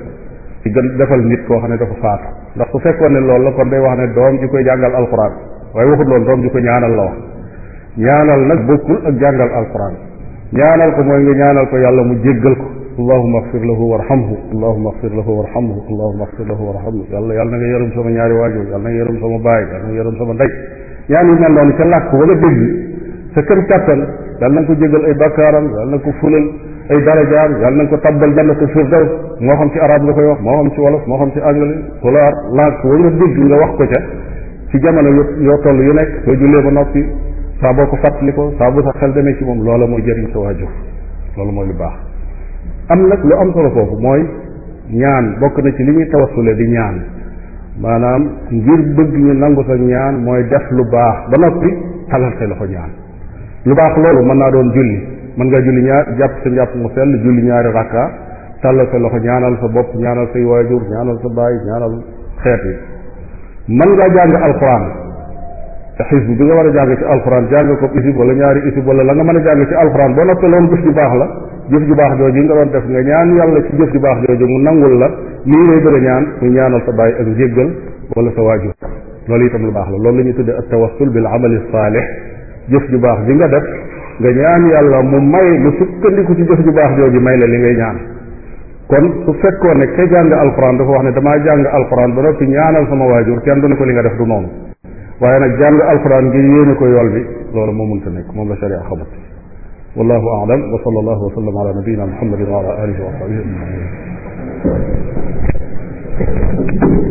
Speaker 1: ci gën defal nit koo xam ne dafa faatu ndax su fekkoon ne loolu la kon day wax ne doom ji koy jàngal alxuraan waaye waxut loolu doom ji ko ñaanal la wax ñaanal nag bokkul ak jàngal alxuraan ñaanal ko mooy nga ñaanal ko yàlla mu jéggal ko allahuma axfir lahu warhamhu allahuma axfir lahu warhamhu allahuma axfir lahu warhamhu yàlla yàlla na nga yërëm sama ñaari waajur yàlla na nga yërëm sama baay yàlla na nga yërëm sama ndey ñaan yu mel noonu ca làkk wala dégg sa këm kàttan yàlla na nga ko jéggal ay ay darajaam yàlla na nga ko tabbal jannatu firdaws moo xam ci arab nga koy wax moo xam ci wolof moo xam ci anglais pulaar langue wa nga dégg nga wax ko ca ci jamono yu yoo toll yu nekk soo jullee ba noppi saaboo boo ko li ko saaboo bu sa xel demee ci moom loola mooy jëriñ sa waajur loolu mooy lu baax am nag lu am solo foofu mooy ñaan bokk na ci li ñuy tawassule di ñaan maanaam ngir bëgg ñu nangu sa ñaan mooy def lu baax ba noppi talal say ko ñaan lu baax loolu mën naa doon julli mën ngaa julli ñaar jàpp sa jàpp mu sell julli ñaari rakka tàllal sa loxo ñaanal sa bopp ñaanal say waajur ñaanal sa baay ñaanal xeet yi mën ngaa jàng alxuraan te xisbu bi nga war a jàng ci alxuraan jàng ko isib wala ñaari isib wala la nga mën a jàng ci alxuraan boo noppee loolu jëf ju baax la jëf ju baax jooju nga doon def nga ñaan yàlla ci jëf ju baax jooju mu nangul la lii ngay bëgg a ñaan mu ñaanal sa baay ak njéggal wala sa waajur loolu itam lu baax la loolu la ñuy tuddee at tawassul bil amali saalih jëf ju baax ji nga def nga ñaan yàlla mu may nga sukkandiku ci jëf ju baax jooju may la li ngay ñaan kon su fekkoon ne ka jàng alxuraan dafa wax ne damaa jàng alxuraan ba noppi ñaanal ma waajur kenn du ne ko li nga def du noonu waaye nag jàng alxuraan ngir yéene ko yool bi loolu moo mënta nekk moom la sharia xamut wallahu aalam wa sallallahu wa sallam ala nabiyina muhammadin wa ala alihi wa sahbihi ajmain